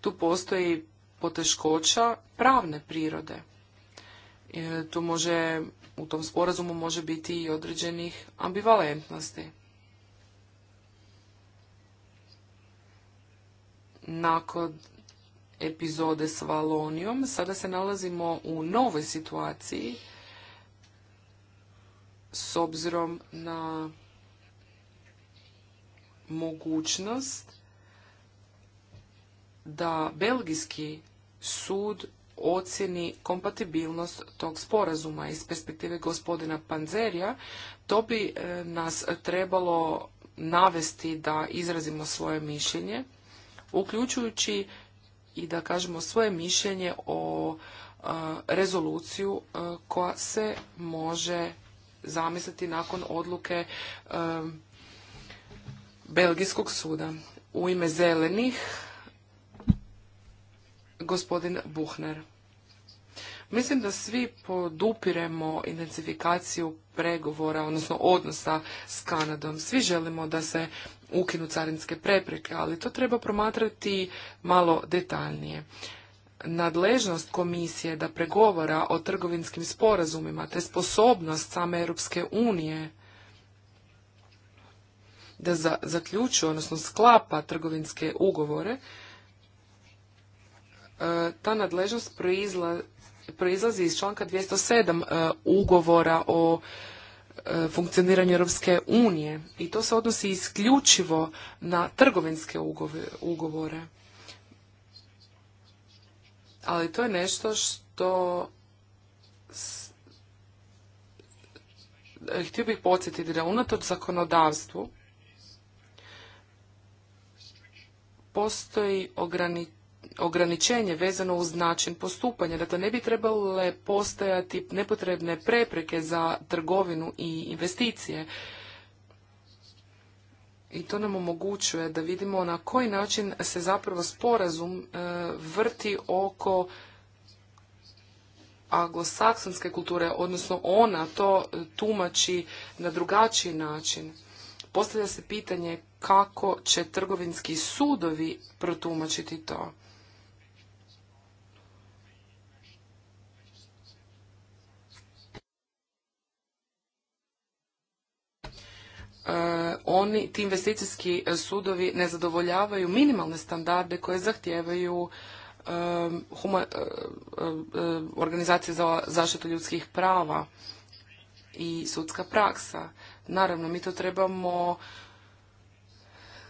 D: Tu postoji poteškoća pravne prirode. E, tu može u tom sporazumu može biti i određenih ambivalentnosti. Nakon epizode s Valonijom, sada se nalazimo u novoj situaciji s obzirom na mogućnost da belgijski sud ocjeni kompatibilnost tog sporazuma iz perspektive gospodina Panzerija, to bi e, nas trebalo navesti da izrazimo svoje mišljenje, uključujući i da kažemo svoje mišljenje o e, rezoluciju e, koja se može zamisliti nakon odluke Belgijskog suda. U ime zelenih gospodin Buhner. Mislim da svi podupiremo intensifikaciju pregovora, odnosno odnosa s Kanadom. Svi želimo da se ukinu carinske prepreke, ali to treba promatrati malo detaljnije. Nadležnost komisije da pregovora o trgovinskim sporazumima te sposobnost same Europske unije da zaključuje, odnosno sklapa trgovinske ugovore, E, ta nadležnost proizlazi iz članka 207 e, ugovora o e, funkcioniranju Europske unije i to se odnosi isključivo na trgovinske ugovore. Ali to je nešto što htio bih podsjetiti da unatoč zakonodavstvu postoji ograničenje ograničenje vezano uz način postupanja. Dakle, ne bi trebale postojati nepotrebne prepreke za trgovinu i investicije. I to nam omogućuje da vidimo na koji način se zapravo sporazum e, vrti oko anglosaksonske kulture, odnosno ona to tumači na drugačiji način. Postavlja se pitanje kako će trgovinski sudovi protumačiti to. E, oni, ti investicijski e, sudovi ne zadovoljavaju minimalne standarde koje zahtijevaju e, organizacije za zaštitu ljudskih prava i sudska praksa. Naravno, mi to trebamo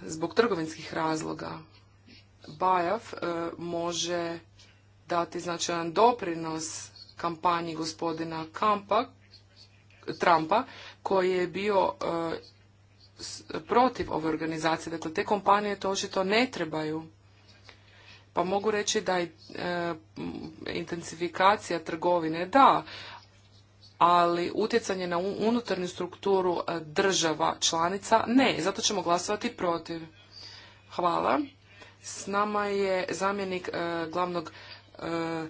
D: zbog trgovinskih razloga. Bajav može dati značajan doprinos kampanji gospodina Trumpa, koji je bio protiv ove organizacije. Dakle, te kompanije to očito ne trebaju. Pa mogu reći da je intensifikacija trgovine, da, ali utjecanje na unutarnju strukturu e, država članica ne. Zato ćemo glasovati protiv. Hvala. S nama je zamjenik e, glavnog e,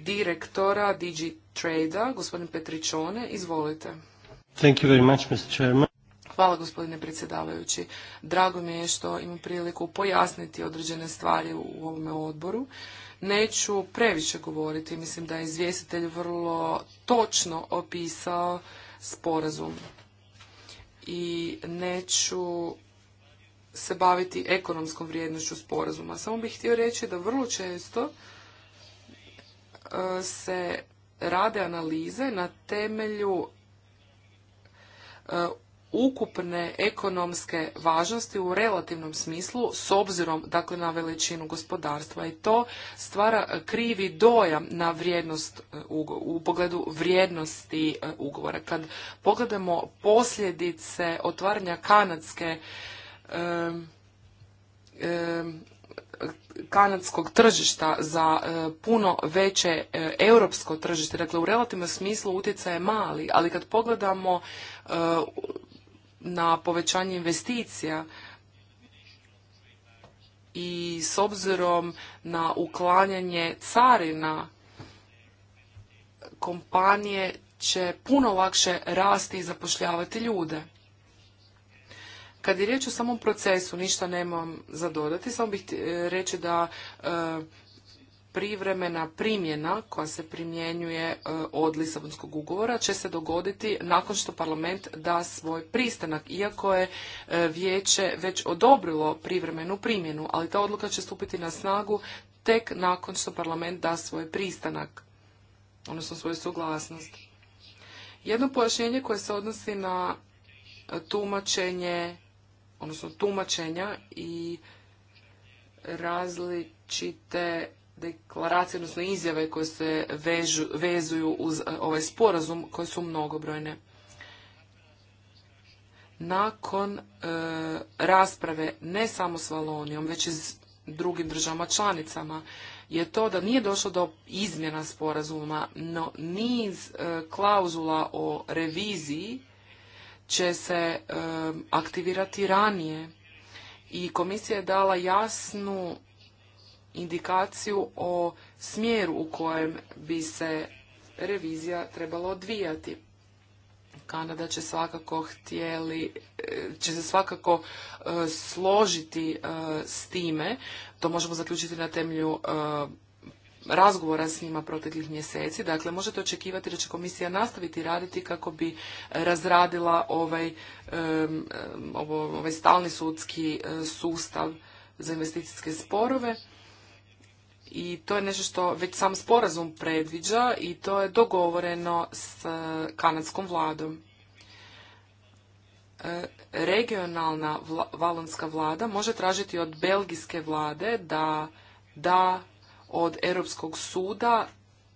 D: direktora DigiTrade-a, gospodin Petričone. Izvolite.
B: Thank you very much, Mr.
D: Hvala gospodine predsjedavajući. Drago mi je što imam priliku pojasniti određene stvari u ovome odboru. Neću previše govoriti, mislim da je izvjestitelj vrlo točno opisao sporazum. I neću se baviti ekonomskom vrijednošću sporazuma. Samo bih htio reći da vrlo često e, se rade analize na temelju e, ukupne ekonomske važnosti u relativnom smislu s obzirom dakle na veličinu gospodarstva i to stvara krivi dojam na vrijednost e, u pogledu vrijednosti e, ugovora. Kad pogledamo posljedice otvaranja kanadske kanadskog tržišta za e, puno veće europsko tržište. Dakle, u relativnom smislu utjecaj je mali, ali kad pogledamo na povećanje investicija i s obzirom na uklanjanje carina kompanije će puno lakše rasti i zapošljavati ljude. Kad je riječ o samom procesu, ništa nemam za dodati, samo bih e, reći da e, privremena primjena koja se primjenjuje e, od Lisabonskog ugovora će se dogoditi nakon što parlament da svoj pristanak, iako je e, vijeće već odobrilo privremenu primjenu, ali ta odluka će stupiti na snagu tek nakon što parlament da svoj pristanak, odnosno svoju suglasnost. Jedno pojašnjenje koje se odnosi na e, tumačenje, odnosno tumačenja i različite deklaracije, odnosno izjave koje se vezuju uz e, ovaj sporazum, koje su mnogobrojne. Nakon e, rasprave ne samo s Valonijom, već i s drugim državama članicama, je to da nije došlo do izmjena sporazuma, no niz e, klauzula o reviziji će se aktivirati ranije. I komisija je dala jasnu indikaciju o smjeru u kojem bi se revizija trebala odvijati. Kanada će svakako htjeli, e, će se svakako e, složiti e, s time, to možemo zaključiti na temelju razgovora s njima proteklih mjeseci. Dakle, možete očekivati da će komisija nastaviti raditi kako bi razradila ovaj, ovaj stalni sudski sustav za investicijske sporove i to je nešto što već sam sporazum predviđa i to je dogovoreno s e, kanadskom vladom. E, regionalna valonska vlada može tražiti od belgijske vlade da da od Europskog suda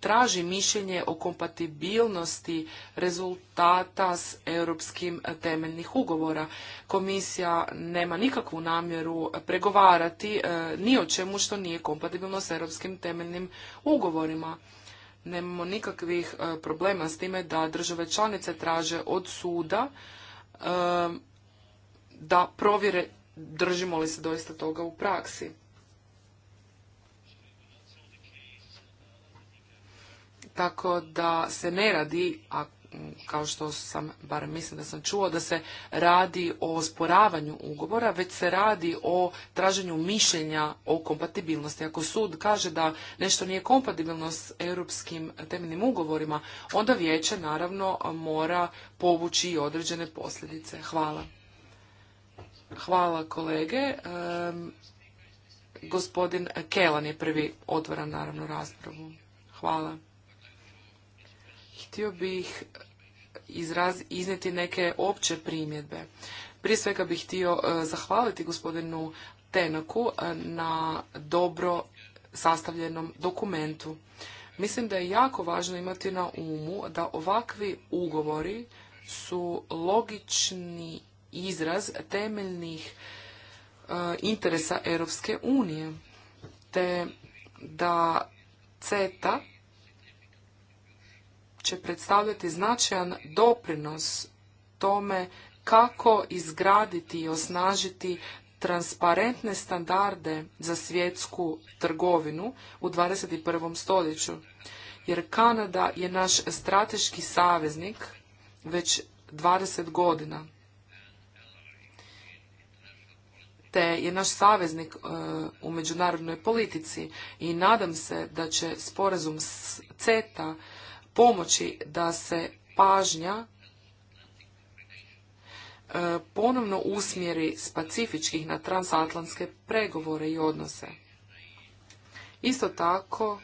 D: traži mišljenje o kompatibilnosti rezultata s europskim temeljnih ugovora. Komisija nema nikakvu namjeru pregovarati e, ni o čemu što nije kompatibilno s europskim temeljnim ugovorima. Nemamo nikakvih e, problema s time da države članice traže od suda e, da provjere držimo li se doista toga u praksi. tako da se ne radi, a kao što sam, bar mislim da sam čuo, da se radi o sporavanju ugovora, već se radi o traženju mišljenja o kompatibilnosti. Ako sud kaže da nešto nije kompatibilno s europskim temeljnim ugovorima, onda vijeće naravno mora povući i određene posljedice. Hvala. Hvala kolege. gospodin Kelan je prvi otvoran naravno raspravu. Hvala. Htio bih izraz, iznijeti neke opće primjedbe. Prije svega bih htio e, zahvaliti gospodinu Tenaku e, na dobro sastavljenom dokumentu. Mislim da je jako važno imati na umu da ovakvi ugovori su logični izraz temeljnih e, interesa Europske unije, te da CETA će predstavljati značajan doprinos tome kako izgraditi i osnažiti transparentne standarde za svjetsku trgovinu u 21. stoljeću. Jer Kanada je naš strateški saveznik već 20 godina. Te je naš saveznik e, u međunarodnoj politici i nadam se da će sporazum CETA pomoći da se pažnja e, ponovno usmjeri s na transatlantske pregovore i odnose. Isto tako,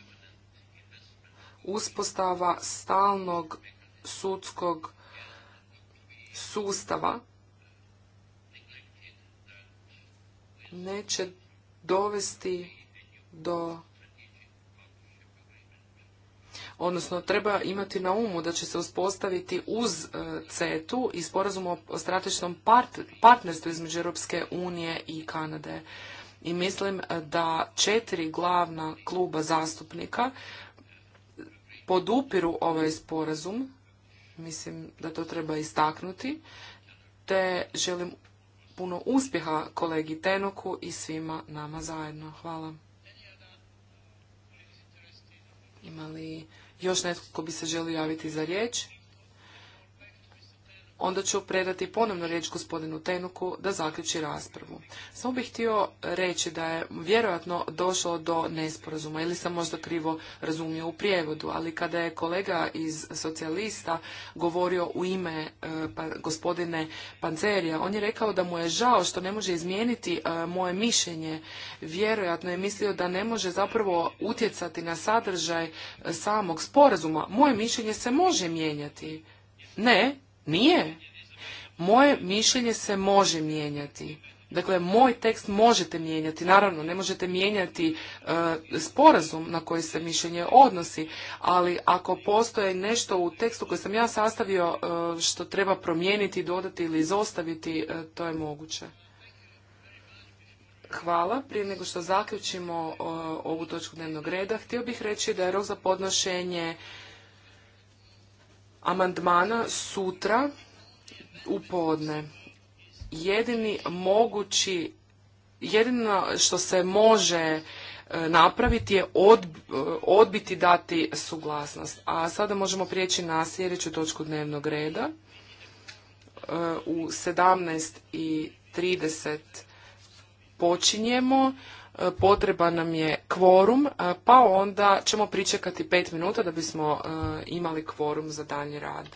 D: uspostava stalnog sudskog sustava neće dovesti do Odnosno, treba imati na umu da će se uspostaviti uz e, CETU i sporazum o strateškom partnerstvu između Europske unije i Kanade. I mislim e, da četiri glavna kluba zastupnika podupiru ovaj sporazum, mislim da to treba istaknuti, te želim puno uspjeha kolegi Tenoku i svima nama zajedno. Hvala. Imali još netko bi se želio javiti za riječ? onda ću predati ponovno riječ gospodinu Tenuku da zaključi raspravu. Samo bih htio reći da je vjerojatno došlo do nesporazuma ili sam možda krivo razumio u prijevodu, ali kada je kolega iz socijalista govorio u ime e, pa, gospodine Pancerija, on je rekao da mu je žao što ne može izmijeniti e, moje mišljenje. Vjerojatno je mislio da ne može zapravo utjecati na sadržaj e, samog sporazuma. Moje mišljenje se može mijenjati. Ne, nije. Moje mišljenje se može mijenjati. Dakle, moj tekst možete mijenjati. Naravno, ne možete mijenjati e, sporazum na koji se mišljenje odnosi, ali ako postoje nešto u tekstu koji sam ja sastavio e, što treba promijeniti, dodati ili izostaviti, e, to je moguće. Hvala. Prije nego što zaključimo ovu točku dnevnog reda, htio bih reći da je rok za podnošenje amandmana sutra u podne. Jedini mogući, jedino što se može e, napraviti je e, odbiti dati suglasnost. A sada možemo prijeći na sljedeću točku dnevnog reda. E, u 17.30 i počinjemo potreba nam je kvorum, pa onda ćemo pričekati pet minuta da bismo imali kvorum za dalji rad.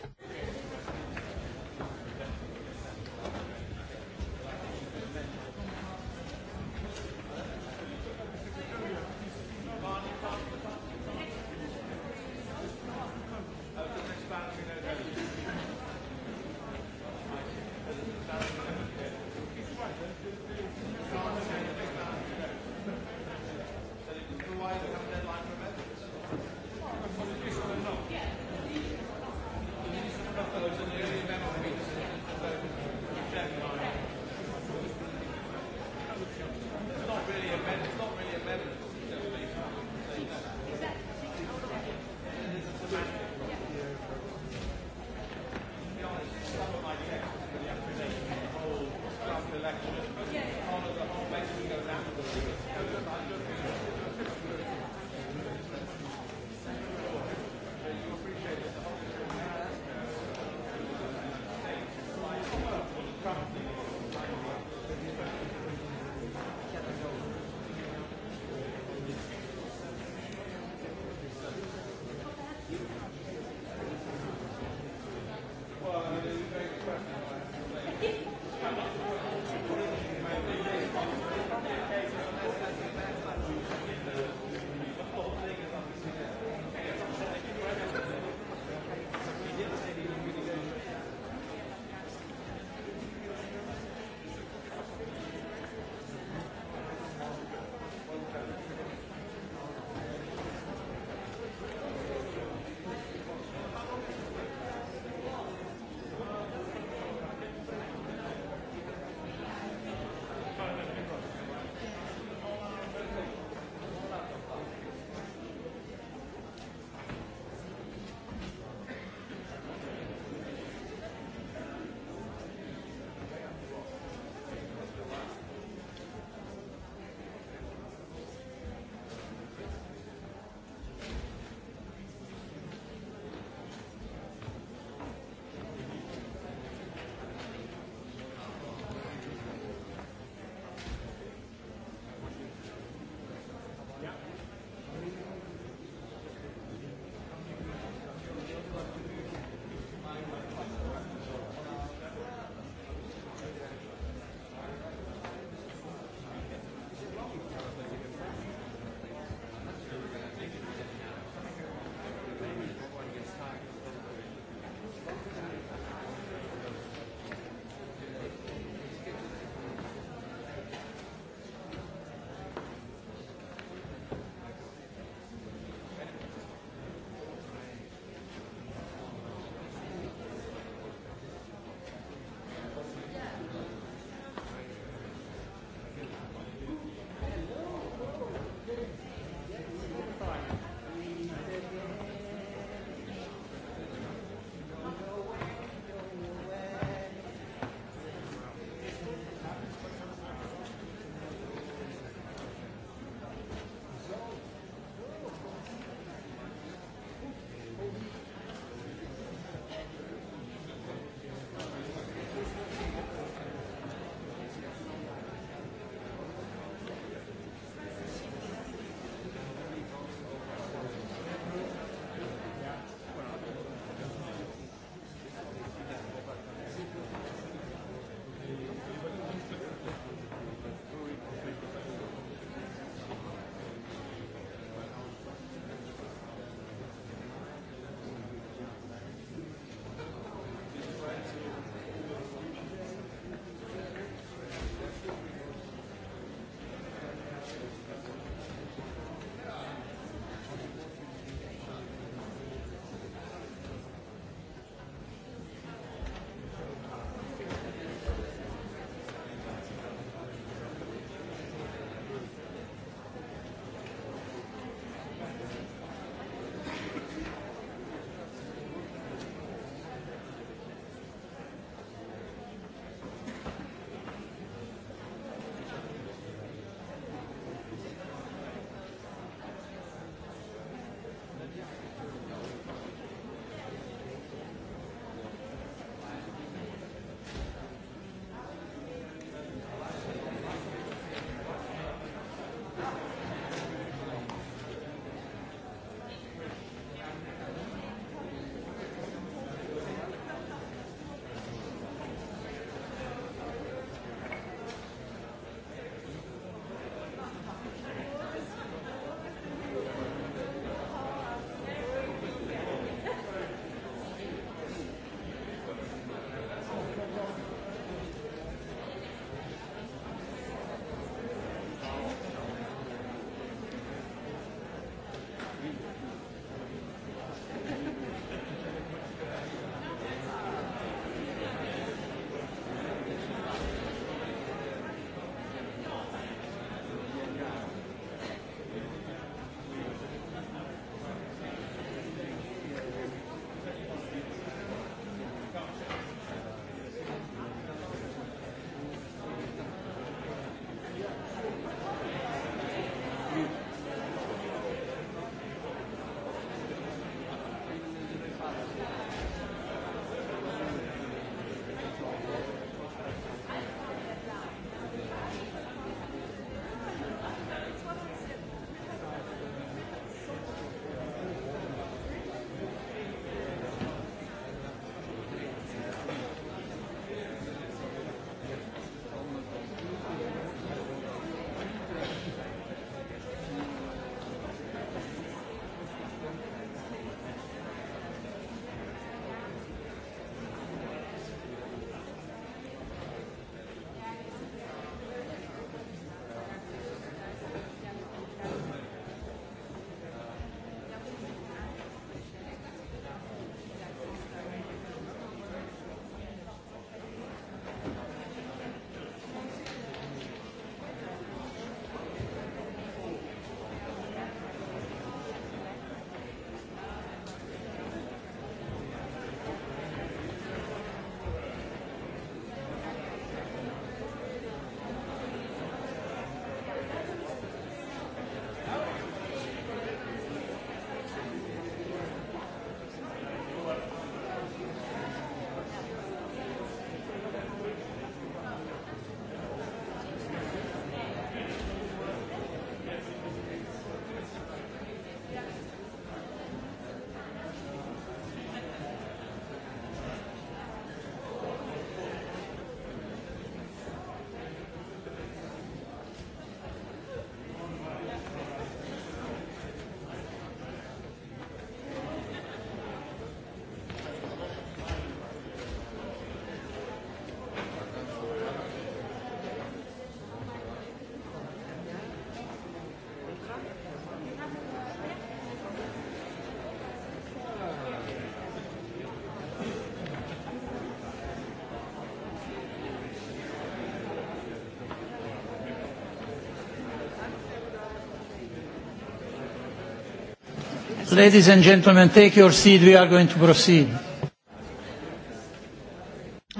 B: Ladies and gentlemen, take your seat, we are going to proceed.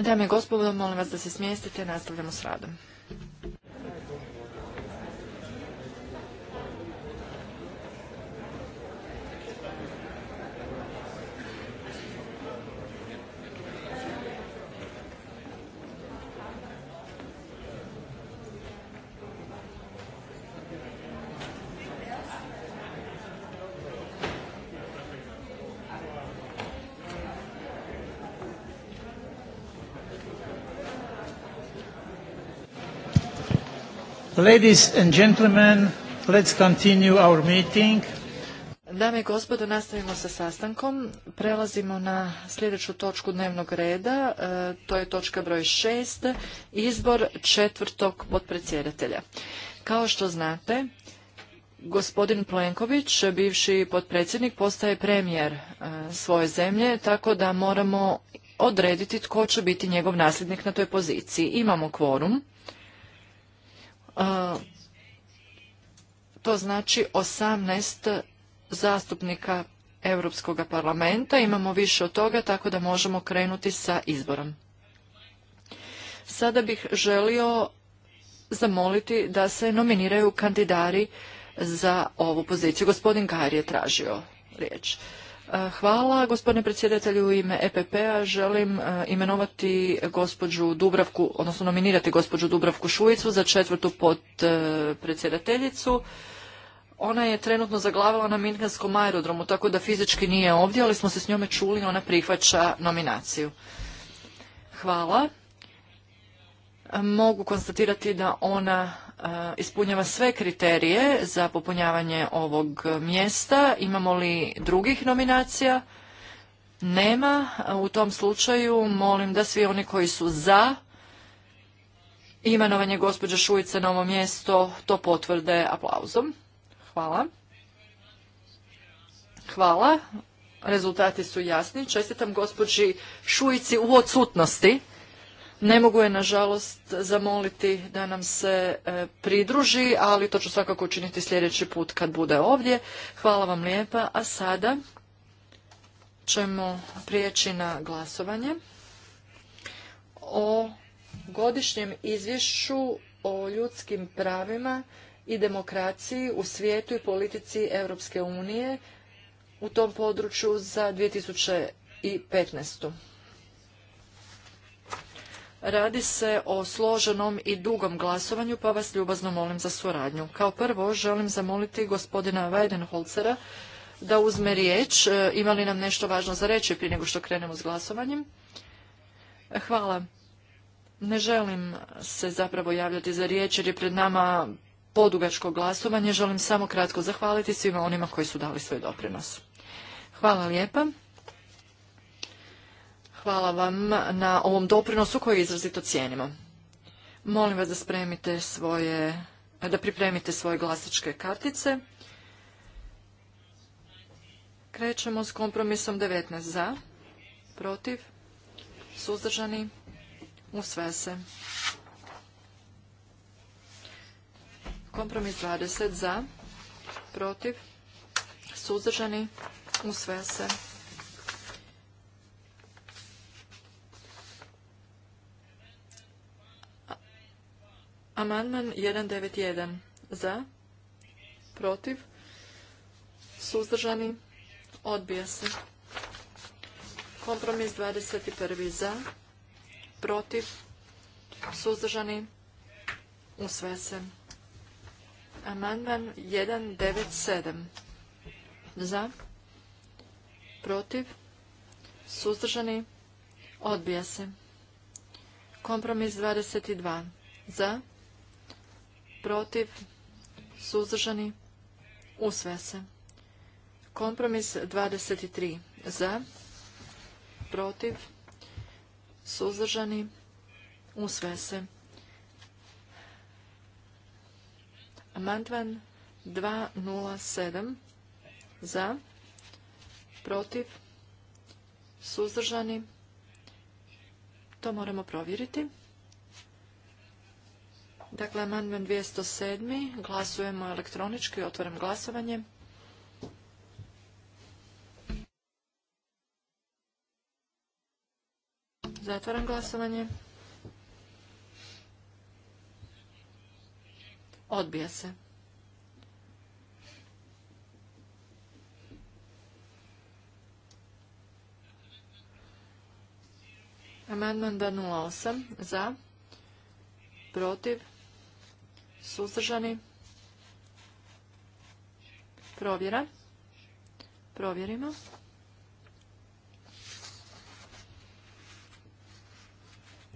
A: Dame i gospodo, molim vas da se smjestite, nastavljamo s radom.
B: Ladies and gentlemen, let's continue our meeting.
A: Dame i gospodo, nastavimo sa sastankom. Prelazimo na sljedeću točku dnevnog reda. E, to je točka broj šest izbor četvrtog potpredsjedatelja. Kao što znate, gospodin Plenković, bivši potpredsjednik, postaje premijer e, svoje zemlje, tako da moramo odrediti tko će biti njegov nasljednik na toj poziciji. Imamo kvorum. znači 18 zastupnika Europskog parlamenta. Imamo više od toga, tako da možemo krenuti sa izborom. Sada bih želio zamoliti da se nominiraju kandidari za ovu poziciju. Gospodin Gajer je tražio riječ. E, hvala, gospodine predsjedatelju, u ime EPP-a želim e, imenovati gospođu Dubravku, odnosno nominirati gospođu Dubravku Šuicu za četvrtu pod predsjedateljicu. Ona je trenutno zaglavila na Minkanskom aerodromu, tako da fizički nije ovdje, ali smo se s njome čuli i ona prihvaća nominaciju. Hvala. Mogu konstatirati da ona e, ispunjava sve kriterije za popunjavanje ovog mjesta. Imamo li drugih nominacija? Nema. U tom slučaju molim da svi oni koji su za imenovanje gospođe Šujice na ovo mjesto to potvrde aplauzom. Hvala. Hvala. Rezultati su jasni. Čestitam gospođi Šujici u odsutnosti. Ne mogu je, nažalost, zamoliti da nam se e, pridruži, ali to ću svakako učiniti sljedeći put kad bude ovdje. Hvala vam lijepa. A sada ćemo prijeći na glasovanje o godišnjem izvješću o ljudskim pravima i demokraciji u svijetu i politici Europske unije u tom području za 2015. Radi se o složenom i dugom glasovanju, pa vas ljubazno molim za suradnju. Kao prvo želim zamoliti gospodina Weidenholzera da uzme riječ. E, ima li nam nešto važno za reći prije nego što krenemo s glasovanjem? Hvala. Ne želim se zapravo javljati za riječ jer je pred nama podugačko glasovanje. Želim samo kratko zahvaliti svima onima koji su dali svoj doprinos. Hvala lijepa. Hvala vam na ovom doprinosu koji izrazito cijenimo. Molim vas da spremite svoje, da pripremite svoje glasačke kartice. Krećemo s kompromisom 19 za, protiv, suzdržani, sve se. Kompromis 20 za, protiv, suzdržani, usvaja se. Amandman 191 za, protiv, suzdržani, odbija se. Kompromis 21 za, protiv, suzdržani, usvaja se. Amandman 197. Za. Protiv. Suzdržani. Odbija se. Kompromis 22. Za. Protiv. Suzdržani. Usvaja se. Kompromis 23. Za. Protiv. Suzdržani. Usve se. Amandman 207 za, protiv, suzdržani. To moramo provjeriti. Dakle, amandman 207. Glasujemo elektronički. Otvaram glasovanje. Zatvaram glasovanje. Odbija se. Amandman 208 za, protiv, suzdržani, provjera, provjerimo.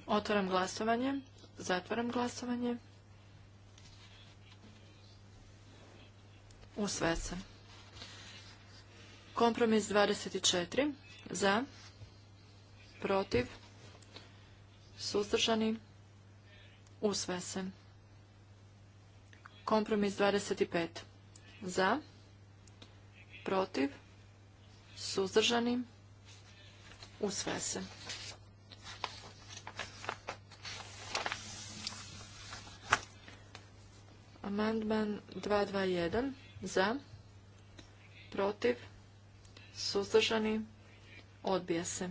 A: Otvaram glasovanje, zatvaram glasovanje. u se. Kompromis 24. Za. Protiv. Suzdržani. Usvaja se. Kompromis 25. Za. Protiv. Suzdržani. Usvaja se. Amandman 221 za, protiv, suzdržani, odbija se.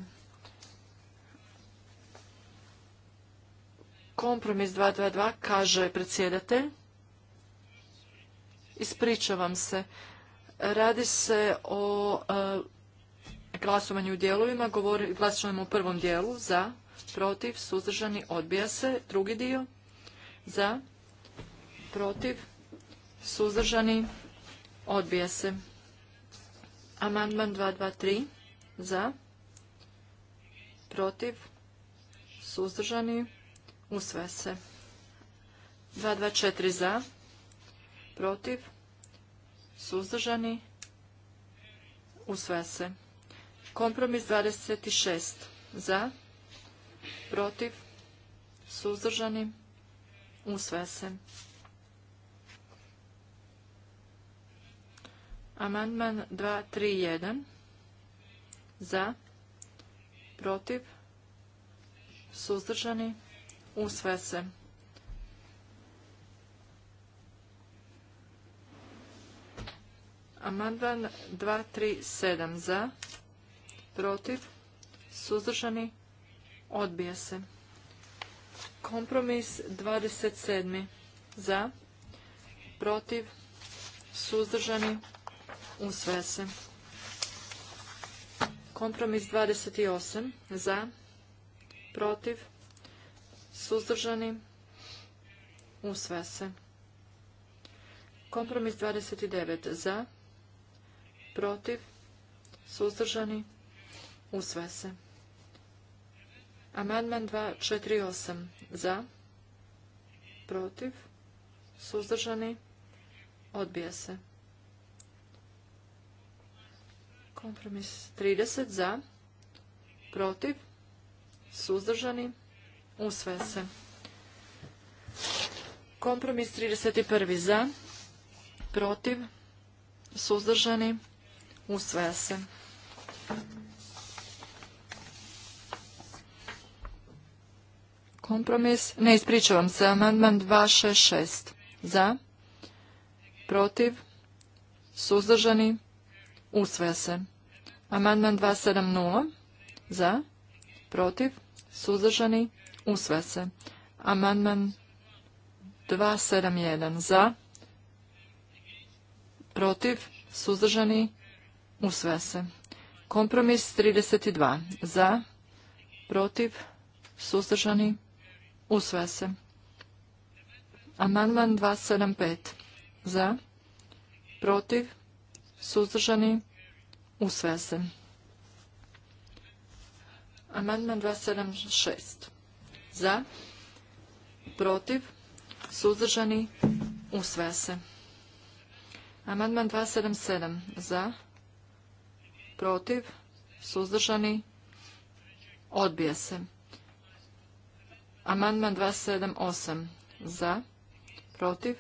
A: Kompromis 222 kaže predsjedatelj. Ispričavam se. Radi se o e, glasovanju u dijelovima. glasujemo u prvom dijelu za, protiv, suzdržani, odbija se. Drugi dio za, protiv, suzdržani, Odbija se. Amandman 223 za, protiv, suzdržani, usvaja se. 224 za, protiv, suzdržani, usvaja se. Kompromis 26 za, protiv, suzdržani, usvaja se. Amandman 231 za, protiv, suzdržani, usvaja se. Amandman 237 za, protiv, suzdržani, odbija se. Kompromis 27 za, protiv, suzdržani, Usvaja se. Kompromis 28. Za. Protiv. Suzdržani. u se. Kompromis 29. Za. Protiv. Suzdržani. u se. Amandman 248. Za. Protiv. Suzdržani. Odbija se. Kompromis 30 za, protiv, suzdržani, usvaja se. Kompromis 31 za, protiv, suzdržani, usvaja se. Kompromis, ne ispričavam se, amandman 266 za, protiv, suzdržani, usvaja se. Amandman 270 za, protiv, suzdržani, usve se. Amandman 271 za, protiv, suzdržani, usve se. Kompromis 32 za, protiv, suzdržani, usvaja se. Amandman 275 za, protiv, suzdržani, Usvaja se. Amandman 276. Za. Protiv. Suzdržani. Usvaja se. Amandman 277. Za. Protiv. Suzdržani. Odbija se. Amandman 278. Za. Protiv.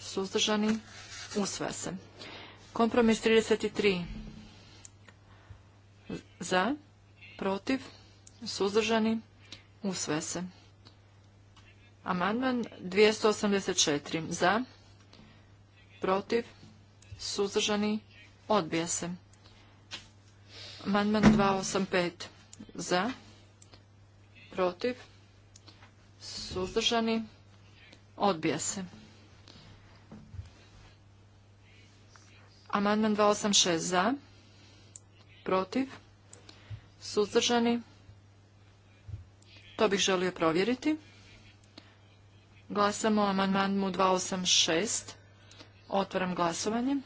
A: Suzdržani. Usvaja se. Kompromis 33 za, protiv, suzdržani, usve se. Amandman 284 za, protiv, suzdržani, odbija se. Amandman 285 za, protiv, suzdržani, odbija se. Amandman 286 za, protiv, suzdržani. To bih želio provjeriti. Glasamo o amandmanu 286. Otvaram glasovanje.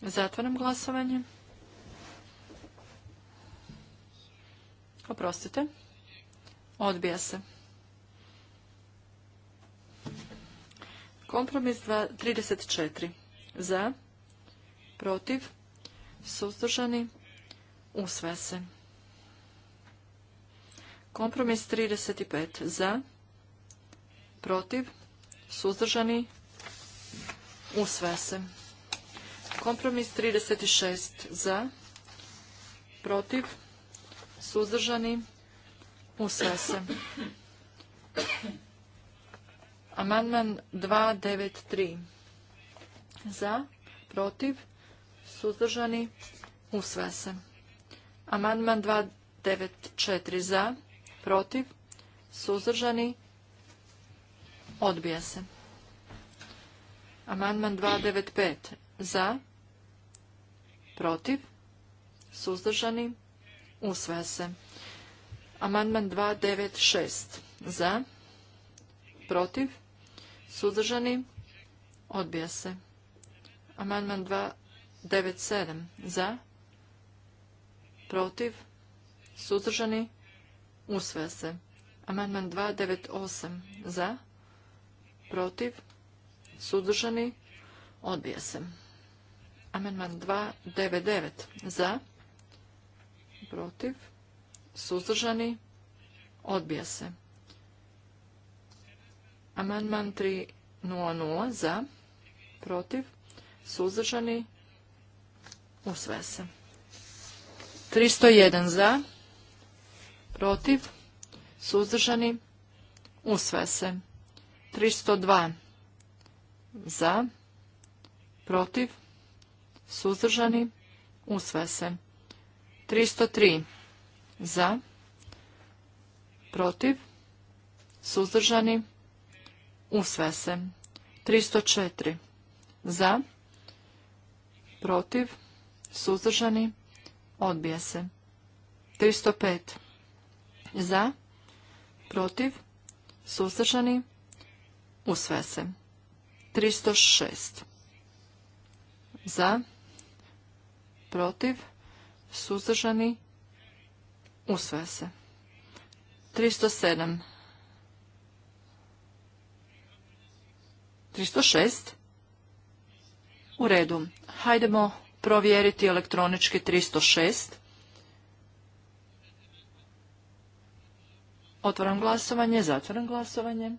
A: Zatvaram glasovanje. Oprostite. Odbija se. Kompromis 34 za, protiv, suzdržani, usvaja se. Kompromis 35 za, protiv, suzdržani, usvaja se. Kompromis 36 za, protiv, suzdržani, usvaja se. Amandman 293 za, protiv, suzdržani, usvaja se. Amandman 294 za, protiv, suzdržani, odbija se. Amandman 295 za, protiv, suzdržani, usvaja se. Amandman 296 za, protiv, suzdržani, odbija se. Amandman 297 za, protiv, suzdržani, usvaja se. Amandman 298 za, protiv, suzdržani, odbija se. Amandman 299 za, protiv, suzdržani, odbija se. Amandman 300 za, protiv, Suzdržani? Usvaja se. 301 za. Protiv? Suzdržani? Usvaja se. 302 za. Protiv? Suzdržani? Usvaja se. 303 za. Protiv? Suzdržani? Usvaja se. 304 za protiv, suzdržani, odbija se. 305 za, protiv, suzdržani, usve se. 306 za, protiv, suzdržani, usve se. 307 306 u redu. Hajdemo provjeriti elektronički 306. Otvoram glasovanje, zatvoram glasovanje.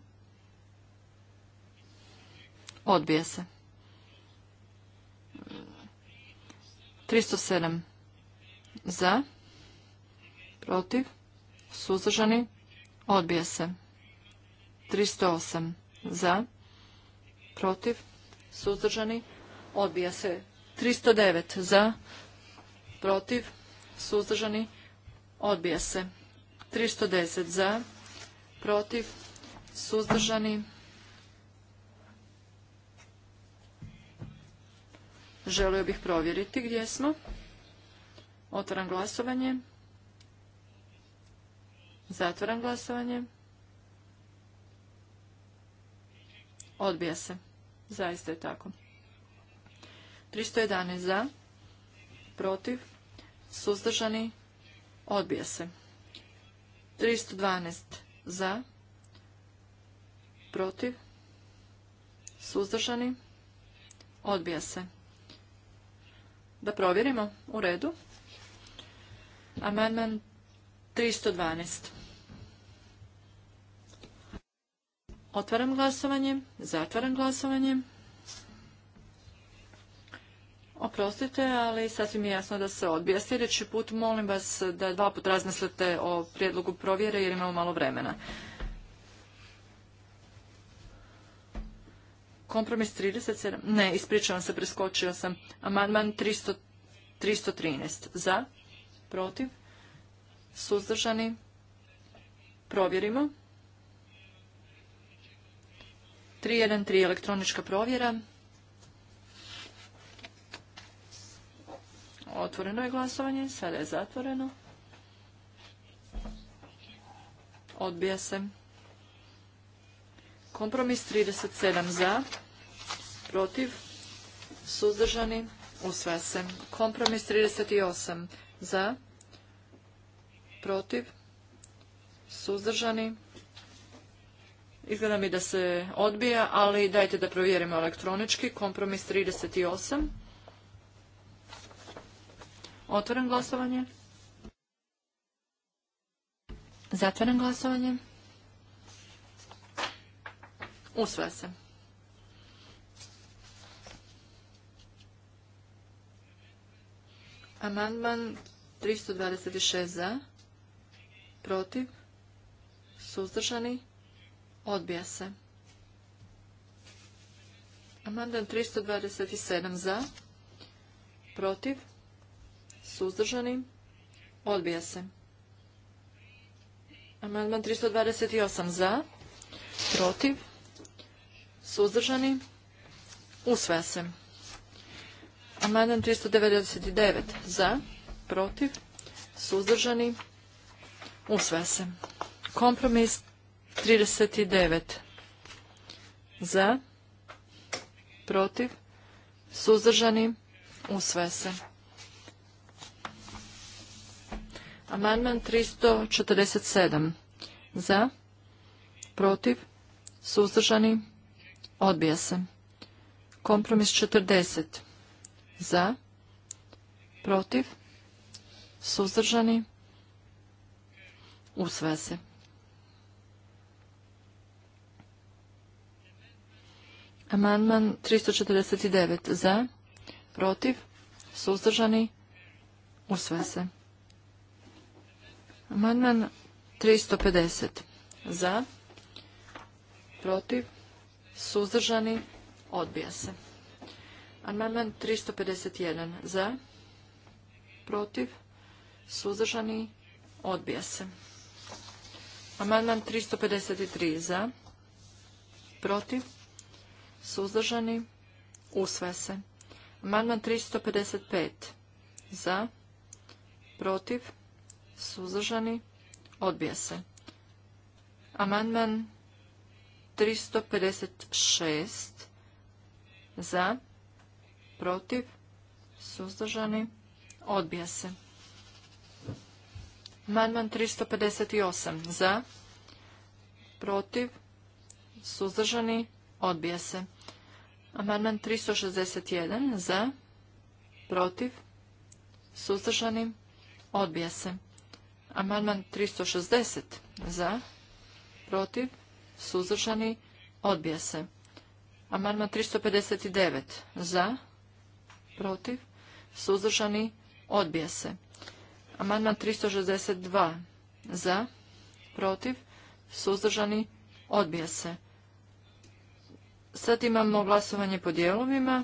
A: Odbije se. 307 za, protiv, suzdržani, odbije se. 308 za, protiv, suzdržani, se. Odbija se. 309 za, protiv, suzdržani, odbija se. 310 za, protiv, suzdržani. Želio bih provjeriti gdje smo. Otvaram glasovanje. Zatvaram glasovanje. Odbija se. Zaista je tako. 311 za, protiv, suzdržani, odbija se. 312 za, protiv, suzdržani, odbija se. Da provjerimo u redu. Amandman 312. Otvaram glasovanje, zatvaram glasovanje. Oprostite, ali sasvim je jasno da se odbija. Sljedeći put molim vas da dva put razmislite o prijedlogu provjere jer imamo malo vremena. Kompromis 37. Ne, ispričavam se, preskočio sam. Amandman 313. Za? Protiv? Suzdržani? Provjerimo. 313 elektronička provjera. Otvoreno je glasovanje, sada je zatvoreno. Odbija se. Kompromis 37 za, protiv, suzdržani, usvaja se. Kompromis 38 za, protiv, suzdržani. Izgleda mi da se odbija, ali dajte da provjerimo elektronički. Kompromis 38. Otvoren glasovanje. Zatvoren glasovanje. Usvaja se. Amandman 326 za, protiv, suzdržani, odbija se. Amandman 327 za, protiv, Suzdržani? Odbija se. Amandman 328 za. Protiv? Suzdržani? Usvaja se. Amandman 399 za. Protiv? Suzdržani? Usvaja se. Kompromis 39 za. Protiv? Suzdržani? Usvaja se. Amandman 347. Za? Protiv? Suzdržani? Odbija se. Kompromis 40. Za? Protiv? Suzdržani? Usvaja se. Amandman 349. Za? Protiv? Suzdržani? Usvaja se. Amandman 350. Za. Protiv. Suzdržani. Odbija se. Amandman 351. Za. Protiv. Suzdržani. Odbija se. Amandman 353. Za. Protiv. Suzdržani. usve se. Amandman 355. Za. Protiv. Suzdržani? Odbija se. Amandman 356 za, protiv, suzdržani, odbije se. Amandman 358 za, protiv, suzdržani, odbije se. Amandman 361 za, protiv, suzdržani, odbija se. Amandman 360 za, protiv, suzdržani, odbija se. Amandman 359 za, protiv, suzdržani, odbija se. Amandman 362 za, protiv, suzdržani, odbija se. Sad imamo glasovanje po dijelovima.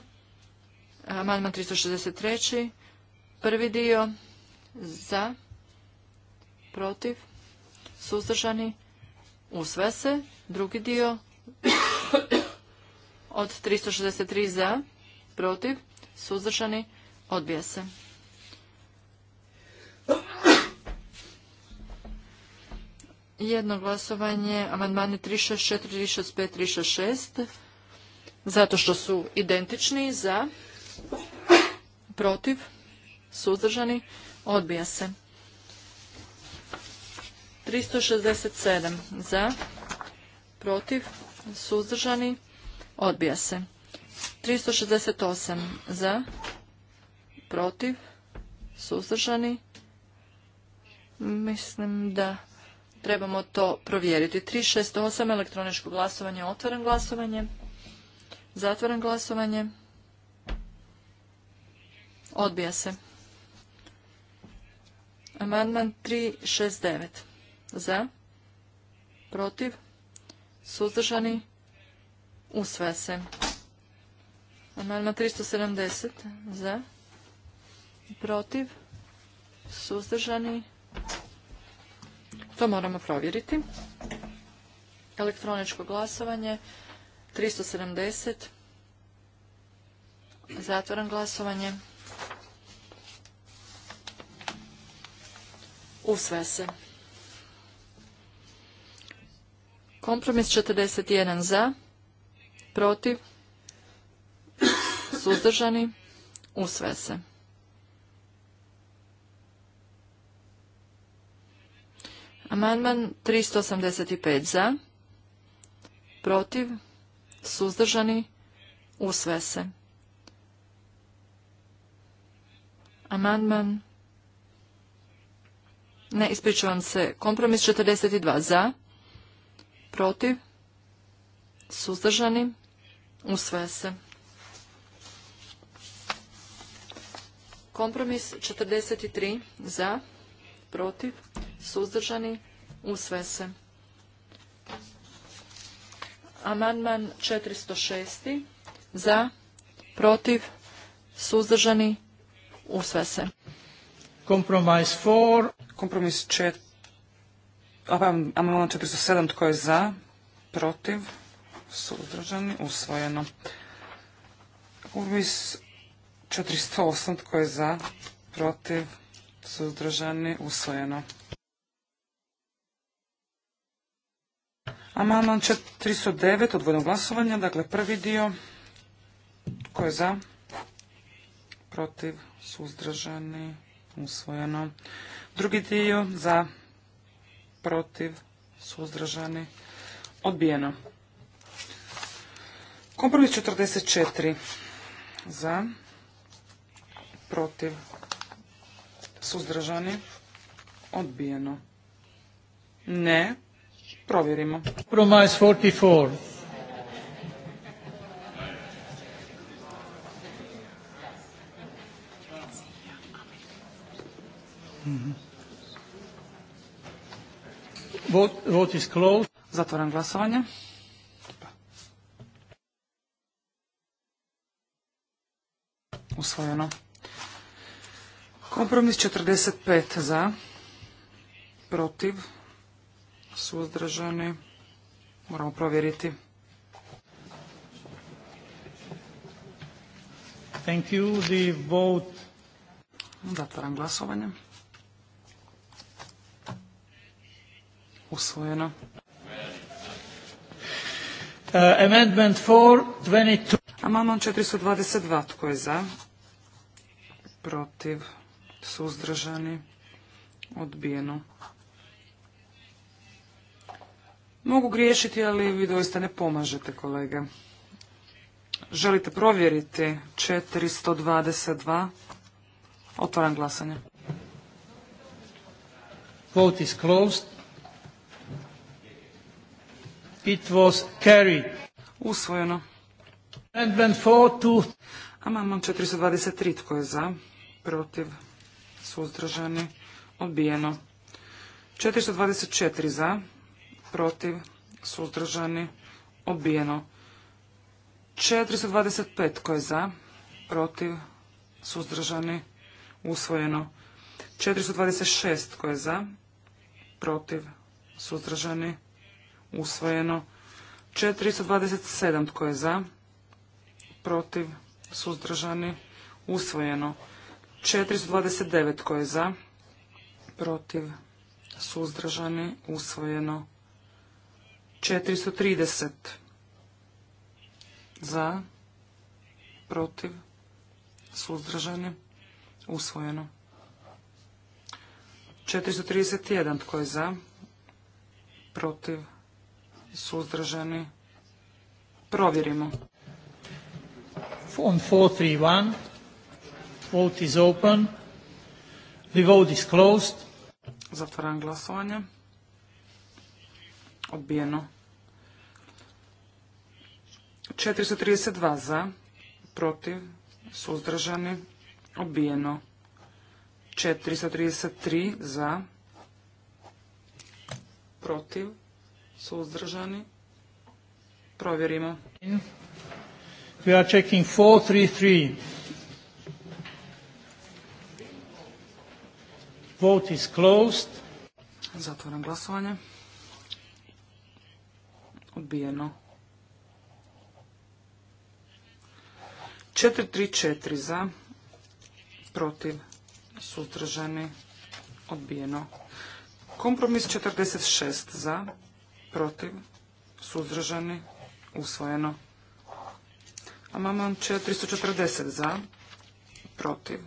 A: Amandman 363. Prvi dio za, protiv, suzdržani, usve se. Drugi dio od 363 za, protiv, suzdržani, odbija se. Jedno glasovanje, amandmani 364, 365, 366, zato što su identični za, protiv, suzdržani, odbija se. 367 za, protiv, suzdržani, odbija se. 368 za, protiv, suzdržani, mislim da trebamo to provjeriti. 368 elektroničko glasovanje, otvoren glasovanje, zatvoren glasovanje, odbija se. Amandman 369 za, protiv, suzdržani, usvaja se. Amandman 370 za, protiv, suzdržani, to moramo provjeriti. Elektroničko glasovanje 370. Zatvoran glasovanje. Usvaja se. Kompromis 41 za, protiv, suzdržani, sve se. Amandman 385 za, protiv, suzdržani, sve se. Amandman, ne, ispričavam se, kompromis 42 za, protiv, suzdržani, usvaja se. Kompromis 43 za, protiv, suzdržani, usvaja se. Amandman 406 za, protiv, suzdržani, usvaja se.
B: Kompromis
C: 4. Kompromis 4 Amandman 407. Tko je za? Protiv? Suzdržani? Usvojeno. Urbis 408. Tko je za? Protiv? Suzdržani? Usvojeno. Amandman 409. Odvojno glasovanje. Dakle, prvi dio. Tko je za? Protiv? Suzdržani? Usvojeno. Drugi dio. Za? protiv, suzdržani, odbijeno. Kompromis 44 za, protiv, suzdržani, odbijeno. Ne, provjerimo.
B: Kompromis 44. Mm-hmm. Vote, vote is closed. glasovanje.
C: Usvojeno. Kompromis 45 za, protiv, suzdržani. Moramo provjeriti. Thank you. The vote. Zatvaram glasovanje. usvojeno. Uh, amendment 422. Amendment 422. Tko je za? Protiv. Suzdržani. Odbijeno. Mogu griješiti, ali vi doista ne pomažete, kolege. Želite provjeriti 422? Otvaram glasanje.
B: Vote is closed. It was carried. Usvojeno. Amendment 4 to...
C: 423. Tko je za? Protiv? Suzdržani? Odbijeno. 424 za? Protiv? Suzdržani? Odbijeno. 425. Tko je za? Protiv? Suzdržani? Usvojeno. 426. Tko je za? Protiv? Suzdržani? Odbijeno usvojeno. 427 tko je za, protiv, suzdržani, usvojeno. 429 tko je za, protiv, suzdržani, usvojeno. 430 za, protiv, suzdržani, usvojeno. 431 tko je za, protiv,
B: suzdržani.
C: Provjerimo.
B: On 431, vote is open. The vote is closed. Zatvaram glasovanje. Odbijeno.
C: 432 za, protiv, suzdržani, odbijeno. 433 za, protiv, Suzdržani. Provjerimo.
B: We are checking 433. Vote is closed. Zatvoram glasovanje.
C: Odbijeno. 434 za, protiv, suzdržani, odbijeno. Kompromis 46 za, protiv, suzdržani, usvojeno. Amandman 440 za, protiv,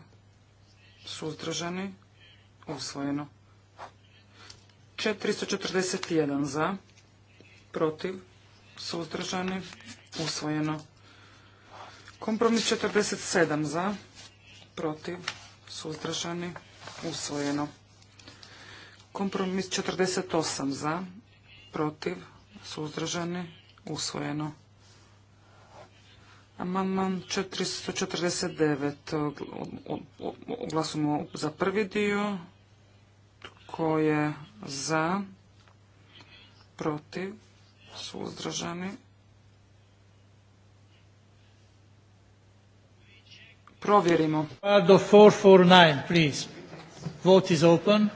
C: suzdržani, usvojeno. 441 za, protiv, suzdržani, usvojeno. Kompromis 47 za, protiv, suzdržani, usvojeno. Kompromis 48 za, protiv, suzdržani, usvojeno. Amandman 449. Glasujemo za prvi dio. Tko je za? Protiv?
B: Suzdržani? Provjerimo. Do 449, please. Vote is open.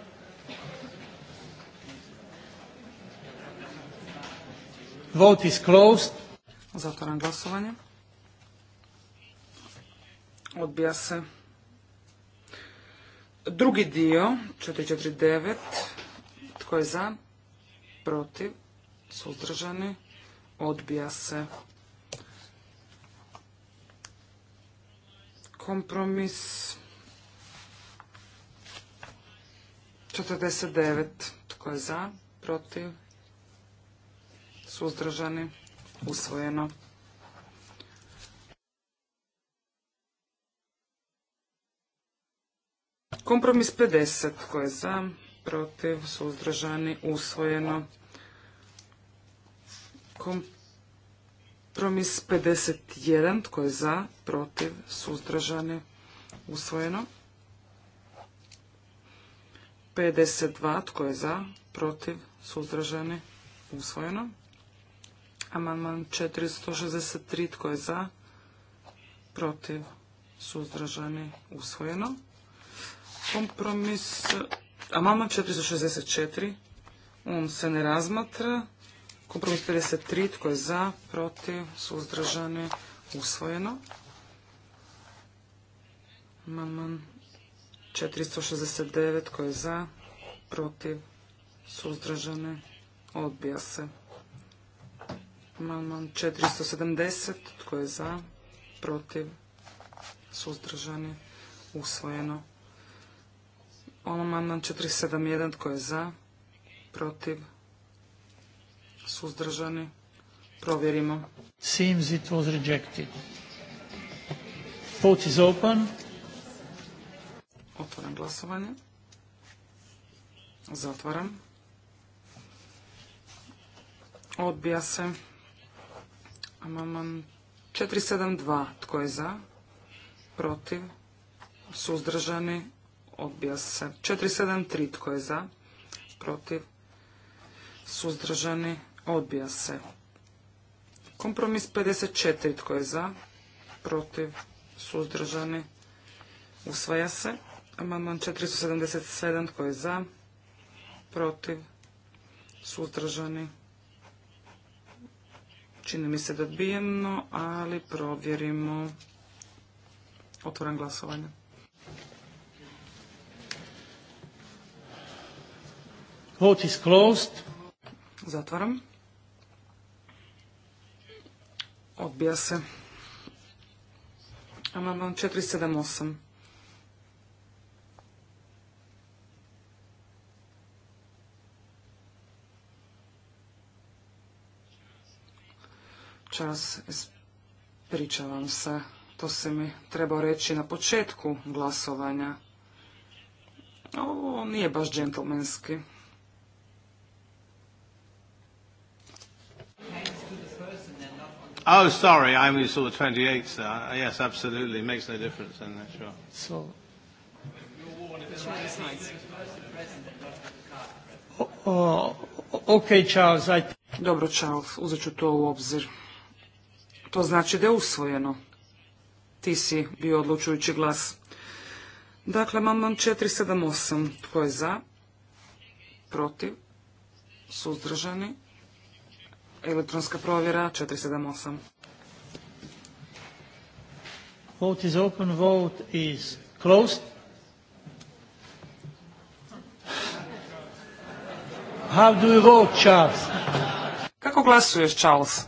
B: Vote is closed. zatvaram glasovanje.
C: Odbija se. Drugi dio, 449. Tko je za? Protiv? Suzdržani? Odbija se. Kompromis 49. Tko je za? Protiv? suzdržani, usvojeno. Kompromis 50, tko je za, protiv, suzdržani, usvojeno. Kompromis 51, tko je za, protiv, suzdržani, usvojeno. 52, tko je za, protiv, suzdržani, usvojeno. Amandman 463. Tko je za? Protiv? Suzdržani? Usvojeno. Kompromis... Amandman 464. On se ne razmatra. Kompromis 53. Tko je za? Protiv? Suzdržani? Usvojeno. Amandman 469. Tko je za? Protiv? Suzdržani? Odbija se. Amandman 470. Tko je za? Protiv? Suzdržani? Usvojeno. Amandman 471. Tko je za? Protiv? Suzdržani? Provjerimo.
B: Seems it was rejected. Vote is open. Otvaram glasovanje.
C: Zatvaram. Odbija se. Amandman 472. Tko je za? Protiv? Suzdržani? Odbija se. 473. Tko je za? Protiv? Suzdržani? Odbija se. Kompromis 54. Tko je za? Protiv? Suzdržani? Usvaja se. Amandman 477. Tko je za? Protiv? Suzdržani? Čini mi se da odbijeno, ali provjerimo. Otvoram glasovanje. Vote is closed. Zatvaram. Odbija se. Amandman 478. čas ispričavam se. To se mi trebao reći na početku glasovanja. Ovo nije baš
B: džentlmenski. Oh, sorry, I saw the 28, sir. Yes, absolutely. Makes no difference, then, sure. So, oh, oh, okay, Charles, I... Dobro, Charles,
C: uzet ću to u obzir. To znači da je usvojeno. Ti si bio odlučujući glas. Dakle, amandman 478. Tko je za? Protiv? Suzdržani? Elektronska provjera 478.
B: Vote is open, vote is closed. How do you vote, Charles? Kako glasuješ, Charles?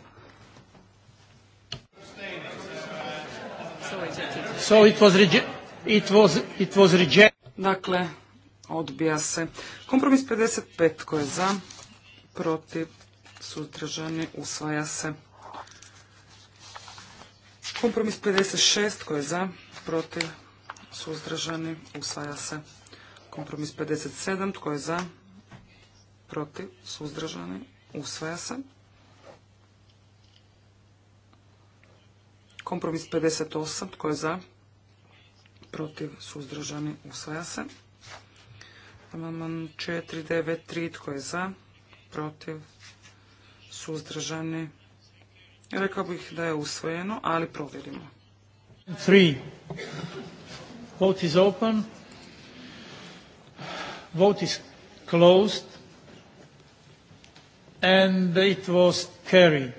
B: So it was it dakle, odbija
C: se. Kompromis 55 tko je za, protiv, suzdržani, usvaja se. Kompromis 56 tko je za, protiv, suzdržani, usvaja se. Kompromis 57 tko je za, protiv, suzdržani, usvaja se. Kompromis 58. Tko je za? Protiv. Suzdržani. Usvaja se. Amandman 493. Tko je za? Protiv. Suzdržani. Rekao bih da je usvojeno, ali provjerimo.
B: Vote is open. Vote is closed. And it was carried.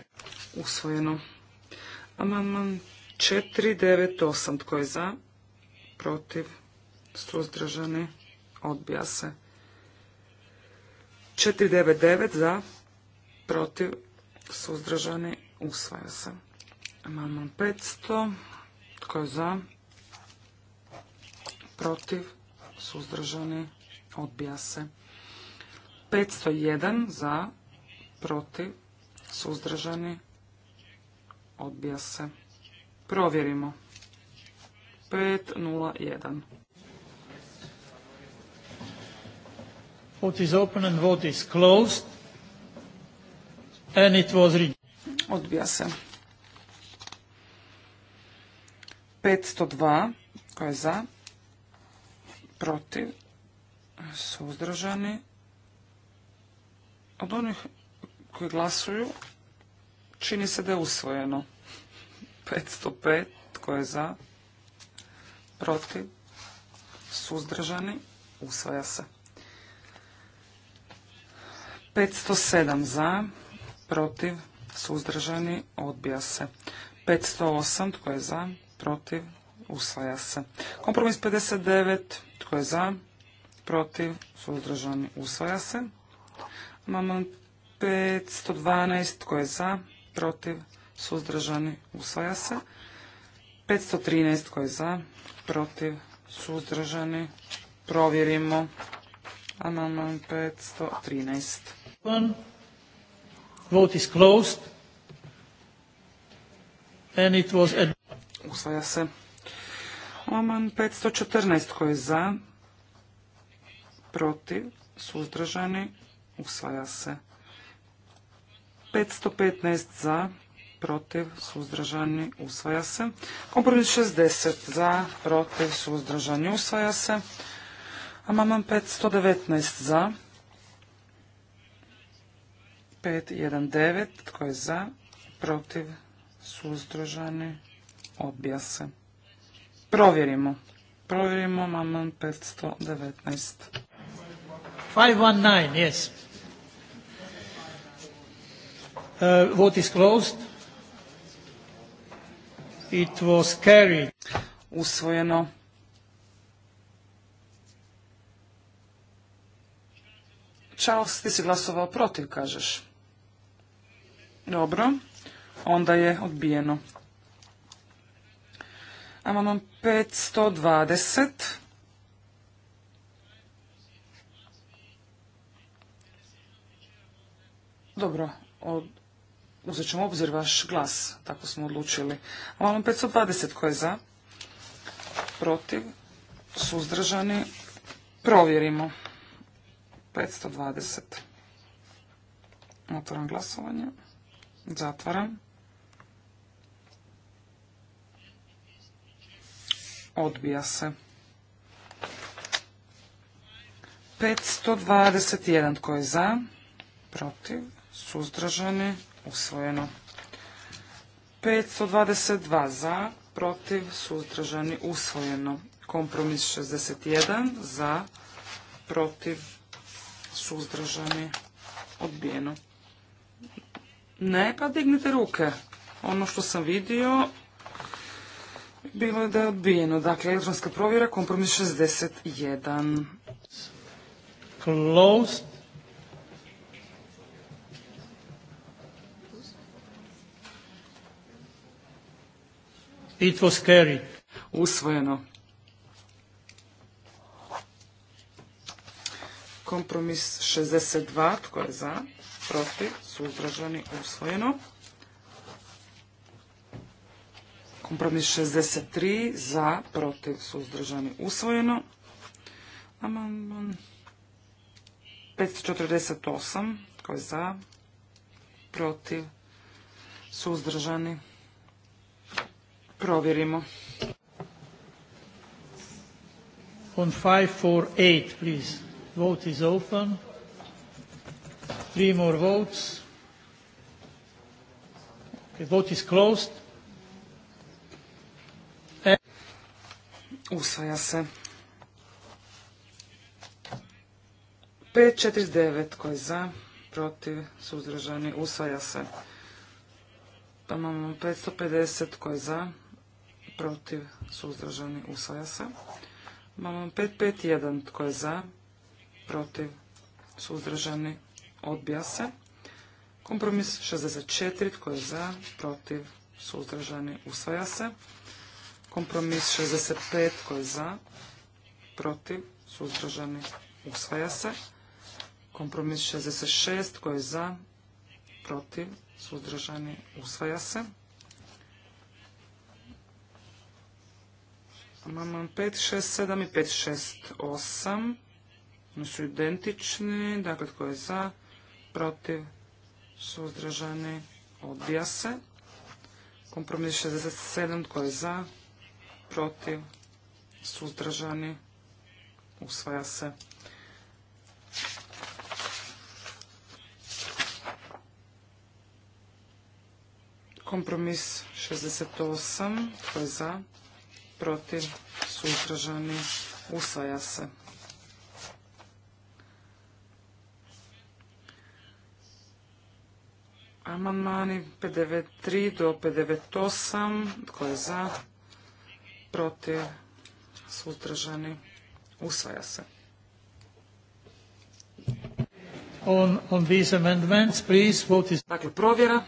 B: Usvojeno. Amandman 498.
C: Tko je za? Protiv? Suzdržani? Odbija se. 499 za? Protiv? Suzdržani? Usvaja se. Amandman 500. Tko je za? Protiv? Suzdržani? Odbija se. 501 za? Protiv? Suzdržani? odbija se. Provjerimo.
B: 501. Vote is open and is closed. And it was Odbija se.
C: 502. Ko je za? Protiv? Suzdržani? Od onih koji glasuju čini se da je usvojeno. 505. Tko je za? Protiv? Suzdržani? Usvaja se. 507 za, protiv, suzdržani, odbija se. 508, tko je za, protiv, usvaja se. Kompromis 59, tko je za, protiv, suzdržani, usvaja se. Mamo 512, tko je za, protiv, suzdržani, usvaja se. 513 koji je za, protiv, suzdržani, provjerimo.
B: Amandman 513. Vote And it Usvaja se.
C: Amandman 514 koji je za, protiv, suzdržani, usvaja se. 515 za, protiv, suzdržani, usvaja se. Kompromis 60 za, protiv, suzdržani, usvaja se. Amaman 519 za. 519, tko je za, protiv, suzdržani, odbija se. Provjerimo. Provjerimo amandman 519.
B: 519, yes. Uh, vote is closed. It was carried. Usvojeno.
C: Charles, ti si glasovao protiv, kažeš. Dobro. Onda je odbijeno. Amandman 520. Dobro, od, uzet ćemo obzir vaš glas, tako smo odlučili. Amandman 520 tko je za, protiv, suzdržani, provjerimo. 520. Otvaram glasovanje. Zatvaram. Odbija se. 521 tko je za, protiv, suzdržani, usvojeno. 522 za, protiv, suzdržani, usvojeno. Kompromis 61 za, protiv, suzdržani, odbijeno. Ne, pa dignite ruke. Ono što sam vidio bilo je da je odbijeno. Dakle, elektronska provjera, kompromis 61.
B: Closed. It was carried. Usvojeno.
C: Kompromis 62. Tko je za? Protiv? Suzdržani? Usvojeno. Kompromis 63. Za? Protiv? Suzdržani? Usvojeno. Amandman 548. Tko je za? Protiv? Suzdržani? Usvojeno provjerimo.
B: On 548, please. Vote is open. Three more votes. The vote is closed. Usvaja se.
C: 549 koji za, protiv, suzdržani, usvaja se. Pa imamo 550 koji za, protiv, suzdržani, usvaja se. 5 551, tko je za, protiv, suzdržani, odbija se. Kompromis 64, tko je za, protiv, suzdržani, usvaja se. Kompromis 65, tko je za, protiv, suzdržani, usvaja se. Kompromis 66, tko je za, protiv, suzdržani, usvaja se. Amandman 5, 6, 7 i 5, 6, 8. Oni su identični. Dakle, tko je za, protiv, suzdržani, odbija se. Kompromis 67, tko je za, protiv, suzdržani, usvaja se. Kompromis 68, tko je za, protiv, suzdržani, usvaja se. Amandmani 593 do 598, tko je za, protiv, suzdržani, usvaja se.
B: On, on these amendments, please, vote is... Dakle, provjera.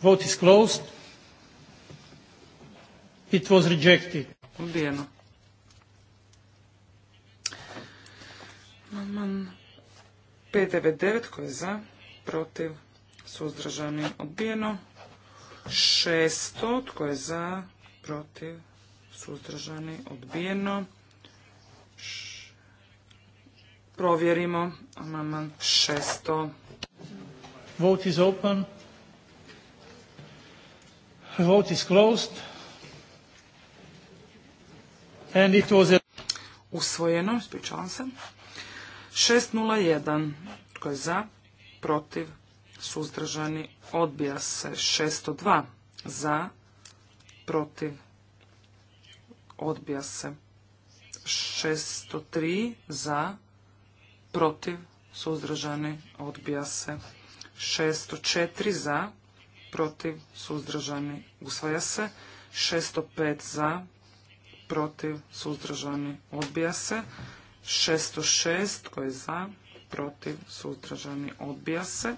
B: Vote is closed. It was rejected. Odbijeno.
C: Amandman 599 koji je za, protiv, suzdržani, odbijeno. 600 koje je za, protiv, suzdržani, odbijeno. Provjerimo amandman 600.
B: Vote is open. Vote is closed. And it was
C: Usvojeno, ispričavam se. 601. Tko je za? Protiv? Suzdržani? Odbija se. 602. Za? Protiv? Odbija se. 603. Za? Protiv? Suzdržani? Odbija se. 604. Za? Protiv? Suzdržani? Usvaja se. 605. Za? protiv, suzdržani, odbija se. 606 koji je za, protiv, suzdržani, odbija se.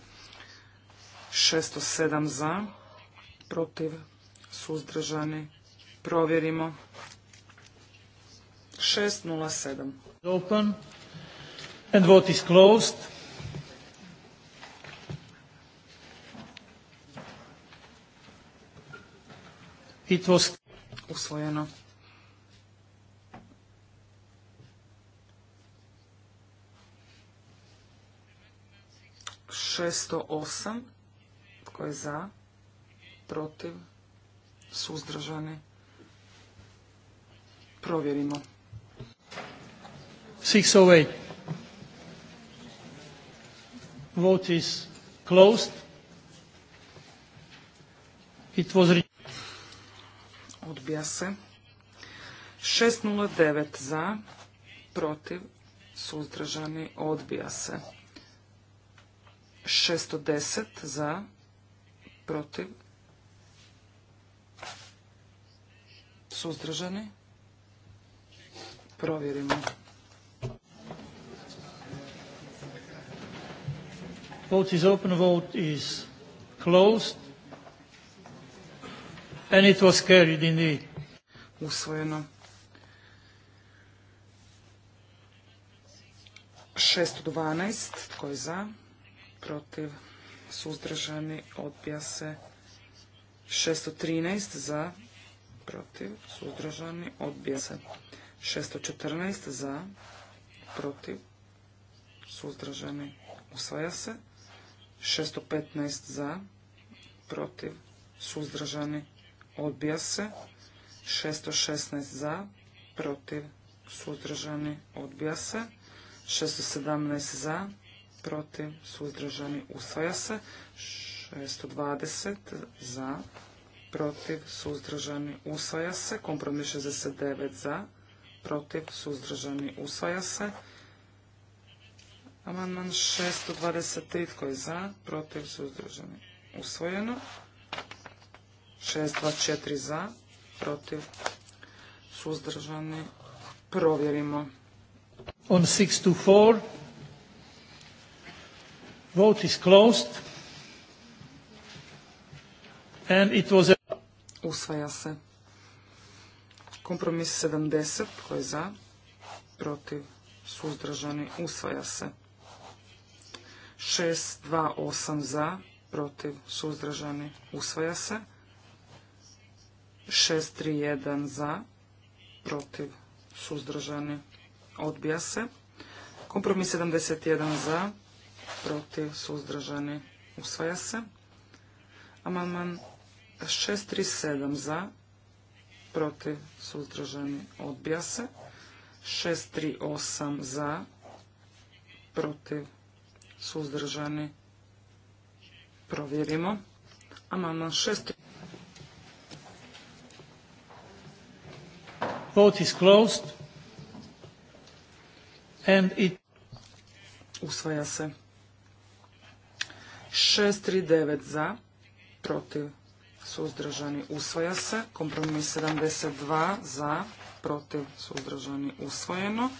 C: 607 za, protiv, suzdržani, provjerimo. 607.
B: Open and vote is closed. It was usvojeno.
C: 608. Tko je za? Protiv? Suzdržani? Provjerimo.
B: 608. Vote closed. It was
C: Odbija se. 609 za, protiv, suzdržani, odbija se. 610 za, protiv, suzdržani.
B: Provjerimo. Vote is open, vote is closed. And it was carried the... Usvojeno. 612, tko je za?
C: protiv, suzdržani, odbija se. 613 za, protiv, suzdržani, odbija se. 614 za, protiv, suzdržani, usvaja se. 615 za, protiv, suzdržani, odbija se. 616 za, protiv, suzdržani, odbija se. 617 za, protiv, suzdržani, usvaja se. 620 za, protiv, suzdržani, usvaja se. Kompromis 69 za, protiv, suzdržani, usvaja se. Amandman 623 tko je za, protiv, suzdržani, usvojeno. 624 za, protiv, suzdržani, provjerimo.
B: On 624. Vote is closed. And it was a...
C: Usvaja se. Kompromis 70, tko je za, protiv, suzdržani, usvaja se. 8 za, protiv, suzdržani, usvaja se. 1 za, protiv, suzdržani, odbija se. Kompromis 71 za, protiv, suzdržani, usvaja se. Amandman 637 za, protiv, suzdržani, odbija se. 638 za, protiv, suzdržani, provjerimo. Amandman 638.
B: Vote is closed and it usvaja se.
C: 639 za, protiv, suzdržani, usvaja se. Kompromis 72 za, protiv, suzdržani, usvojeno.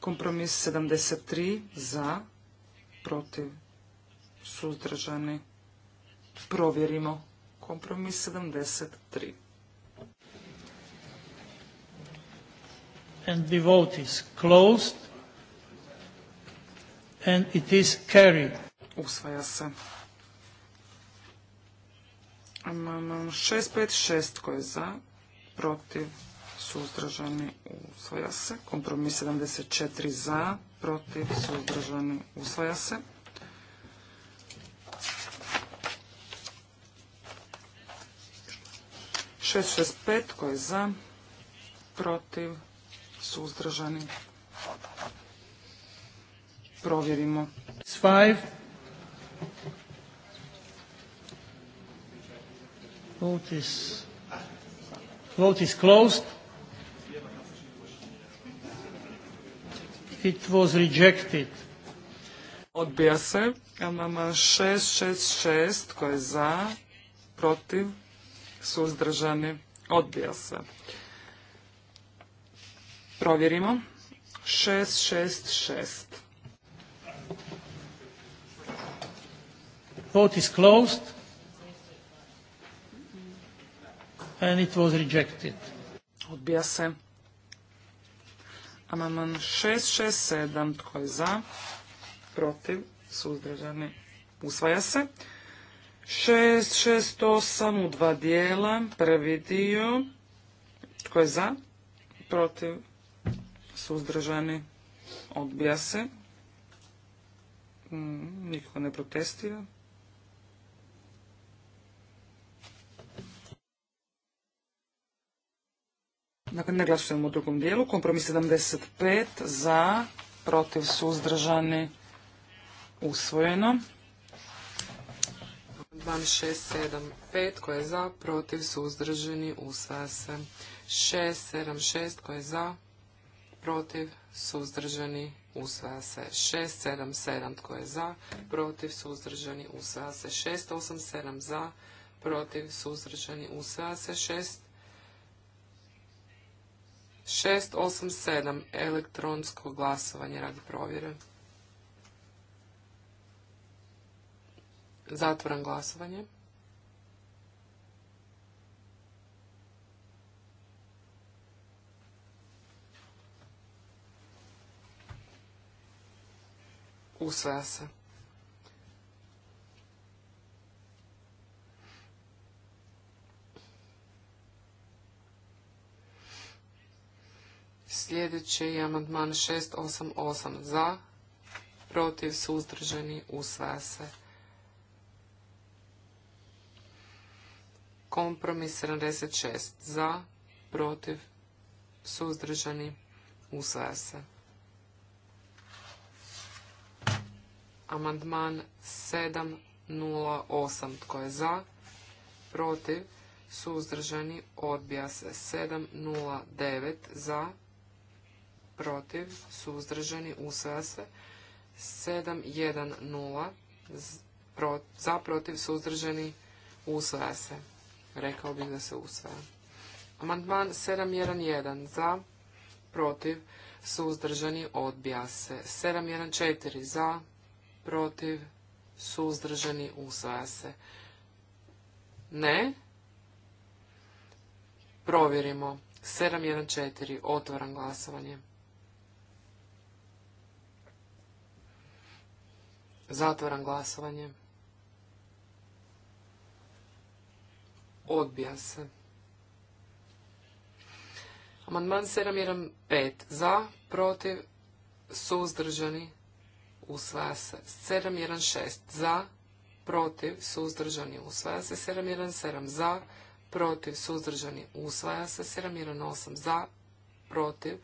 C: Kompromis 73 za, protiv, suzdržani, provjerimo. Kompromis 73.
B: And the vote is closed it is Usvaja se.
C: Amandman 656 koji je za, protiv, suzdržani, usvaja se. Kompromis 74 za, protiv, suzdržani, usvaja se. Šest šest pet koji je za, protiv, suzdržani, provjerimo.
B: Five. Vote is, vote is closed. It was rejected.
C: Odbija se. Amama 666 tko je za, protiv, suzdržani. Odbija se. Provjerimo. 666.
B: Vote is closed. And it was rejected.
C: Odbija se. Amandman 667. Tko je za? Protiv? Suzdržani? Usvaja se. 668 u dva dijela. Prvi dio. Tko je za? Protiv? Suzdržani? Odbija se. Mm, niko ne protestira. Dakle, ne glasujemo u drugom dijelu. Kompromis 75 za, protiv suzdržani, usvojeno.
D: 2675 koje je za, protiv suzdržani, usvaja se. 676 koje je za, protiv suzdržani, usvaja se. 677 koje je za, protiv suzdržani, usvaja se. 687 za, protiv suzdržani, usvaja se. 6 687 elektronsko glasovanje radi provjere. Zatvoram glasovanje. Usvaja se. Sljedeći je amandman 688 za, protiv, suzdržani, usvaja se. Kompromis 76 za, protiv, suzdržani, usvaja se. Amandman 708 tko je za, protiv, suzdržani, odbija se. 709 za, protiv, suzdržani, usvaja se. 710 0 za, protiv, suzdržani, usvaja se. Rekao bih da se usvaja. Amandman 711 za, protiv, suzdržani, odbija se. 714 za, protiv, suzdržani, usvaja se. Ne. Provjerimo. 714. Otvoran glasovanje. Zatvoram glasovanje. Odbija se. Amandman 715 za, protiv, suzdržani, usvaja se. 716 za, protiv, suzdržani, usvaja se. 717 za, protiv, suzdržani, usvaja se. 718 za, protiv,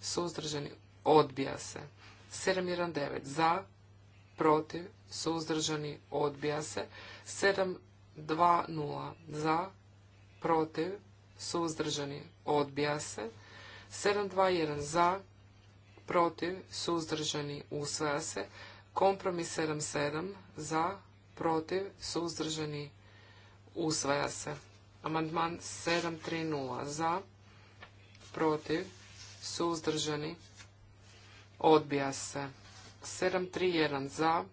D: suzdržani, odbija se. 719 za, protiv, suzdržani, odbija se. 720 za, protiv, suzdržani, odbija se. 721 za, protiv, suzdržani, usvaja se. Kompromis 77 za, protiv, suzdržani, usvaja se. Amandman 730 za, protiv, suzdržani, odbija se. 731 za,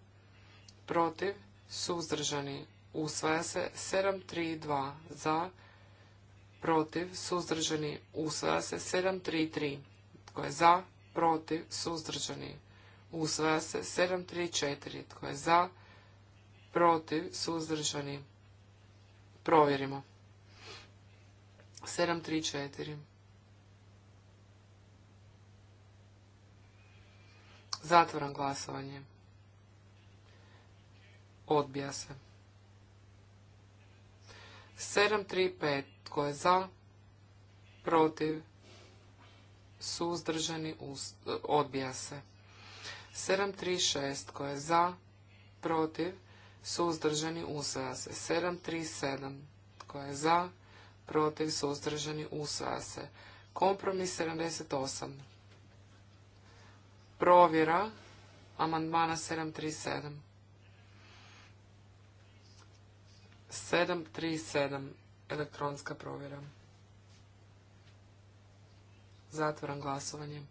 D: protiv, suzdržani, usvaja se. 732 za, protiv, suzdržani, usvaja se. 733 tko je za, protiv, suzdržani, usvaja se. 734 tko je za, protiv, suzdržani, provjerimo. 734 Zatvoram glasovanje. Odbija se. 735. Tko je za? Protiv? Suzdržani? Odbija se. 736. Tko je za? Protiv? Suzdržani? Usvaja se. 737. Tko je za? Protiv? Suzdržani? Usvaja se. Kompromis 78 provjera amandmana 737. 737. Elektronska provjera. Zatvoram glasovanje.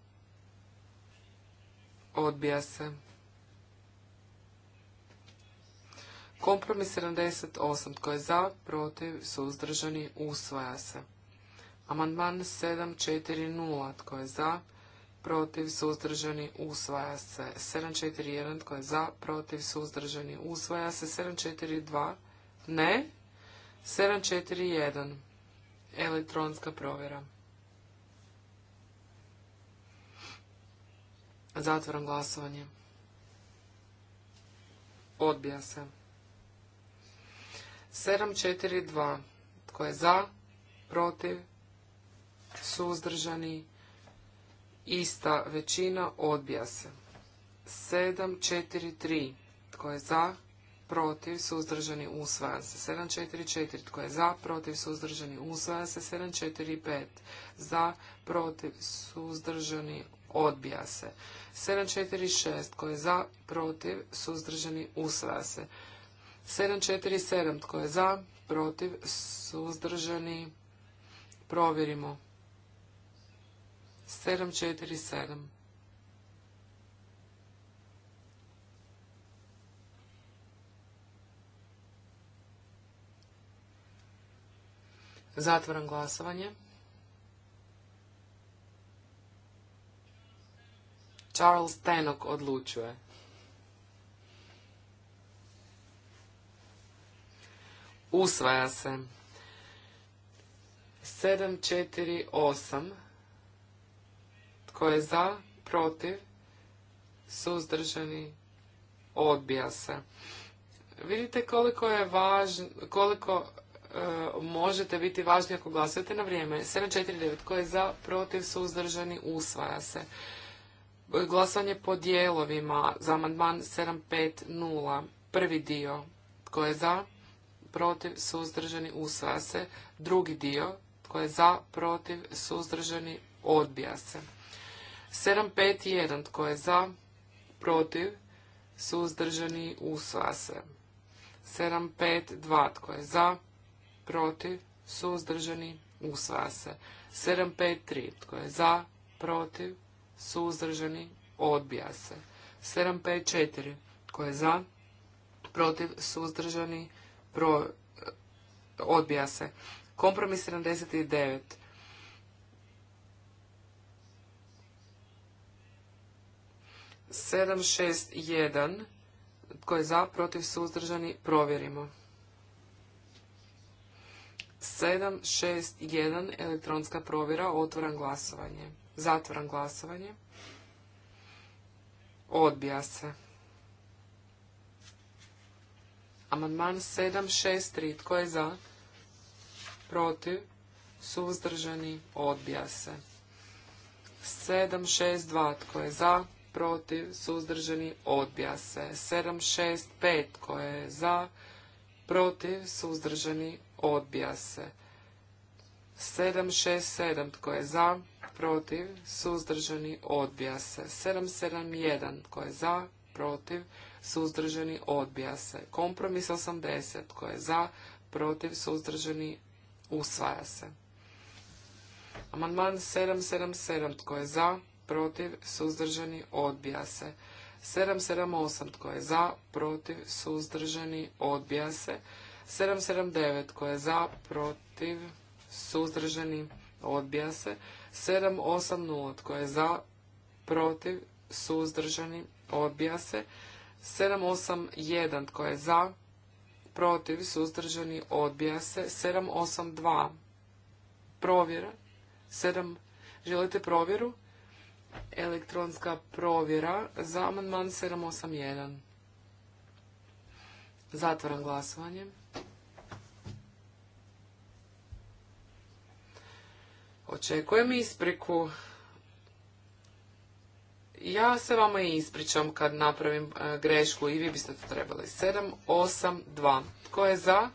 D: Odbija se. Kompromis 78. Tko je za, protiv, suzdržani, usvaja se. Amandman 740. Tko je za, protiv, suzdržani, usvaja se. 741 tko je za, protiv, suzdržani, usvaja se. 742 ne. 741 elektronska provjera. Zatvoram glasovanje. Odbija se. 742 tko je za, protiv, suzdržani, Ista većina odbija se. 743. Tko je za? Protiv, suzdržani, usvaja se. 744. Tko je za? Protiv, suzdržani, usvaja se. 745. Za, protiv, suzdržani, odbija se. 746. Tko je za? Protiv, suzdržani, usvaja se. 747. Tko je za? Protiv, suzdržani, provjerimo. 747. Zatvoram glasovanje. Charles Tenok odlučuje. Usvaja se. 748 tko je za? Protiv? Suzdržani? Odbija se. Vidite koliko je važno, koliko e, možete biti važni ako glasujete na vrijeme. 749. Tko je za? Protiv? Suzdržani? Usvaja se. Glasanje po dijelovima za amandman 750. Prvi dio. Tko je za? Protiv? Suzdržani? Usvaja se. Drugi dio. Tko je za? Protiv? Suzdržani? Odbija se. 751 tko je za, protiv, suzdržani, usva se. 752 tko je za, protiv, suzdržani, usva se. 753 tko je za, protiv, suzdržani, odbija se. 754 tko je za, protiv, suzdržani, pro, odbija se. Kompromis 79 761. Tko je za, protiv, suzdržani, provjerimo. 761. Elektronska provjera. Otvoran glasovanje. Zatvoran glasovanje. Odbija se. Amandman 763. Tko je za? Protiv? Suzdržani? Odbija se. 762. Tko je za? protiv, suzdržani, odbija se. 765 koje je za, protiv, suzdržani, odbija se. 767 tko je za, protiv, suzdržani, odbija se. 771 tko je za, protiv, suzdržani, odbija se. Kompromis 80 tko je za, protiv, suzdržani, usvaja se. Amandman 777 tko je za, protiv, suzdržani, odbija se. 778 tko je za, protiv, suzdržani, odbija se. 779 tko je za, protiv, suzdržani, odbija se. 780 tko je za, protiv, suzdržani, odbija se. 781 tko je za, protiv, suzdržani, odbija se. 782 provjera. 7 Želite provjeru? elektronska provjera za amandman 781. Zatvaram glasovanje. Očekujem ispriku. Ja se vama ispričam kad napravim eh, grešku i vi biste to trebali. 7, 8, 2. Tko je za?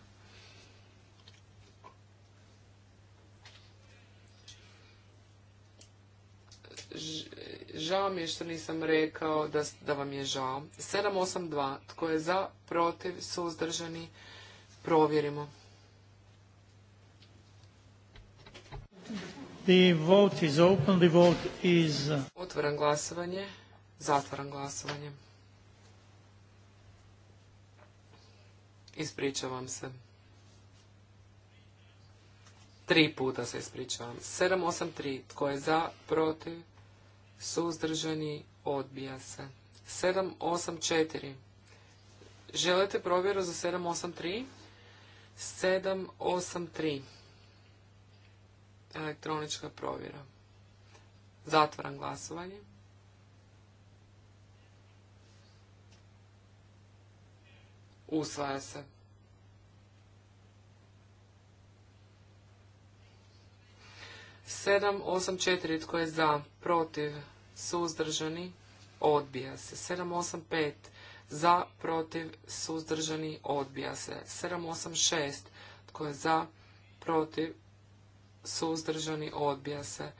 D: žao mi je što nisam rekao da, da vam je žao. 782. Tko je za, protiv, suzdržani? Provjerimo.
B: The uh,
D: Otvaram glasovanje. Zatvaram glasovanje. Ispričavam se. Tri puta se ispričavam. 783. Tko je za, protiv, suzdržani, odbija se. 784. Želite provjeru za 783? 783. Elektronička provjera. Zatvaram glasovanje. Usvaja se. Sedam, osam, četiri. Tko je za? protiv, suzdržani, odbija se. 785 za, protiv, suzdržani, odbija se. 786 tko je za, protiv, suzdržani, odbija se.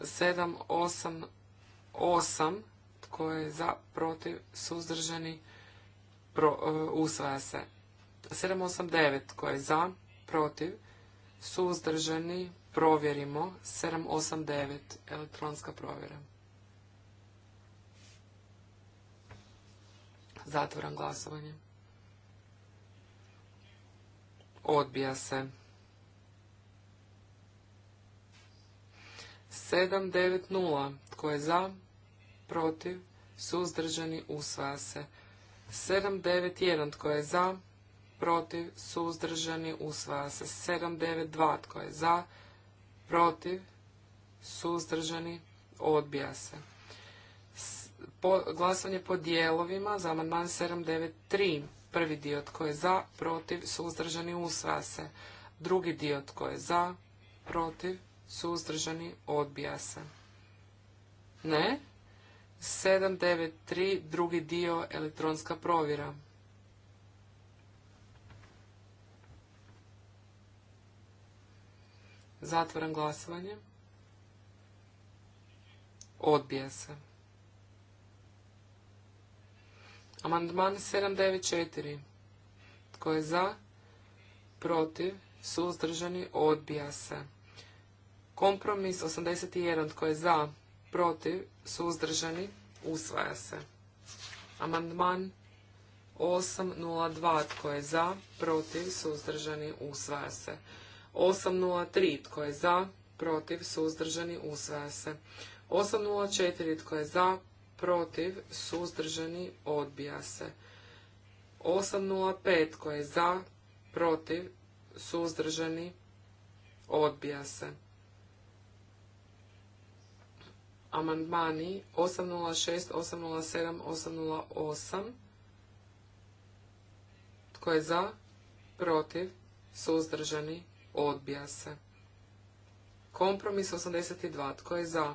D: 788 tko je za, protiv, suzdržani, pro, uh, usvaja se. 789 tko je za, protiv, suzdržani, provjerimo 789 elektronska provjera. Zatvaram glasovanje. Odbija se. 790. Tko je za? Protiv? Suzdržani? Usvaja se. 791. Tko je za? Protiv? Suzdržani? Usvaja se. 792. Tko je za? protiv, suzdržani, odbija se. Po, glasovanje po dijelovima za amandman 793. Prvi dio tko je za, protiv, suzdržani, usvaja se. Drugi dio tko je za, protiv, suzdržani, odbija se. Ne? 793. Drugi dio elektronska provjera. Zatvaram glasovanje. Odbija se. Amandman 794. Tko je za? Protiv? Suzdržani? Odbija se. Kompromis 81. Tko je za? Protiv? Suzdržani? Usvaja se. Amandman 802. Tko je za? Protiv? Suzdržani? Usvaja se. 803. Tko je za? Protiv? Suzdržani? Usvaja se. 804. Tko je za? Protiv? Suzdržani? Odbija se. 805. Tko je za? Protiv? Suzdržani? Odbija se. Amandmani 806, 807, 808. Tko je za? Protiv? Suzdržani? odbija se. Kompromis 82. Tko je za?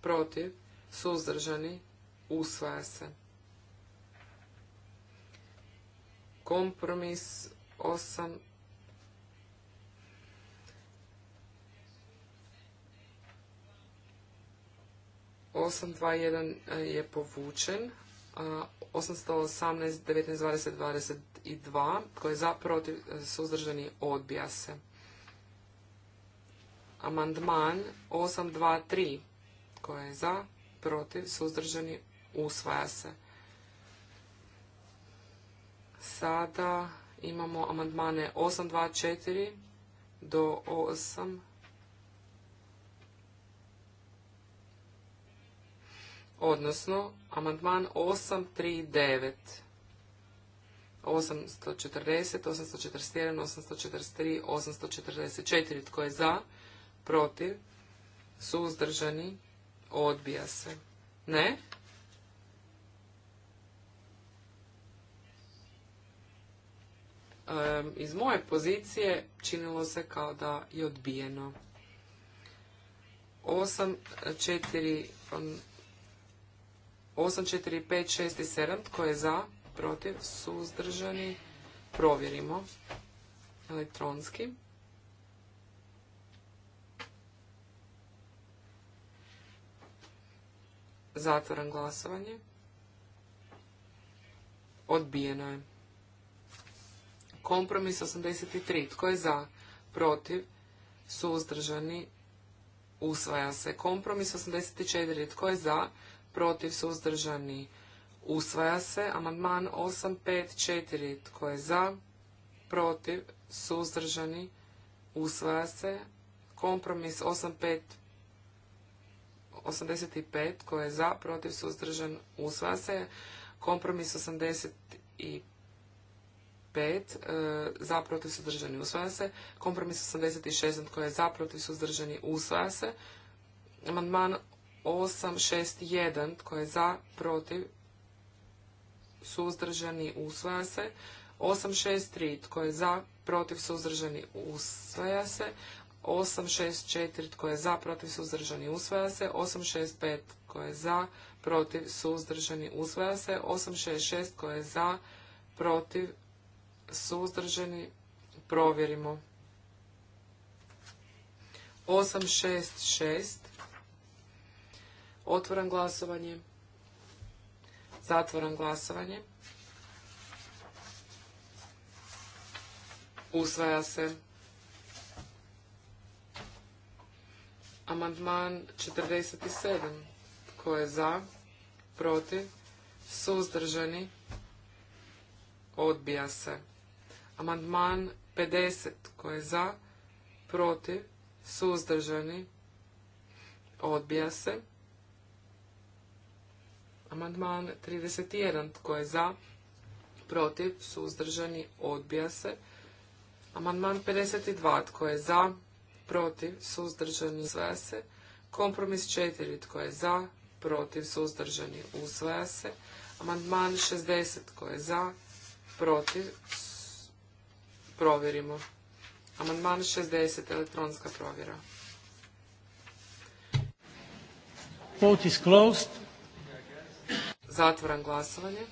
D: Protiv? Suzdržani? Usvaja se. Kompromis 8. 821 e, je povučen. 818, 19, 20, 22. Tko je za, protiv, e, suzdržani, odbija se. Amandman 823 koje je za, protiv, suzdržani, usvaja se. Sada imamo amandmane 824 do 8 odnosno amandman 839 840, 841, 843, 844. Tko je za? protiv, suzdržani, odbija se. Ne? E, iz moje pozicije činilo se kao da je odbijeno. 8, 4, 8, 4, 5, 6 i 7. Tko je za? Protiv? Suzdržani? Provjerimo. Elektronski. Zatvoran glasovanje. Odbijeno je. Kompromis 83. Tko je za? Protiv? Suzdržani? Usvaja se. Kompromis 84. Tko je za? Protiv? Suzdržani? Usvaja se. Amandman 854. Tko je za? Protiv? Suzdržani? Usvaja se. Kompromis 85. 85 koje je za, protiv, suzdržan, usvaja se. Kompromis 85 e, za, protiv, suzdržani, usvaja se. Kompromis 86 koje je za, protiv, suzdržani, usvaja se. Amandman 861 tko je za, protiv, suzdržani, usvaja se. 863 tko je za, protiv, suzdržani, usvaja se. 864 tko je za, protiv, suzdržani, usvaja se. 865 tko je za, protiv, suzdržani, usvaja se. 866 tko je za, protiv, suzdržani, provjerimo. 866 Otvoran glasovanje. Zatvoran glasovanje. Usvaja se. Amandman 47. Tko je za? Protiv? Suzdržani? Odbija se. Amandman 50. Tko je za? Protiv? Suzdržani? Odbija se. Amandman 31. Tko je za? Protiv? Suzdržani? Odbija se. Amandman 52. Tko je za? protiv, suzdržani, usvaja se. Kompromis četiri, Tko je za, protiv, suzdržani, usvaja se. Amandman 60. Tko je za, protiv, provjerimo. Amandman 60. Elektronska provjera.
B: Vote closed.
D: Zatvoran glasovanje.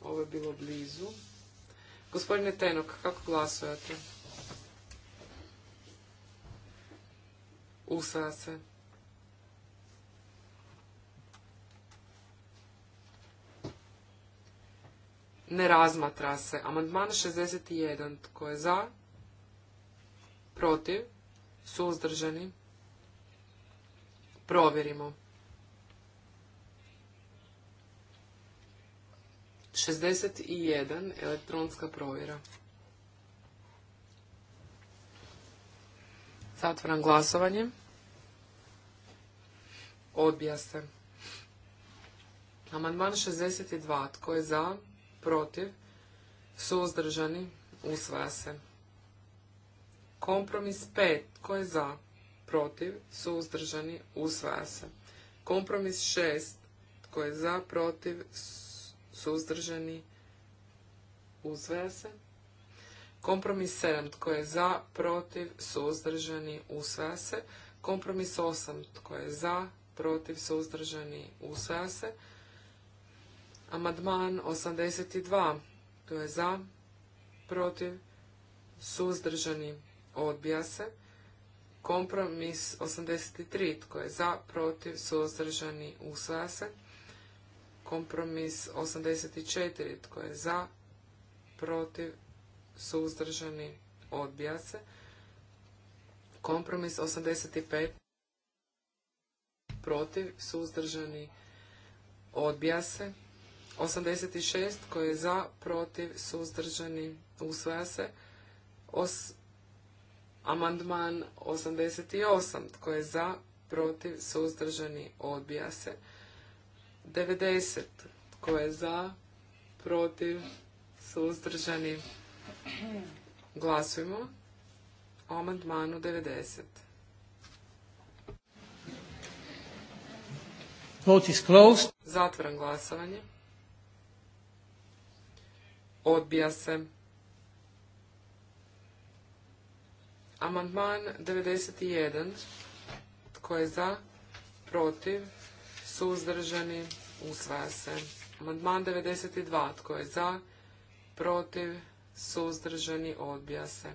D: Ovo je bilo blizu. Gospodine Tenok, kako glasujete? Usvaja se. Ne razmatra se. Amandman 61. Tko je za? Protiv? Suzdržani? Provjerimo. 61 elektronska provjera. Zatvaram glasovanje. Odbija se. Amandman 62. Tko je za? Protiv? Suzdržani? Usvaja se. Kompromis 5. Tko je za? Protiv? Suzdržani? Usvaja se. Kompromis 6. Tko je za? Protiv? suzdržani, usvaja se. Kompromis 7. Tko je za, protiv, suzdržani, usvaja se. Kompromis 8. Tko je za, protiv, suzdržani, usvaja se. Amadman 82. Tko je za, protiv, suzdržani, odbija se. Kompromis 83. Tko je za, protiv, suzdržani, usvaja se. Kompromis 84. Tko je za? Protiv? Suzdržani? Odbija se. Kompromis 85. Protiv? Suzdržani? Odbija se. 86. Tko je za? Protiv? Suzdržani? Usvaja se. Os Amandman 88. Tko je za? Protiv? Suzdržani? Odbija se. 90. Tko je za? Protiv? Suzdržani? Glasujmo o amandmanu 90. Vote glasovanje. Odbija se. Amandman 91. Tko je za? Protiv? suzdržani, usvaja se. Amandman 92. Tko je za? Protiv? Suzdržani? Odbija se.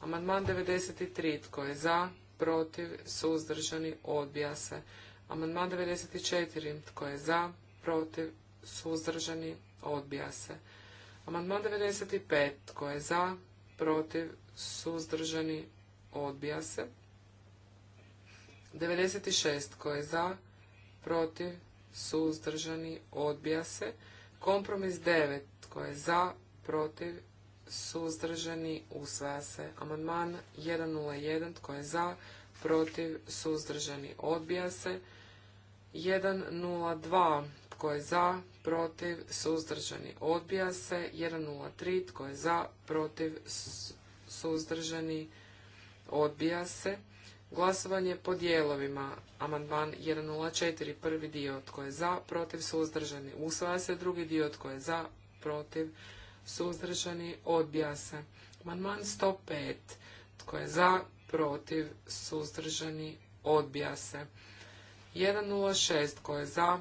D: Amandman 93. Tko je za? Protiv? Suzdržani? Odbija se. Amandman 94. Tko je za? Protiv? Suzdržani? Odbija se. Amandman 95. Tko je za? Protiv? Suzdržani? Odbija se. 96. Tko je za? protiv, suzdržani, odbija se. Kompromis 9 tko je za, protiv, suzdržani, usvaja se. Amandman 101 tko je za, protiv, suzdržani, odbija se. 102 tko je za, protiv, suzdržani, odbija se. 103 tko je za, protiv, suzdržani, odbija se. Glasovanje po dijelovima. Amandman 104. Prvi dio tko je za, protiv, suzdržani. Usvaja se drugi dio tko je za, protiv, suzdržani. Odbija se. Amandman 105. Tko je za, protiv, suzdržani. Odbija se. 106. Tko je za,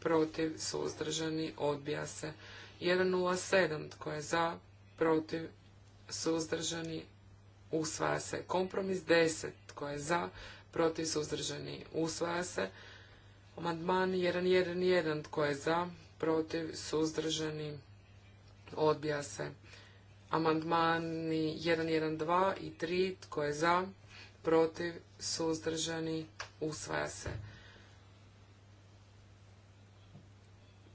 D: protiv, suzdržani. Odbija se. 107. Tko je za, protiv, suzdržani. Usvaja se. Kompromis 10. Tko je za? Protiv? Suzdržani? Usvaja se. Amandman 1.1.1. Tko je za? Protiv? Suzdržani? Odbija se. Amandmani 1.1.2 i 3. Tko je za? Protiv? Suzdržani? Usvaja se.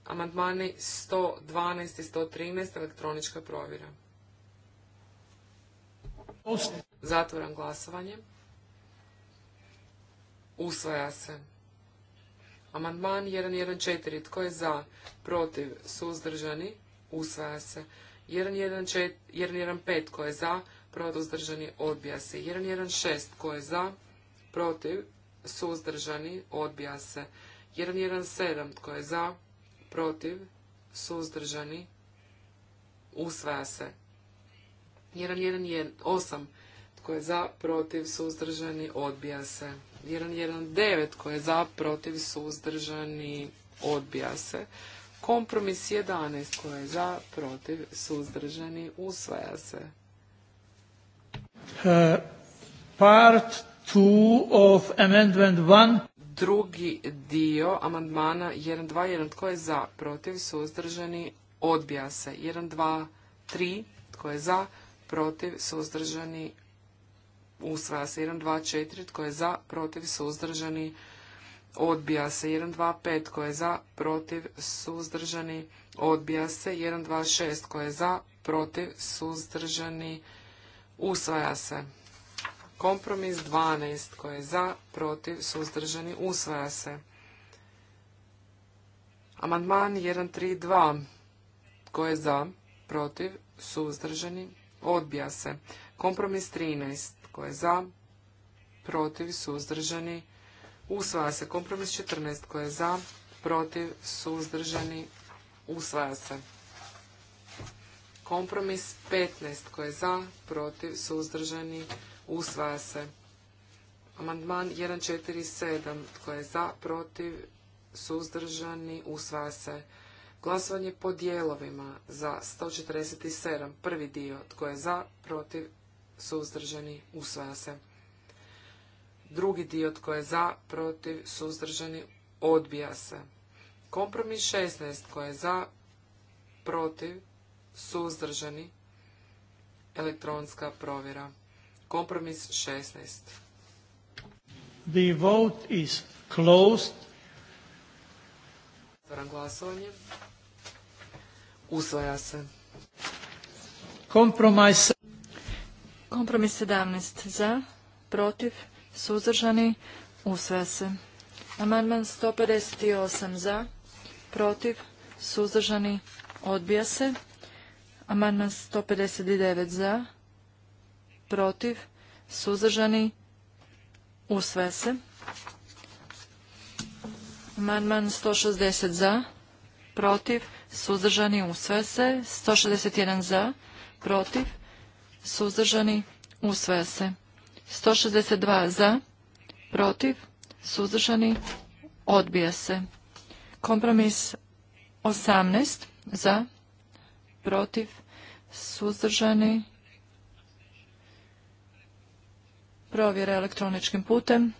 D: Amandmani 112 i 113. Elektronička provjera. Zatvoram glasovanje. Usvaja se. Amandman 114. Tko je za? Protiv? Suzdržani? Usvaja se. 115. Tko je za? Protiv? Suzdržani? Odbija se. 116. Tko je za? Protiv? Suzdržani? Odbija se. 117. Tko je za? Protiv? Suzdržani? Usvaja se. 118. Tko je za? Protiv? Suzdržani? Odbija se. 119 koje je za, protiv, suzdržani, odbija se. Kompromis 11 koje je za, protiv, suzdržani, usvaja se. Uh, part 2
B: of amendment 1.
D: Drugi dio amandmana 1.2.1. Tko je za, protiv, suzdržani, odbija se. 1.2.3. Tko je za, protiv, suzdržani, usvaja se 124 tko je za, protiv, suzdržani, odbija se 125 tko je za, protiv, suzdržani, odbija se 126 tko je za, protiv, suzdržani, usvaja se. Kompromis 12 tko je za, protiv, suzdržani, usvaja se. Amandman 132 tko je za, protiv, suzdržani, odbija se. Kompromis 13 tko je za? Protiv? Suzdržani? Usvaja se. Kompromis 14. Tko je za? Protiv? Suzdržani? Usvaja se. Kompromis 15. Tko je za? Protiv? Suzdržani? Usvaja se. Amandman 147. Tko je za? Protiv? Suzdržani? Usvaja se. Glasovanje po dijelovima za 147. Prvi dio. Tko je za? Protiv? suzdržani, usvaja se. Drugi dio tko je za, protiv, suzdržani, odbija se. Kompromis 16 tko je za, protiv, suzdržani, elektronska provjera. Kompromis 16.
B: The vote is closed.
D: Otvaram glasovanje.
B: Usvaja se.
A: Kompromis Kompromis 17 za, protiv, suzdržani, usve se. Amandman 158 za, protiv, suzdržani, odbija se. Amandman 159 za, protiv, suzdržani, usve se. Amandman 160 za, protiv, suzdržani, usve se. 161 za, protiv, suzdržani, usvaja se. 162 za, protiv, suzdržani, odbija se. Kompromis 18 za, protiv, suzdržani, provjera elektroničkim putem.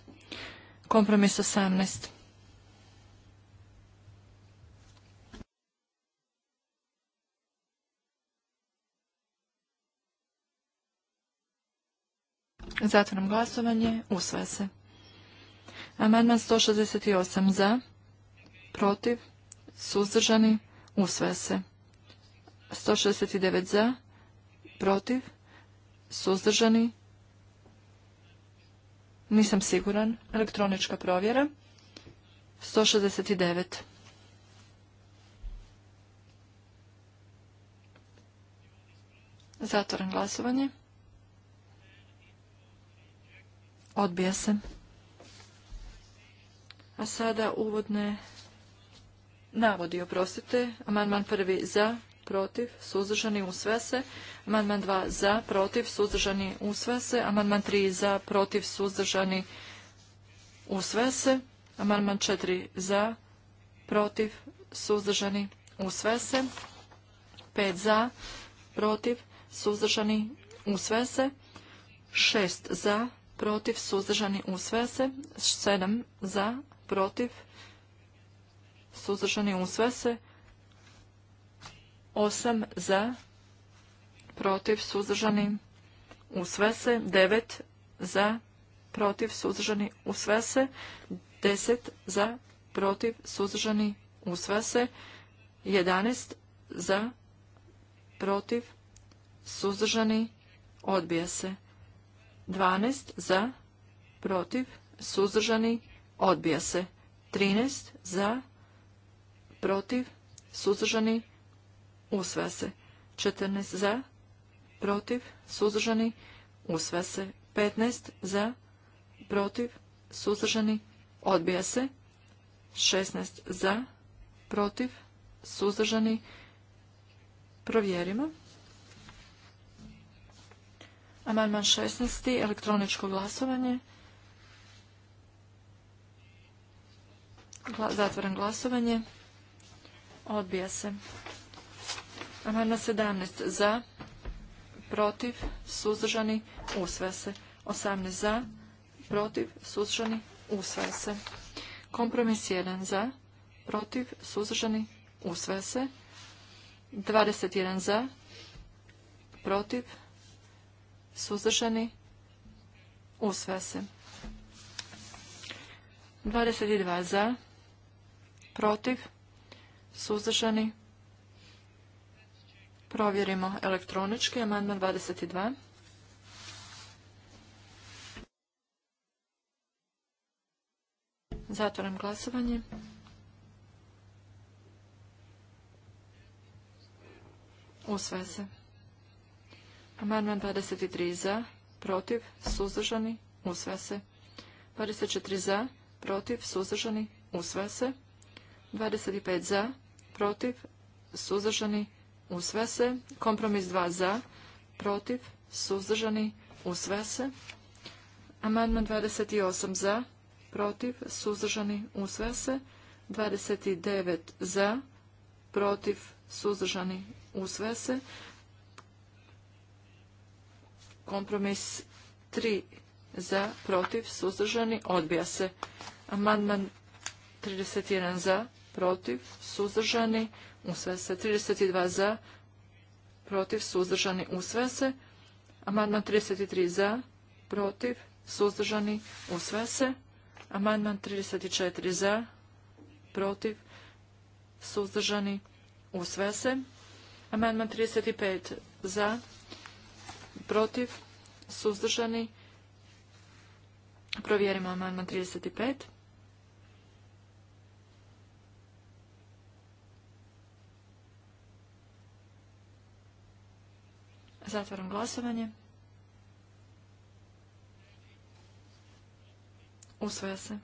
A: Kompromis 18. Zatvaram glasovanje. Usvaja se. Amandman 168 za, protiv, suzdržani, usvaja se. 169 za, protiv, suzdržani, nisam siguran, elektronička provjera, 169. Zatvoren glasovanje. Odbija se. A sada uvodne navodi, oprostite. Amandman prvi za, protiv, suzdržani, usve se. Amandman dva za, protiv, suzdržani, usve se. Amandman tri za, protiv, suzdržani, usve se. Amandman četiri za, protiv, suzdržani, usve se. Pet za, protiv, suzdržani, usvese. se. Šest za, protiv, suzdržani, usvaja se. 7 za, protiv, suzdržani, usvaja se. 8 za, protiv, suzdržani, usvaja se. 9 za, protiv, suzdržani, usvaja se. 10 za, protiv, suzdržani, usvaja se. 11 za, protiv, suzdržani, odbija se. 12 za, protiv, suzdržani, odbija se. 13 za, protiv, suzdržani, usvaja se. 14 za, protiv, suzdržani, usvaja se. 15 za, protiv, suzdržani, odbija se. 16 za, protiv, suzdržani, provjerimo. Amandman 16. Elektroničko glasovanje. zatvoren glasovanje. Odbija se. Amandman 17. Za. Protiv. Suzdržani. usve se. 18. Za. Protiv. Suzdržani. usve se. Kompromis 1. Za. Protiv. Suzdržani. Usvaja se. 21. Za. Protiv suzdržani, usvaja se. 22 za, protiv, suzdržani, provjerimo elektronički, amandman 22. Zatvoram glasovanje. Usvaja se. Amandman 23 za, protiv, suzdržani, usve se. 24 za, protiv, suzdržani, usvaja se. 25 za, protiv, suzdržani, usvaja se. Kompromis 2 za, protiv, suzdržani, usvaja se. Amandman 28 za, protiv, suzdržani, usve se. 29 za, protiv, suzdržani, usvaja se. Kompromis 3 za, protiv, suzdržani, odbija se. Amandman 31 za, protiv, suzdržani, usvaja se. 32 za, protiv, suzdržani, usvaja se. Amandman 33 za, protiv, suzdržani, usvaja se. Amandman 34 za, protiv, suzdržani, usvaja se. Amandman 35 za, protiv, suzdržani. Provjerimo amandman 35. Zatvaram glasovanje. Usvaja se.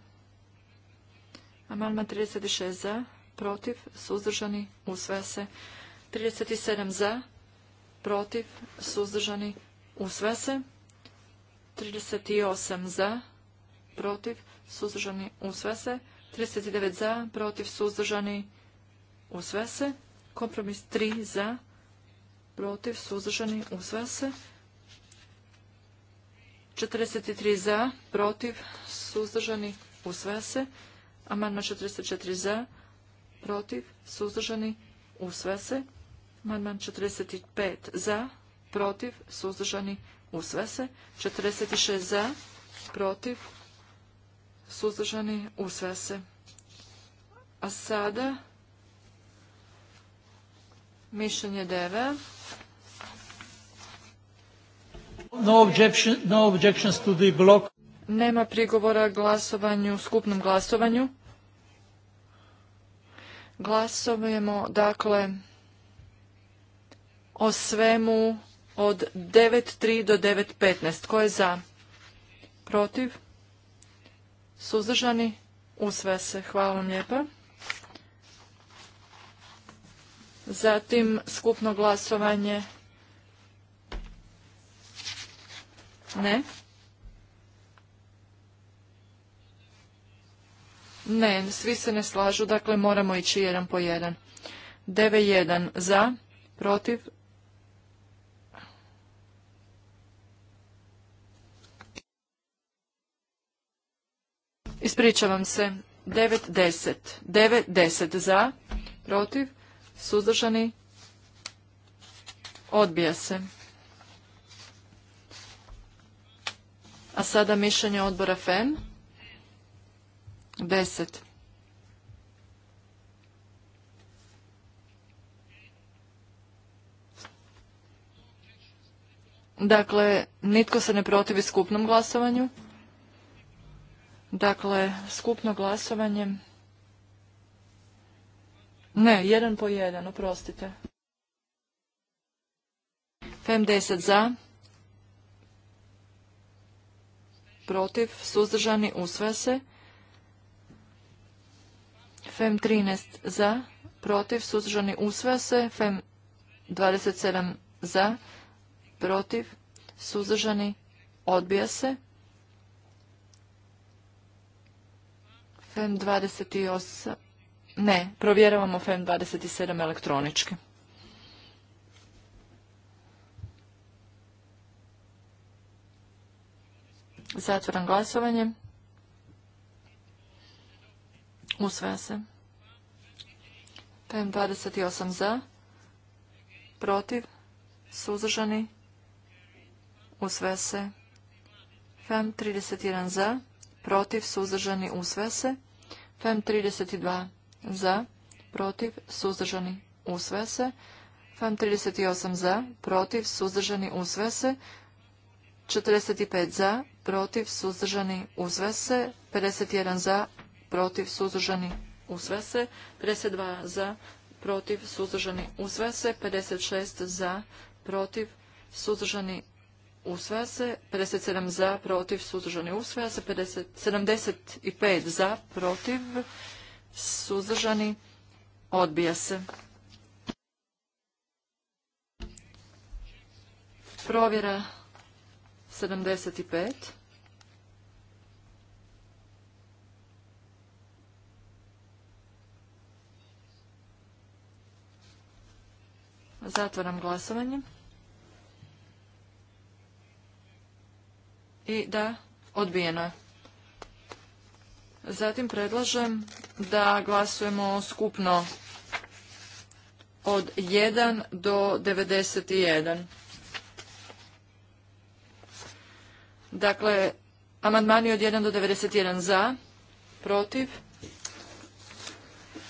A: Amandman 36 za, protiv, suzdržani, usvaja se. 37 za, protiv, suzdržani, sve se. 38 za, protiv, suzdržani, usvase se. 39 za, protiv, suzdržani, usve se. Kompromis 3 za, protiv, suzdržani, sve se. 43 za, protiv, suzdržani, sve se. Amandman 44 za, protiv, suzdržani, sve se. Amandman 45 za, protiv, suzdržani, usve se. 46 za, protiv, suzdržani, usvaja se. A sada mišljenje DEVE.
B: No, objection,
A: Nema prigovora glasovanju, skupnom glasovanju. Glasovujemo, dakle, o svemu od 9.3 do 9.15. Tko je za? Protiv? Suzdržani? Usvaja se. Hvala vam lijepa. Zatim skupno glasovanje. Ne. Ne, svi se ne slažu, dakle moramo ići jedan po jedan. 9.1 za, protiv, Ispričavam se. 9-10. 9-10 za, protiv, suzdržani, odbija se. A sada mišljenje odbora FEN, 10. Dakle, nitko se ne protivi skupnom glasovanju. Dakle, skupno glasovanje. Ne, jedan po jedan, oprostite. FEM 10 za. Protiv, suzdržani, usvaja se. FEM 13 za. Protiv, suzdržani, usvaja se. FEM 27 za. Protiv, suzdržani, odbija se. FEM 28, ne, provjeravamo FEM 27 elektronički. Zatvoram glasovanje. Usvaja se. PM 28 za. Protiv. Suzdržani. Usvaja se. Fem 31 za protiv, suzdržani, usve se. FEM 32 za, protiv, suzdržani, usvaja se. FEM 38 za, protiv, suzdržani, usve se. 45 za, protiv, suzdržani, usve se. 51 za, protiv, suzdržani, usve se. 52 za, protiv, suzdržani, usve se. 56 za, protiv, suzdržani, usvaja se, 57 za, protiv, suzdržani, usvaja se, 50, 75 za, protiv, suzdržani, odbija se. Provjera 75. Zatvaram glasovanje. i da odbijeno je. Zatim predlažem da glasujemo skupno od 1 do 91. Dakle, amandmani od 1 do 91 za, protiv,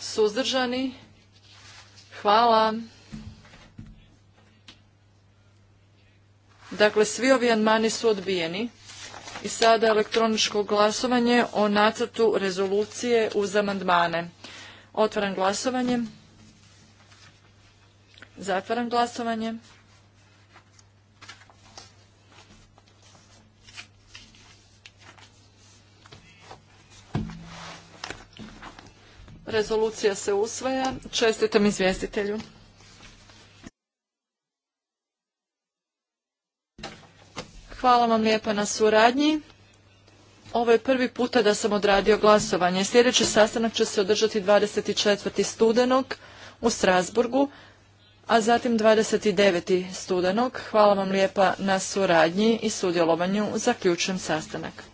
A: suzdržani, hvala. Dakle, svi ovi amandmani su odbijeni. I sada elektroničko glasovanje o nacrtu rezolucije uz amandmane. Otvaram glasovanje. Zatvaram glasovanje. Rezolucija se usvaja. Čestitam izvjestitelju. Hvala vam lijepa na suradnji. Ovo je prvi puta da sam odradio glasovanje. Sljedeći sastanak će se održati 24. studenog u Strasburgu, a zatim 29. studenog. Hvala vam lijepa na suradnji i sudjelovanju. Zaključujem sastanak.